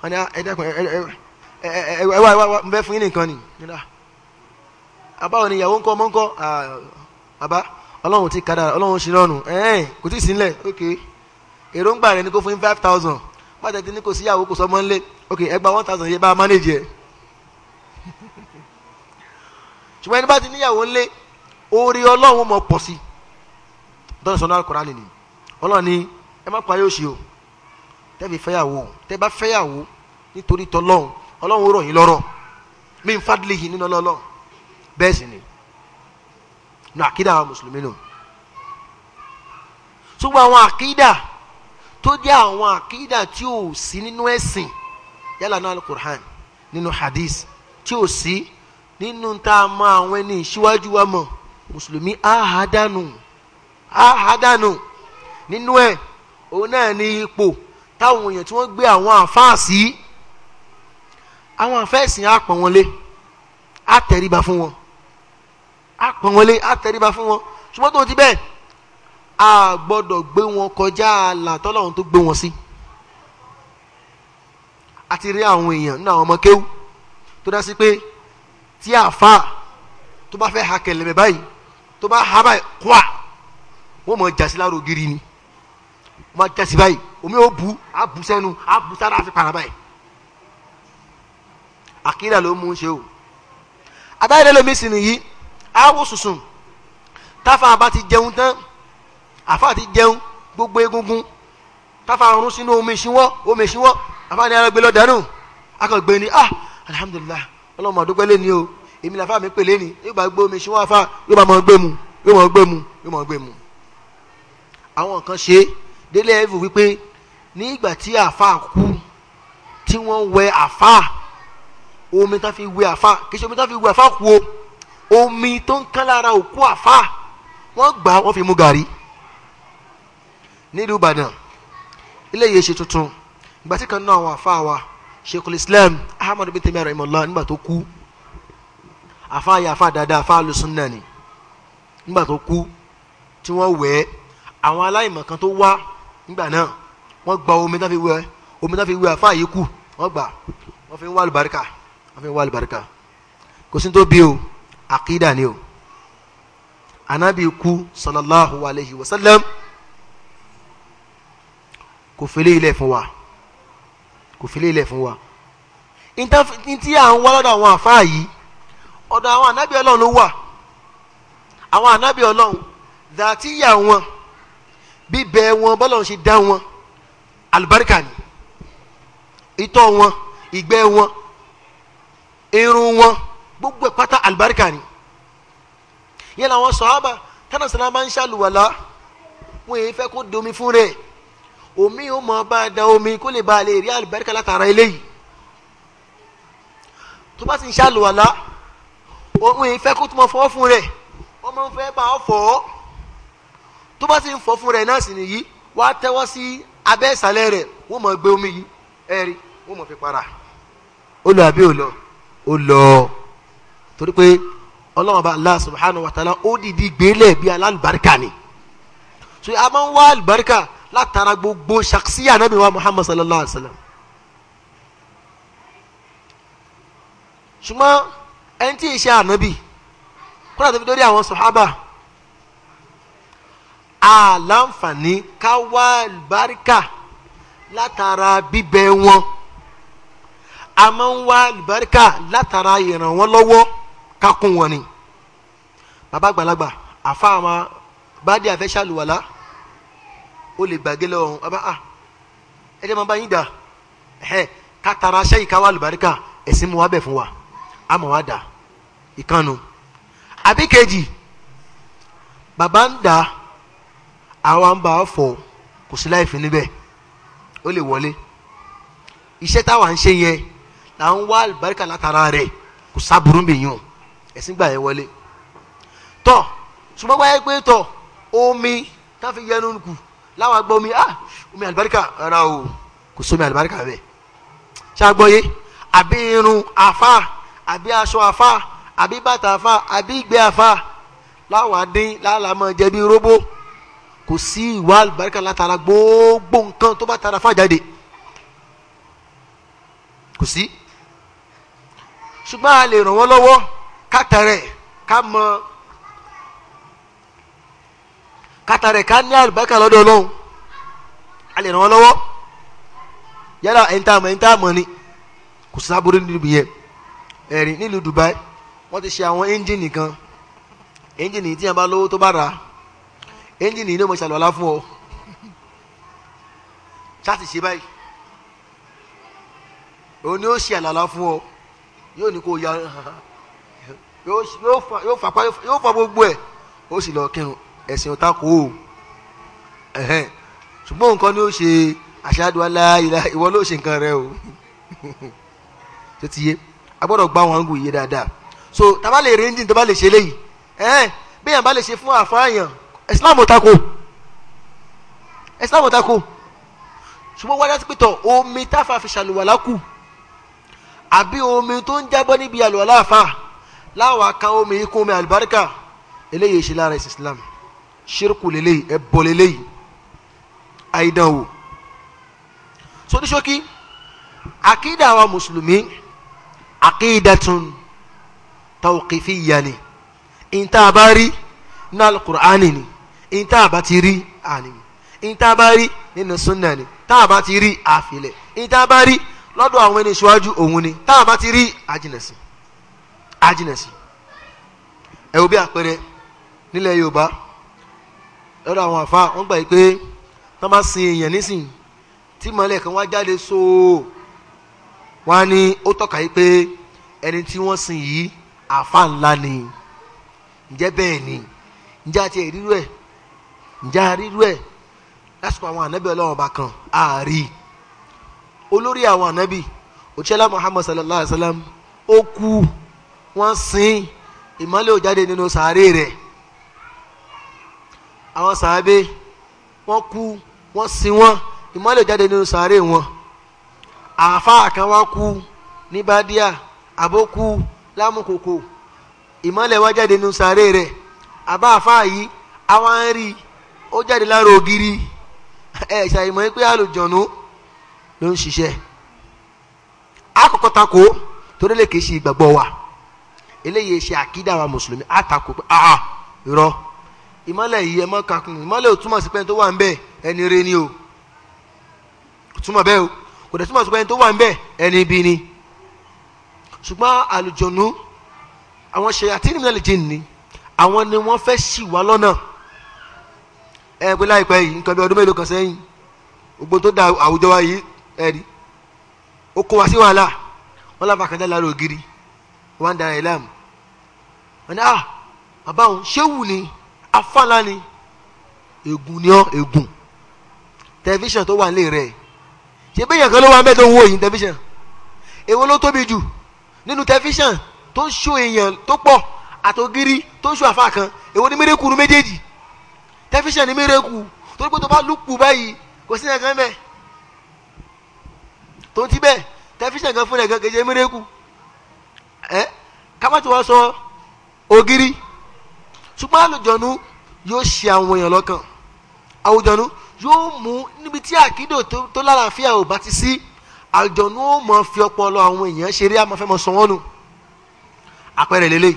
wọ́n ní ẹ̀ẹ́dẹ́kun ẹ̀ẹ́wà ẹ̀wà ń bẹ́ fún yín nìkan ni nílá àbá òní ìyàwó ńkọ́ ọmọ ńkọ́ ah, àbá ọlọ́run ti kádàrá ọlọ́run ṣe lọ́nu ẹ̀ẹ́n kò tí ì sí nílẹ̀ ókè. Okay èròǹgbà rẹ ni kó fún yín five thousand bàtà tí ní kò síyàwó kò sọmọ ńlẹ ok ẹ gba one thousand yẹ bá a manage ẹ ṣùgbọ́n ẹni bá ti níyàwó ńlẹ oore ọlọ́run mọ̀ pọ̀ sí dọ́nà sọ́nà àkùrá nìyí ọlọ́run ni ẹ má parí òṣì o tẹ́ fi fẹ́yàwó tẹ́ bá fẹ́yàwó nítorí tọ́lọ́run ọlọ́run rọ̀ yín lọ́rọ̀ mi n fadili yìí nínú ọlọ́run bẹ́ẹ̀ sì ni nù àkídà àwọn mùsùlùmí nù ṣùgbọ́n àwọn àkídà tó jẹ́ àwọn àkídà tí ò sí nínú ẹ̀sìn yálà náà alukur'an nínú hadith tí ò sí nínú tá a mọ àwọn ẹni ìṣíwájú wa mọ̀ mùsùlùmí àhádànù àhádànù nínú ẹ̀ òun náà ní ipò táwọn èèyàn tí wọ́n gbé àwọn àfáà sí àwọn àfẹ́sìn á pọ̀n wọn lé á fún wọn á wọn lé á fún wọn ṣùgbọ́n tó ti bẹ́ẹ̀ a gbọ́dọ̀ gbé wọn kọjá ààlà tọ́lọ́run tó gbé wọn sí a ti rí àwọn èèyàn nínú àwọn ọmọ kéwú tó dá sí pé tí àáfàá tó bá fẹ́ ha kẹlẹ̀mẹ̀ báyìí tó bá ha báyìí kwa wọ́n mọ̀ jásí lára ògiri ni wọ́n máa jásí báyìí omi ò bu á sẹ́nu á sára àfi para báyìí àkírà ló mú un ṣe o abáyé lómi sì nìyí á sùsùn táfà bá ti jẹun tán àfa ti jẹun gbogbo egungun káfa ọrùn sínú omi ìṣinwọ́ omi ìṣinwọ́ àfa ni arẹgbẹ lọ dànù akọgbẹ ni ah alhamdulilah ọlọmọ àdúgbò lẹni o èmi làfa mi pè ni. yóò bá gbé omi ìṣinwọ́ àfa yóò bá mọ gbé mu yóò mọ gbé mu yóò mọ gbé mu. àwọn kan ṣe délé ẹ̀fù wípé ní ìgbà tí àfa kú tí wọ́n wẹ àfa omi tá fi wẹ àfa kì ṣe omi tá fi wẹ àfa kú o omi tó ń kán lára òkú àfa wọ́n gbà wọ́n fi mú gàrí nílùú ìbàdàn ilé yìí ṣe tuntun ìgbà tí kan náà àwọn àfa wa sheikhul islam ahmadu bin taymiyyah rahimahullah nígbà tó kú àfa yà àfa dáadáa àfa alùsùnà ni nígbà tó kú tí wọ́n wẹ̀ ẹ́ àwọn aláìmọ̀ kan tó wá nígbà náà wọ́n gba omi náà fi wẹ̀ omi náà fi wẹ̀ àfa yìí kù wọ́n gbà wọ́n fi ń wá àlùbáríkà wọ́n fi ń wá àlùbáríkà kò sí tó bí o àkídà ni o anabi kú sallallahu alayhi wa sallam kò fele ilẹ̀ fún wa kò fele ilẹ̀ fún wa ntí à ń wá lọ́dọ̀ àwọn àfáà yìí ọ̀dọ̀ àwọn ànábì ọlọ́run ló wà àwọn ànábì ọlọ́run dàtíyà wọn bíbẹ wọn bọ́lọ́run ṣe dá wọn àlùbáríkà ni itọ́ wọn ìgbẹ́ wọn irun wọn gbogbo ẹ̀ pátá àlùbáríkà ni yẹn làwọn sọ̀hábà tánà sàlámà ń ṣàlùwàlá wọn èyí fẹ́ kó domi fún rẹ̀ omi ó mọ bá da omi kó lè ba lè rí àlùbáríkà látara eléyìí tó bá ti ń ṣàlùwàlá òun ìfẹ́ kó tó mọ fọ́ fún rẹ̀ wọ́n máa ń fẹ́ bá ọ fọ́ tó bá ti ń fọ́ fún rẹ̀ náà sì nìyí wá tẹ́wọ́ sí abẹ́ ìsàlẹ̀ rẹ̀ wọ́n mọ̀ gbé omi yìí ẹ̀rí wọ́n mọ̀ fi para ó lọ àbí ó lọ ó lọ torí pé ọlọ́run bá Allah subhanahu wa ta'ala ó dìdí gbélé bí alálùbáríkà ni so a ń wá àlùbáríkà látara gbogbo ṣàkṣíyà anabi wa muhammad sallallahu alayhi wa sallam ṣùgbọ́n ẹni tí ì ṣe anabi kúrò àti lórí àwọn sòhábà àlàǹfààní ká wá àlùbáríkà látara bíbẹ wọn a máa ń wá àlùbáríkà látara ìràn wọn lọ́wọ́ ká kún wọn ni bàbá àgbàlagbà àfa àwọn bá dé àfẹ́ ṣàlùwàlá. O le gbàgé ọba a ah, ẹ máa bá yín dà ẹ̀ ká lùbáríkà wa fún wa a wá dà ìkànnù àbí kejì bàbá ń dà àwa ń bá fọ kò sí láì níbẹ̀ ó lè wọlé iṣẹ́ táwa ń ṣe yẹn là ń wá àlùbáríkà látara rẹ̀ kò sábúrú bìyàn ẹ̀sìn gbà yẹn wọlé tọ́ tọ́ omi láwọn agbọ́ omi ah omi àlùbáríkà rárá o kò sómi àlùbáríkà bẹ́ẹ̀ ṣé agbọ́ yé àbí irun àfa àbí aṣọ àfa àbí bàtà àfa àbí ìgbẹ́ àfa láwọn adé lálàmọ́ jẹ̀bi róbó kò sí ìwà àlùbáríkà látara gbogbo nǹkan tó bá tara fà jáde kò sí ṣùgbọ́n a lè ràn wọ́n lọ́wọ́ ká ká mọ kàtà rẹ̀ ká ní àlùbáríkà lọ́dọ̀ ọlọ́run a lè ràn wọ́n lọ́wọ́ yálà ẹni tá a mọ̀ ni kò sábúrú níbi yẹn ẹ̀rìn nílùú Dubai wọ́n ti ṣe àwọn ẹ́ńjìnì kan ẹ́ńjìnì tí a bá lówó tó bá rà á ẹ́ńjìnì ní o fún ọ ṣáàtì ṣe báyìí òun ni ó ṣe àlàlà fún ọ yóò ní kó ya yóò fapá yóò fa gbogbo ẹ̀ ó sì lọ kírun ẹ̀sìn ọ̀tá kò ó ẹ̀hẹ́n ṣùgbọ́n nǹkan ni ó ṣe ashadu alla ilaha ìwọ ló ṣe nǹkan rẹ o tó ti yé a gbọ́dọ̀ gbá wọn gùn yé dáadáa so taba le rí taba le lè ṣe léyìí ẹ̀hẹ́n bí yàn bá lè ṣe fún àfáàyàn Islam ọ̀tá Islam ọ̀tá kò ṣùgbọ́n wájú àti pẹ̀tọ̀ omi táfà fi ṣàlùwàlá kù àbí omi tó ń jábọ́ níbi àlùwàlá àfà láwọn aka omi ikú omi àlùbáríkà eléyìí ṣe lára ẹ̀sìn Islam ṣírkù lélẹ́yìí ẹbọ lélẹ́yìí àìdánwò sódíṣókí àkídà àwọn mùsùlùmí àkídàtún tawqifiyya ni ìta bá rí ní alukur'ani ni ìta bá ti rí àní ìta bá rí nínú sunna ni tá a bá ti rí àfilẹ̀ ìta bá rí lọ́dọ̀ àwọn ẹni ìṣíwájú òun ni tá a bá ti rí àjìnàsí àjìnàsí ẹ wo bí àpẹẹrẹ nílẹ̀ yorùbá lọ́dọ̀ àwọn àfa wọ́n gbà pé tó sin èèyàn nísìn tí mọ́lẹ̀ kan wá jáde sóò wọ́n ní ó tọ́ka ẹni tí wọ́n sin yìí àfa ńlá ni ǹjẹ́ bẹ́ẹ̀ ni ǹjẹ́ àti ìrírú ẹ̀ ǹjẹ́ àrírú ẹ̀ lásìkò àwọn ànábì ọlọ́run ọba kan àárí olórí àwọn ànábì òṣèlá sallallahu alayhi wa sallam ó kú wọ́n sin àwọn sàábé wọ́n kú wọ́n sin wọ́n ìmọ́lẹ̀ jáde nínú sàárè wọn àáfàá kan wá kú ní bàdíà àbókú lámùkòkò ìmọ́lẹ̀ wá jáde nínú sàárè rẹ̀ àbá àáfàá yìí àwa ń rí ó jáde lára ògiri ẹ̀ ṣàìmọ̀ pé àlùjọ̀nù ló ń ṣiṣẹ́ àkọ́kọ́ tako torí lè kìí ṣe wa eléyìí ṣe àkídà wa mùsùlùmí àtakò pé àà irọ́ ìmọ́lẹ̀ yìí ẹ má kakùn ìmọ́lẹ̀ ò túmọ̀ sí pé ẹni tó wà ń bẹ̀ ẹni re ni o kò túmọ̀ bẹ́ẹ̀ o kò dẹ̀ túmọ̀ sí pé ẹni tó wà ń bẹ̀ ẹni ibi ni ṣùgbọ́n àlùjọ̀nù àwọn ṣe àti nínú ẹ̀lẹ́jì ni àwọn ni wọ́n fẹ́ ṣì wá lọ́nà ẹ pé láìpẹ́ yìí nǹkan bí ọdún mélòó kan sẹ́yìn gbogbo tó da àwùjọ wa yìí ẹ rí ó kó wa sí wàhálà wọn láfa kàn jáde lára ògiri wọn á da láàmú wọn ni ah bàbá òun ṣéwù ni afala ni ègùn ni ọ́ ègùn tẹlifíṣàn tó wà nílé rẹ̀ ṣe bẹ́ẹ̀ yẹn kan ló wà mẹ́tò ń wò yìí tẹlifíṣàn èwo ló tóbi jù nínú tẹlifíṣàn tó ń ṣó èèyàn tó pọ̀ àtògiri tó ń ṣó àfa kan èwo ni mérekù nu méjèèjì tẹlifíṣàn ni mérekù torí pé tó bá lùpù báyìí kò sí nǹkan mẹ́ tó ti bẹ́ẹ̀ tẹlifíṣàn kan fúnra ẹ̀ kan kejì mérekù ẹ kábàtì wa sọ ògiri. So, ṣùgbọ́n àlùjọ̀nù yóò ṣe àwọn èèyàn lọ́kàn àwùjọ̀nù yóò mú níbi tí àkídò tó lálàáfíà ò bá ti sí àlùjọ̀nù ó mọ̀ fi ọpọlọ àwọn èèyàn ṣeré àmọ́ fẹ́ mọ sọ wọ́n nù àpẹẹrẹ lélẹ̀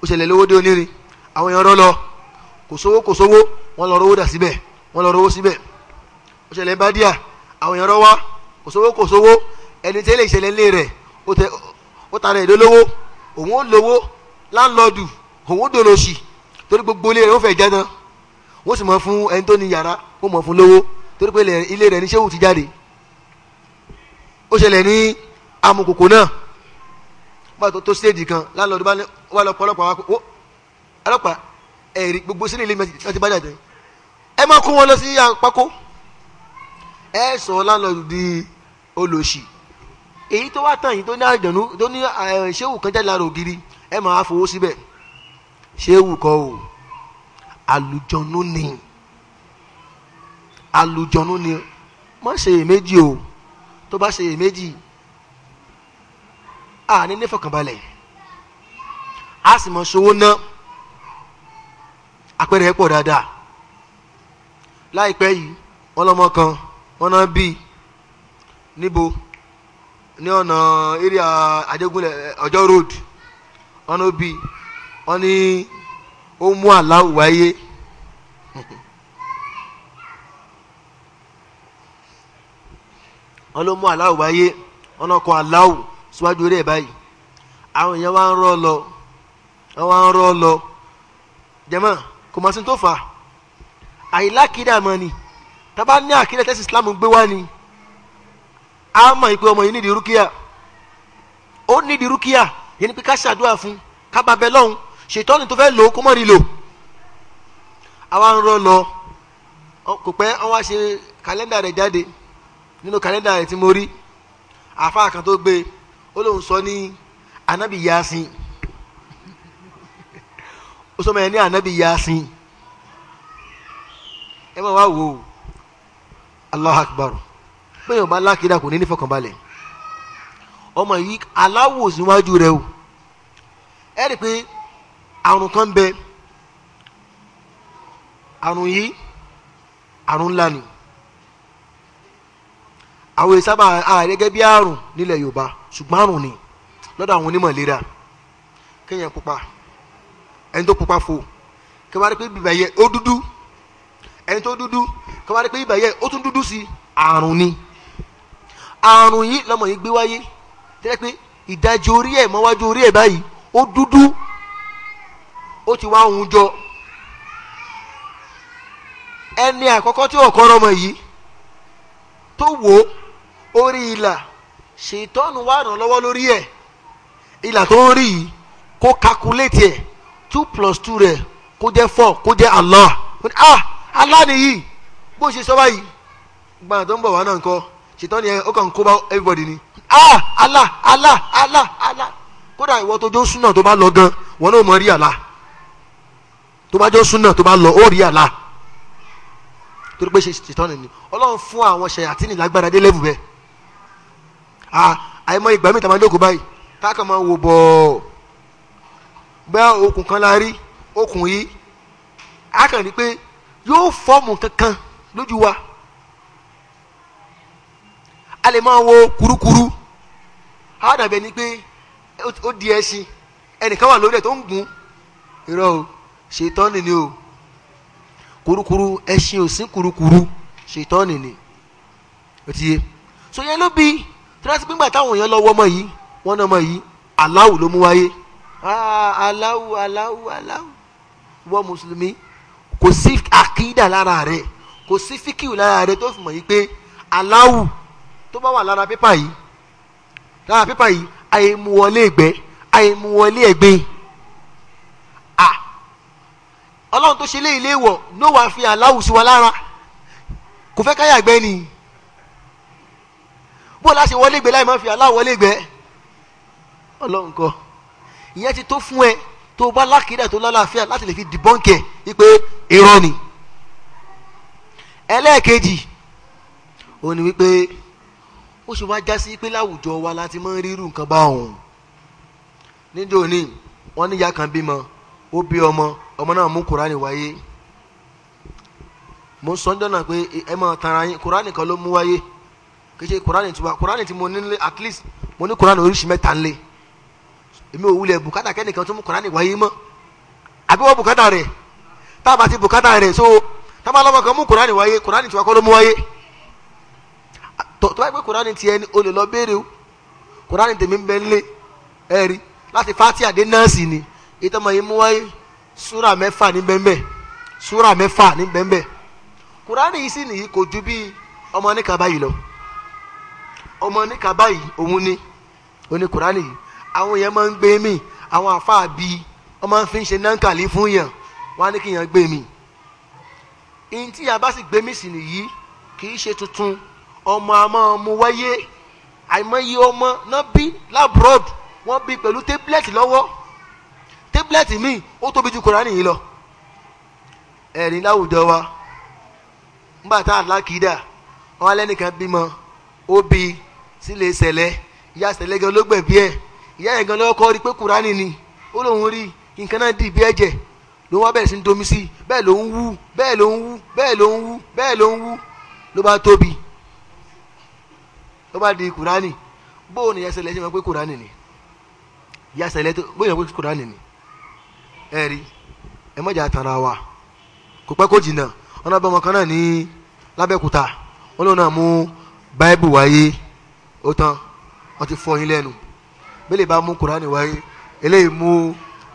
ó ṣẹlẹ̀ lówó dé onírin àwọn èèyàn rọ́ lọ kò sówó kò sówó wọ́n lọ rówó dà síbẹ̀ wọ́n lọ rówó síbẹ̀ ó ṣẹlẹ̀ bá díà àwọn èèyàn rọ́ wá kò sówó kò sówó ẹni tẹ́lẹ̀ ìṣẹ̀lẹ̀ ńlẹ̀ rẹ̀ ó ta ìdólówó òun ó lówó láńlọ́ọ̀dù òun dò lọ sí torí gbogbo ilé rẹ̀ ó fẹ́ jẹ́ tán wọ́n sì mọ̀ fún ẹni tó ní yàrá ó mọ̀ fún lówó torí pé ilé rẹ̀ ní sẹ́wù ti jáde ó ṣẹlẹ̀ ní amukoko náà bá tó tó stéèjì kan lálọ́ọ̀dún bá ní wà lọ pọ̀lọpọ̀ àwọn akó ọlọ́pàá ẹ̀rí gbogbo sínú ilé mẹ́tì láti bá jáde ẹ má kó wọn lọ sí àpákó ẹ sọ lálọ́ọ̀dún di olóṣì èyí tó wá tàn yìí tó ní àjọ̀nú tó ní ṣéwù kan jáde lára ògiri ẹ máa fowó síbẹ̀ ṣéwù kọ́ o àlùjọ̀nú ni àlùjọ̀nú ni má ṣe èméjì o tó bá ṣe èméjì a ní nífọ̀kànbalẹ̀ a sì mọ̀ ṣòwò náà àpẹẹrẹ pọ̀ dáadáa láìpẹ́ yìí wọ́n lọ́mọ kan wọ́n náà bí níbo ní ọ̀nà area Adégúnlẹ̀ Ọjọ́ road wọ́n náà bí wọ́n ní ó mú aláwù wáyé wọ́n ló mú aláwù wáyé wọ́n náà kọ aláwù síwájú eré báyìí àwọn èèyàn wá ń rọ́ lọ wọ́n wá ń rọ́ lọ jẹ́mọ́ kò mọ̀ sí tó fà á àìlákìdá mọ́ ni tábà ní àkìdá tẹ́sí Islam gbé wá ni a mọ̀ ìpè ọmọ yìí nídìí rúkìá ó nídìí rúkìá yẹn ni pé ká ṣàdúrà fún ká lọ́hùn ṣètọ́nù tó fẹ́ lò kó mọ̀ rí lò àwa ń rọ lọ kò pẹ́ wọ́n wá ṣe kàlẹ́ndà rẹ̀ jáde nínú kàlẹ́ndà rẹ̀ tí mo rí àáfàá kan tó gbé e, ó lóun sọ ní anabi yasin ó sọ ma ẹ ní anabi yasin ẹ máa wá wò ó allah akbar bẹ́ẹ̀ yóò bá lákìdá kò ní ní fọkànbalẹ̀ ọmọ yìí aláwòsíwájú rẹ o ẹ rí i pé àrùn kan bẹ àrùn yìí àrùn ńlá ni àwọn ìsábà àrà gẹ́gẹ́ bí àrùn nílẹ̀ Yorùbá ṣùgbọ́n àrùn ni lọ́dọ̀ àwọn onímọ̀ ìlera kéèyàn pupa ẹni tó pupa fo kí wọ́n á rí pé bíbẹ̀ yẹ ó dúdú ẹni tó dúdú kí pé bíbẹ̀ yẹ ó tún dúdú sí àrùn ni àrùn yìí lọ́mọ yìí gbé wáyé tẹ́lẹ̀ pé ìdajì orí ẹ̀ mọ́wájú orí ẹ̀ báyìí ó dúdú ó ti wá òun jọ ẹni àkọ́kọ́ tí ọ̀kọ́rọ́ ọmọ yìí tó wò ó orí ìlà ṣètọ́nù wà ràn lọ́wọ́ lórí ẹ̀ ìlà tó ń rí yìí kó calculate ẹ̀ two plus two rẹ̀ kó jẹ́ four kó jẹ́ Allah ah Allah nìyí bó ṣe sọ báyìí gbàǹdà tó ń bọ̀ wá náà nǹkan ṣètọ́nù yẹn ó kàn kó bá everybody ni ah Allah Allah Allah Allah kódà ìwọ tó jó súnà tó bá lọ gan wọn náà mọ rí Allah tó bá jọ súnà tó bá lọ ó rí àlá torí pé ṣètọ́nù ni ọlọ́run fún àwọn ṣàyàtìní lágbára dé lẹ́bù bẹ́ẹ̀ àìmọ ìgbà mi tàbí àdókò báyìí táàkà máa wò bọ̀ bẹ́ẹ̀ okùn kan la rí okùn yìí a kàn rí pé yóò fọ́ọ̀mù kankan lójú wa a lè máa wo kurukuru a dàbẹ̀ ni pé ó di ẹṣin ẹnìkan wà lórí ẹ̀ tó ń gùn irọ́ o ṣètọ́nì ni o kurukuru ẹṣin ò sí kurukuru ṣètọ́nì ni o ti yé so yẹn ló bí tírásì pínpà táwọn èèyàn lọ wọ ọmọ yìí wọn náà ọmọ yìí aláwù ló mú wáyé aláwù aláwù aláwù wọ mùsùlùmí kò sí àkídà lára rẹ kò sí fíkìwù lára rẹ tó fi mọ̀ yìí pé aláwù tó bá wà lára pépà yìí lára pépà yìí àyè mú wọlé ẹgbẹ́ àyè mú wọlé ẹgbẹ́ yìí ọlọ́run tó ṣe lé ilé wọ̀ ló wàá fi aláwù sí wa lára kò fẹ́ káyà gbẹ́ ni bó o láṣẹ wọlé gbẹ láì má fi aláwọ̀ wọlé gbẹ ọlọ́run kọ ìyẹn ti tó fún ẹ tó bá lákìdá tó lálàáfíà láti lè fi dìbọ́ǹkẹ̀ wípé irọ́ ni ẹlẹ́ẹ̀kejì ó ní wípé ó ṣe wá já sí pé láwùjọ wa láti máa ń rírun nǹkan bá òun níjó ní wọ́n níyà kan bímọ ó bí ọmọ ọmọ náà mú kuraani wáyé mo sọ ń dọ́nà pé ẹ máa tara yín kan ló mú wáyé kì í tiwa kurani mo ní nílé at least mo ní kuraani oríṣi mẹ́ta ńlẹ̀ èmi ò wulẹ̀ bùkátà kẹ́nìkan tó mú kuraani wáyé mọ́ àbí wọ́n so tá a bá kan mú wáyé tiwa ló mú wáyé lọ béèrè o tèmi ń ẹ̀rí láti dé nọ́ọ̀sì ni ìtọ́mọ̀ súrà mẹ́fà ní bẹ́ẹ̀ súrà mẹ́fà ní bẹ́ẹ̀ kùránì yìí sì nìyí kò ju bí ọmọ níka báyìí lọ ọmọ níka báyìí òun ni oní kùránì yìí àwọn yẹn máa ń gbé mì àwọn àfáà bíi wọ́n máa ń fi ń ṣe nánkàlí fún yàn wọ́n á ní kí yàn gbé mì ìyìn tí yàrá bá sì gbé mì sí nìyí kì í ṣe tuntun ọmọ àmọ́ ọmọ wáyé àìmọye ọmọ náà bí labroad wọ́n bí pẹ̀lú tablet lọ́wọ́ tábìlẹ̀tì mi, ó tóbi ju kùránì yìí lọ ẹ̀rín láwùjọ wa nígbà tá à ń lákìdá wọn alẹ́nìkan bímọ ó bi sílé sẹ̀lẹ̀ ìyá sẹ̀lẹ̀ gan ló gbẹ̀bí ẹ̀ ìyá yẹn gan lọ́kọ́ rí pé kùránì ni ó lóun rí nǹkan náà dì bí ẹ̀jẹ̀ ló wá bẹ̀rẹ̀ sí ń domi sí bẹ́ẹ̀ ló ń wú bẹ́ẹ̀ ló ń wú bẹ́ẹ̀ ló ń wú bẹ́ẹ̀ ló ń wú ló bá tóbi ló bá di kùránì bóun ni ìyá sẹ̀lẹ̀ ṣe máa pé kùránì ni ìyá sẹ̀lẹ̀ bóun yẹn pé kùránì ni ẹ̀rí ẹ mọ̀jà àtàrà wa kò pẹ́ kó jìnnà ọ̀nà bá ọmọ kan náà ní lábẹ́kúta wọn lòun náà mú báíbù wáyé ó tán wọn ti fọyín lẹ́nu bẹ́lẹ̀ bá mú kùránì wáyé eléyìí mú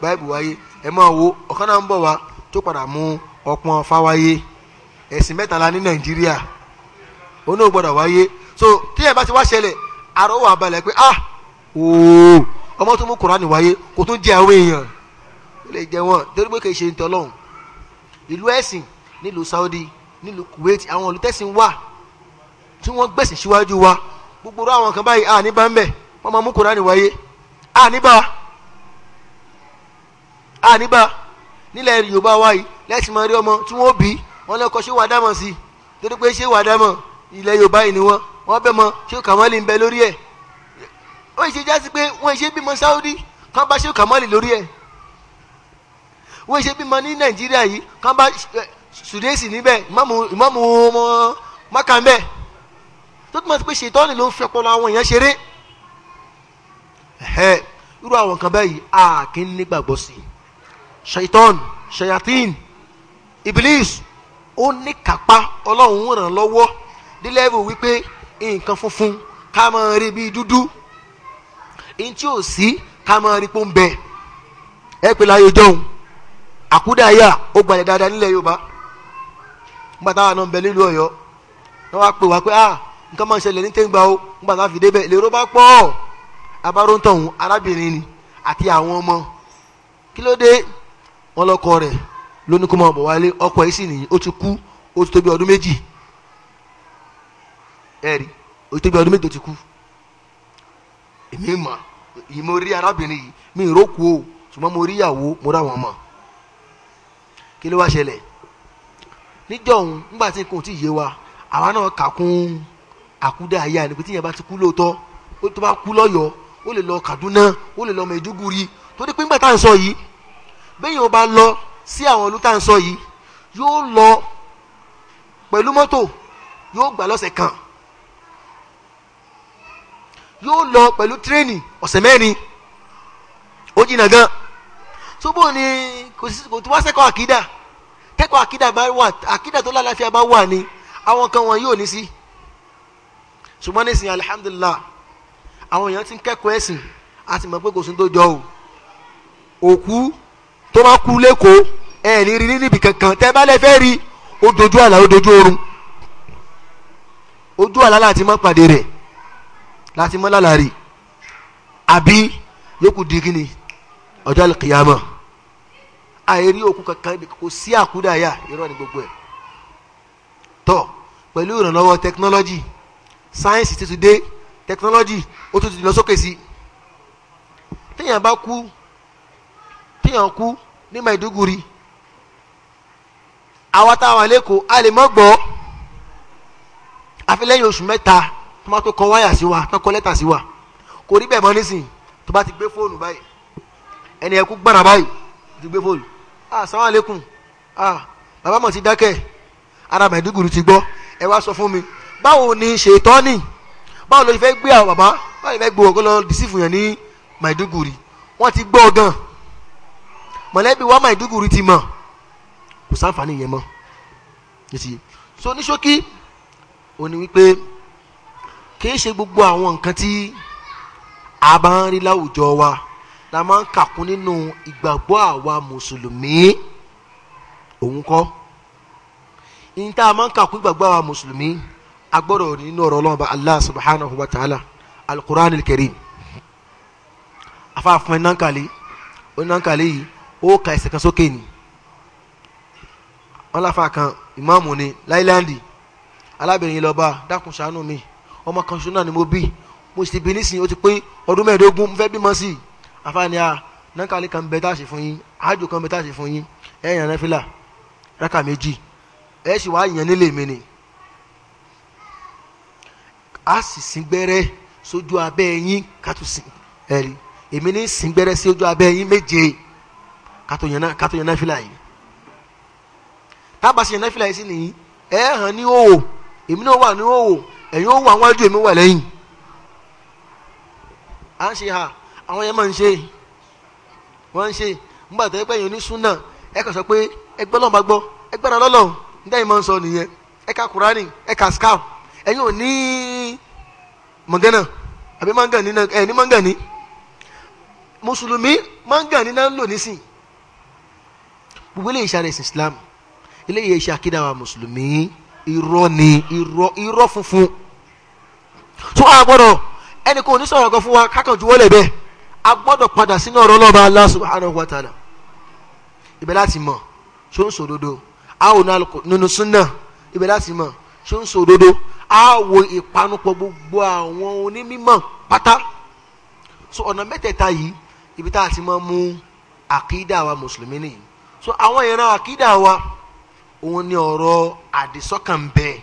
báíbù wáyé ẹ wo ọ̀kan náà ń bọ̀ wá tó padà mú ẹ̀sìn mẹ́tàlá ní nàìjíríà oní wáyé so bá ti wá ṣẹlẹ̀ pé ah ooo ọmọ tó mú kùránì wáyé kò tún jẹ àwọn èèyàn. lè jẹ wọn torí pé kì í ṣe ntọ́ lọ́hùn ìlú ẹ̀sìn nílùú Saudi nílùú Kuwait àwọn olùtẹ̀sìn wà tí wọ́n gbẹ̀sìn síwájú wa gbogbo àwọn kan báyìí àní bá ń bẹ̀ wọ́n máa mú Kùránì wáyé àní bá àní bá nílẹ̀ Yorùbá wa yìí lẹ́sìn máa rí ọmọ tí wọ́n bí wọn lọ kọ́ ṣé wàá dámọ̀ sí i torí pé ṣé wàá dámọ̀ ilẹ̀ Yorùbá yìí ni wọ́n wọ́n bẹ̀ mọ ṣé kàmọ́lì ń bẹ lórí ẹ̀ ó ṣe jásí pé wọ́n ṣe bímọ Saudi kán bá ṣé kàmọ́lì lórí ẹ̀ wọ́n ṣe bímọ ní nàìjíríà yìí kán bá sùdẹ́sì níbẹ̀ ìmọ̀mù ọmọ mọ́kà ń bẹ̀ tó túmọ̀ sí pé ṣètọ́ni ló ń fi ọpọlọ àwọn èèyàn ṣeré irú àwọn kan báyìí a kì í nígbàgbọ́ sí i ṣètọ́n ṣèyàtìn iblis ó ní kápá ọlọ́run ràn lọ́wọ́ dé level wípé nǹkan funfun ká máa rí bí dúdú ní tí ò sí ká máa rí pé ó ń bẹ ẹ pè láyé jọ̀hún àkúdàáyà ó gbalẹ̀ dáadáa nílẹ̀ Yorùbá nígbà táwọn náà ń bẹ nílùú Ọ̀yọ́ wọn wá pè wá pé ah nǹkan máa ń ṣẹlẹ̀ ní téńgbà o nígbà táwọn fi débẹ̀ lèrò bá pọ̀ abáróńtọ̀hún arábìnrin ni àti àwọn ọmọ kí ló dé wọn lọkọ kó máa bọ̀ wálé ọkọ yìí sì nìyí ó ti kú ó ti ọdún méjì ẹ̀rí ó ti mo rí ìyàwó mo kí ló wá ṣẹlẹ̀ níjọ́ òun nígbà tí nǹkan ò tí ì yé wa àwa náà kà kún àkúdà ayé àná pé tíyẹn bá ti kú lóòótọ́ ó tó bá kú lọ́yọ̀ọ́ ó lè lọ Kaduna ó lè lọ Maiduguri torí pé nígbà tá à ń sọ yìí bẹ́ẹ̀ yóò bá lọ sí àwọn ìlú tá à ń sọ yìí yóò lọ pẹ̀lú mọ́tò yóò gbà lọ́sẹ̀ kan yóò lọ pẹ̀lú tírẹ́nì ọ̀sẹ̀ mẹ́rin ó jìnnà gan-an sóbò ni kò sí kò tí wá sẹ́kọ̀ọ́ àkídà tẹ́kọ̀ọ́ àkídà bá wà àkídà tó lálàáfíà bá wà ni àwọn kan wọn yóò ní sí ṣùgbọ́n ní ìsìn alihamdulilah àwọn èèyàn ti ń kẹ́kọ̀ọ́ ẹ̀sìn a sì mọ̀ pé kò sí tó jọ o òkú tó bá kú lẹ́kọ̀ọ́ ẹ̀ ní rí níbi kankan tẹ́ bá lẹ fẹ́ rí ó dojú àlà ó dojú oorun ojú àlà láti mọ́ pàdé rẹ̀ láti mọ́ lálàá rí àbí yókù di ọjọ́ àlùkìyàmọ̀ àìrí òkú kankan kò sí àkúdàáyà irọ́ ni gbogbo ẹ̀ tọ́ pẹ̀lú ìrànlọ́wọ́ tẹkinọ́lọ́jì sáyẹ́nsì ti tún dé tẹkinọ́lọ́jì ó tún ti lọ sókè sí téèyàn bá kú téèyàn kú ní Maiduguri àwa táwọn lẹ́kọ̀ọ́ a lè mọ́ gbọ́ àfi lẹ́yìn oṣù mẹ́ta tó máa tó kọ wáyà sí wa tó kọ lẹ́tà sí wa kò rí bẹ́ẹ̀ mọ́ nísìn tó bá ti gbé fóònù báyìí ẹni ẹkú gbára báyìí ti gbé fóònù ah assalamu alaikum ah bàbá mọ̀ ti dákẹ́ ara mẹ̀dúgùrú ti gbọ́ ẹ wá sọ fún mi báwo ni ṣètọ́nì báwo ló ti fẹ́ gbé àwọn bàbá báwo ló fẹ́ gbé ọ̀gọ́ lọ dìísì fún yẹn ní mẹ̀dúgùrú wọ́n ti gbọ́ gan mọ̀lẹ́bí wa mẹ̀dúgùrú ti mọ̀ kò sáǹfààní yẹn mọ́ yìí so ní ṣókí ó ní wípé kì í ṣe gbogbo àwọn nǹkan tí a bá ń rí láwùjọ wa la máa ń kàkún nínú ìgbàgbọ́ àwa mùsùlùmí òun kọ́ ìyìn tá a máa ń kàkún ìgbàgbọ́ àwa mùsùlùmí agbọ́dọ̀ nínú ọ̀rọ̀ ọlọ́run allah subhanahu wa ta'ala alukur'an al-karim afaafun ẹ̀ nankali ó nankali yìí ó ka ẹsẹ̀ kan sókè ni wọn láfa kan ìmáàmù ni láìláńdì alábìnrin yìí lọ́ba dákun ṣàánú mi ọmọ kan ṣùgbọ́n ni mo bí mo sì ti bí nísìnyí ó ti pé ọdún mẹ́ẹ̀ẹ́dógún mo fẹ́ bímọ sí i àfáàní a nákàlí kan bẹ tá a ṣe fún yín àjò kan bẹ tá a ṣe fún yín ẹ yàn náfìlà rákà méjì ẹ sì wá yàn nílé mi ni a sì sin gbẹ́rẹ́ sójú abẹ́ yín kátó sin ẹ̀rí èmi kato sin gbẹ́rẹ́ sójú abẹ́ yín méje kátó yàn náfìlà yìí tábà sí yàn náfìlà yìí sí nìyí ẹ hàn ní òwò èmi náà wà ní òwò ẹ̀yin ó wà wájú èmi wà lẹ́yìn à ń ṣe ha. àwọn yẹn máa ń ṣe wọ́n ń ṣe nígbà tó ẹgbẹ́ yẹn ní súnà ẹ kàn sọ pé ẹgbẹ́ lọ́n bá gbọ́ ẹgbẹ́ náà lọ́lọ́ máa ń sọ nìyẹn ẹ ka kurani ẹ ka skaf ẹ̀yin ò ní mọ̀gánà àbí mọ̀gánì náà ẹ̀ ní mọ̀gánì mùsùlùmí mọ̀gánì náà ń gbogbo Islam eléyìí ṣe àkídà wa mùsùlùmí irọ́ ni irọ́ irọ́ funfun tó àgbọ̀dọ̀ ẹnì kan ò ní sọ̀rọ̀ wa kákan a gbọ́dọ̀ padà sínú ọ̀rọ̀ ọlọ́ba Allah subhanahu wa ta'ala ibẹ̀ láti mọ̀ ṣó ń sòdodo a ò nínú súnà ibẹ̀ láti mọ̀ ṣó ń sòdodo a wo ìpanupọ̀ gbogbo àwọn onímọ̀ pátá so ọ̀nà mẹ́tẹ̀ẹ̀ta yìí ibi tá a ti máa mú àkídà wa mùsùlùmí nìyí so àwọn ìran àkídà wa òun ni ọ̀rọ̀ àdìsọ́kàn bẹ́ẹ̀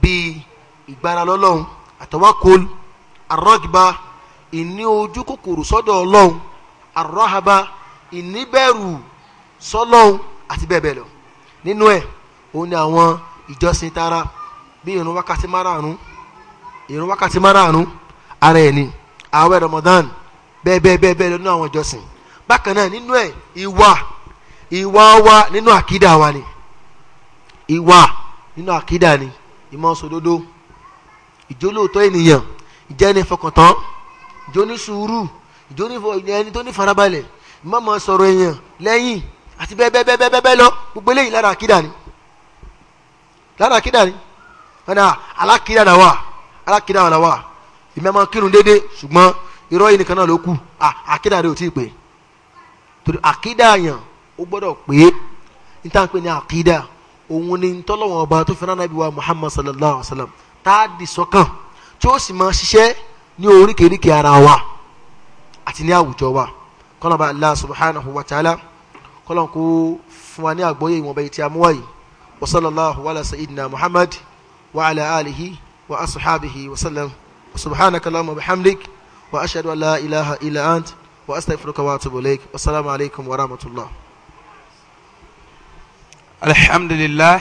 bíi ìgbára lọ́lọ́run àtàwákòl arọ́gìbá ìní ojú kòkòrò sọ́dọ̀ ọlọ́run àrọ́haba ìníbẹ̀rù sọ́lọ́run àti bẹ́ẹ̀ bẹ́ẹ̀ lọ nínú ẹ̀ òun ni àwọn ìjọsìn tara bí irun wákàtí márààrún irun wákàtí márààrún ara ẹ̀ ni ààwẹ̀ Ramadan bẹ́ẹ̀ bẹ́ẹ̀ bẹ́ẹ̀ bẹ́ẹ̀ lọ nínú àwọn ìjọsìn bákan náà nínú ẹ̀ ìwà ìwà wa nínú àkídà wa ni ìwà nínú àkídà ni ìmọ̀ sòdodo ìjólóòtọ́ ènìyàn ìjẹ́ni fọkàntán ìjọ ní sùúrù ìjọ ní ẹni tó ní farabalẹ̀ má máa sọ̀rọ̀ èèyàn lẹ́yìn àti bẹ́ẹ̀ bẹ́ẹ̀ bẹ́ẹ̀ bẹ́ẹ̀ bẹ́ẹ̀ lọ gbogbo eléyìí lára àkídà ni lára àkídà ni ọ̀nà alákídà náà wà alákídà náà wà ìmọ̀ máa kírun déédéé ṣùgbọ́n irọ́ yìí nìkan náà ló kù àkídà rẹ̀ ò tí ì pé torí àkídà yàn ó gbọ́dọ̀ pé níta pé ní àkídà òun ni tọ́lọ́wọ̀n ọba tó fẹ́ràn nàbí wa Muhammad sallallahu alaihi wa sallam tá a di sọ́kàn tí ó sì máa ṣiṣẹ́ ní oríkèéríkèé ara wa àti ní àwùjọ wa kọ́nàbà Allah subhanahu wa ta'ala kọ́nà kó fún wa ní àgbọ́yé ìwọ̀nba ìtì àmúwáyé wa sallallahu ala sayyidina muhammad wa ala alihi wa asuhabihi wa sallam wa subhanaka allahumma bihamdik wa ashhadu an la ilaha illa ant wa astaghfiruka wa atubu ilayk wa assalamu alaykum wa rahmatullah alhamdulillah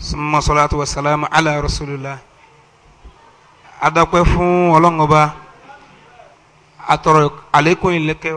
summa salatu wa salam ala rasulillah adọ́pẹ́ fún ọlọ́ngọba atọ̀rọ̀ àlékún ìlẹ́kẹ́.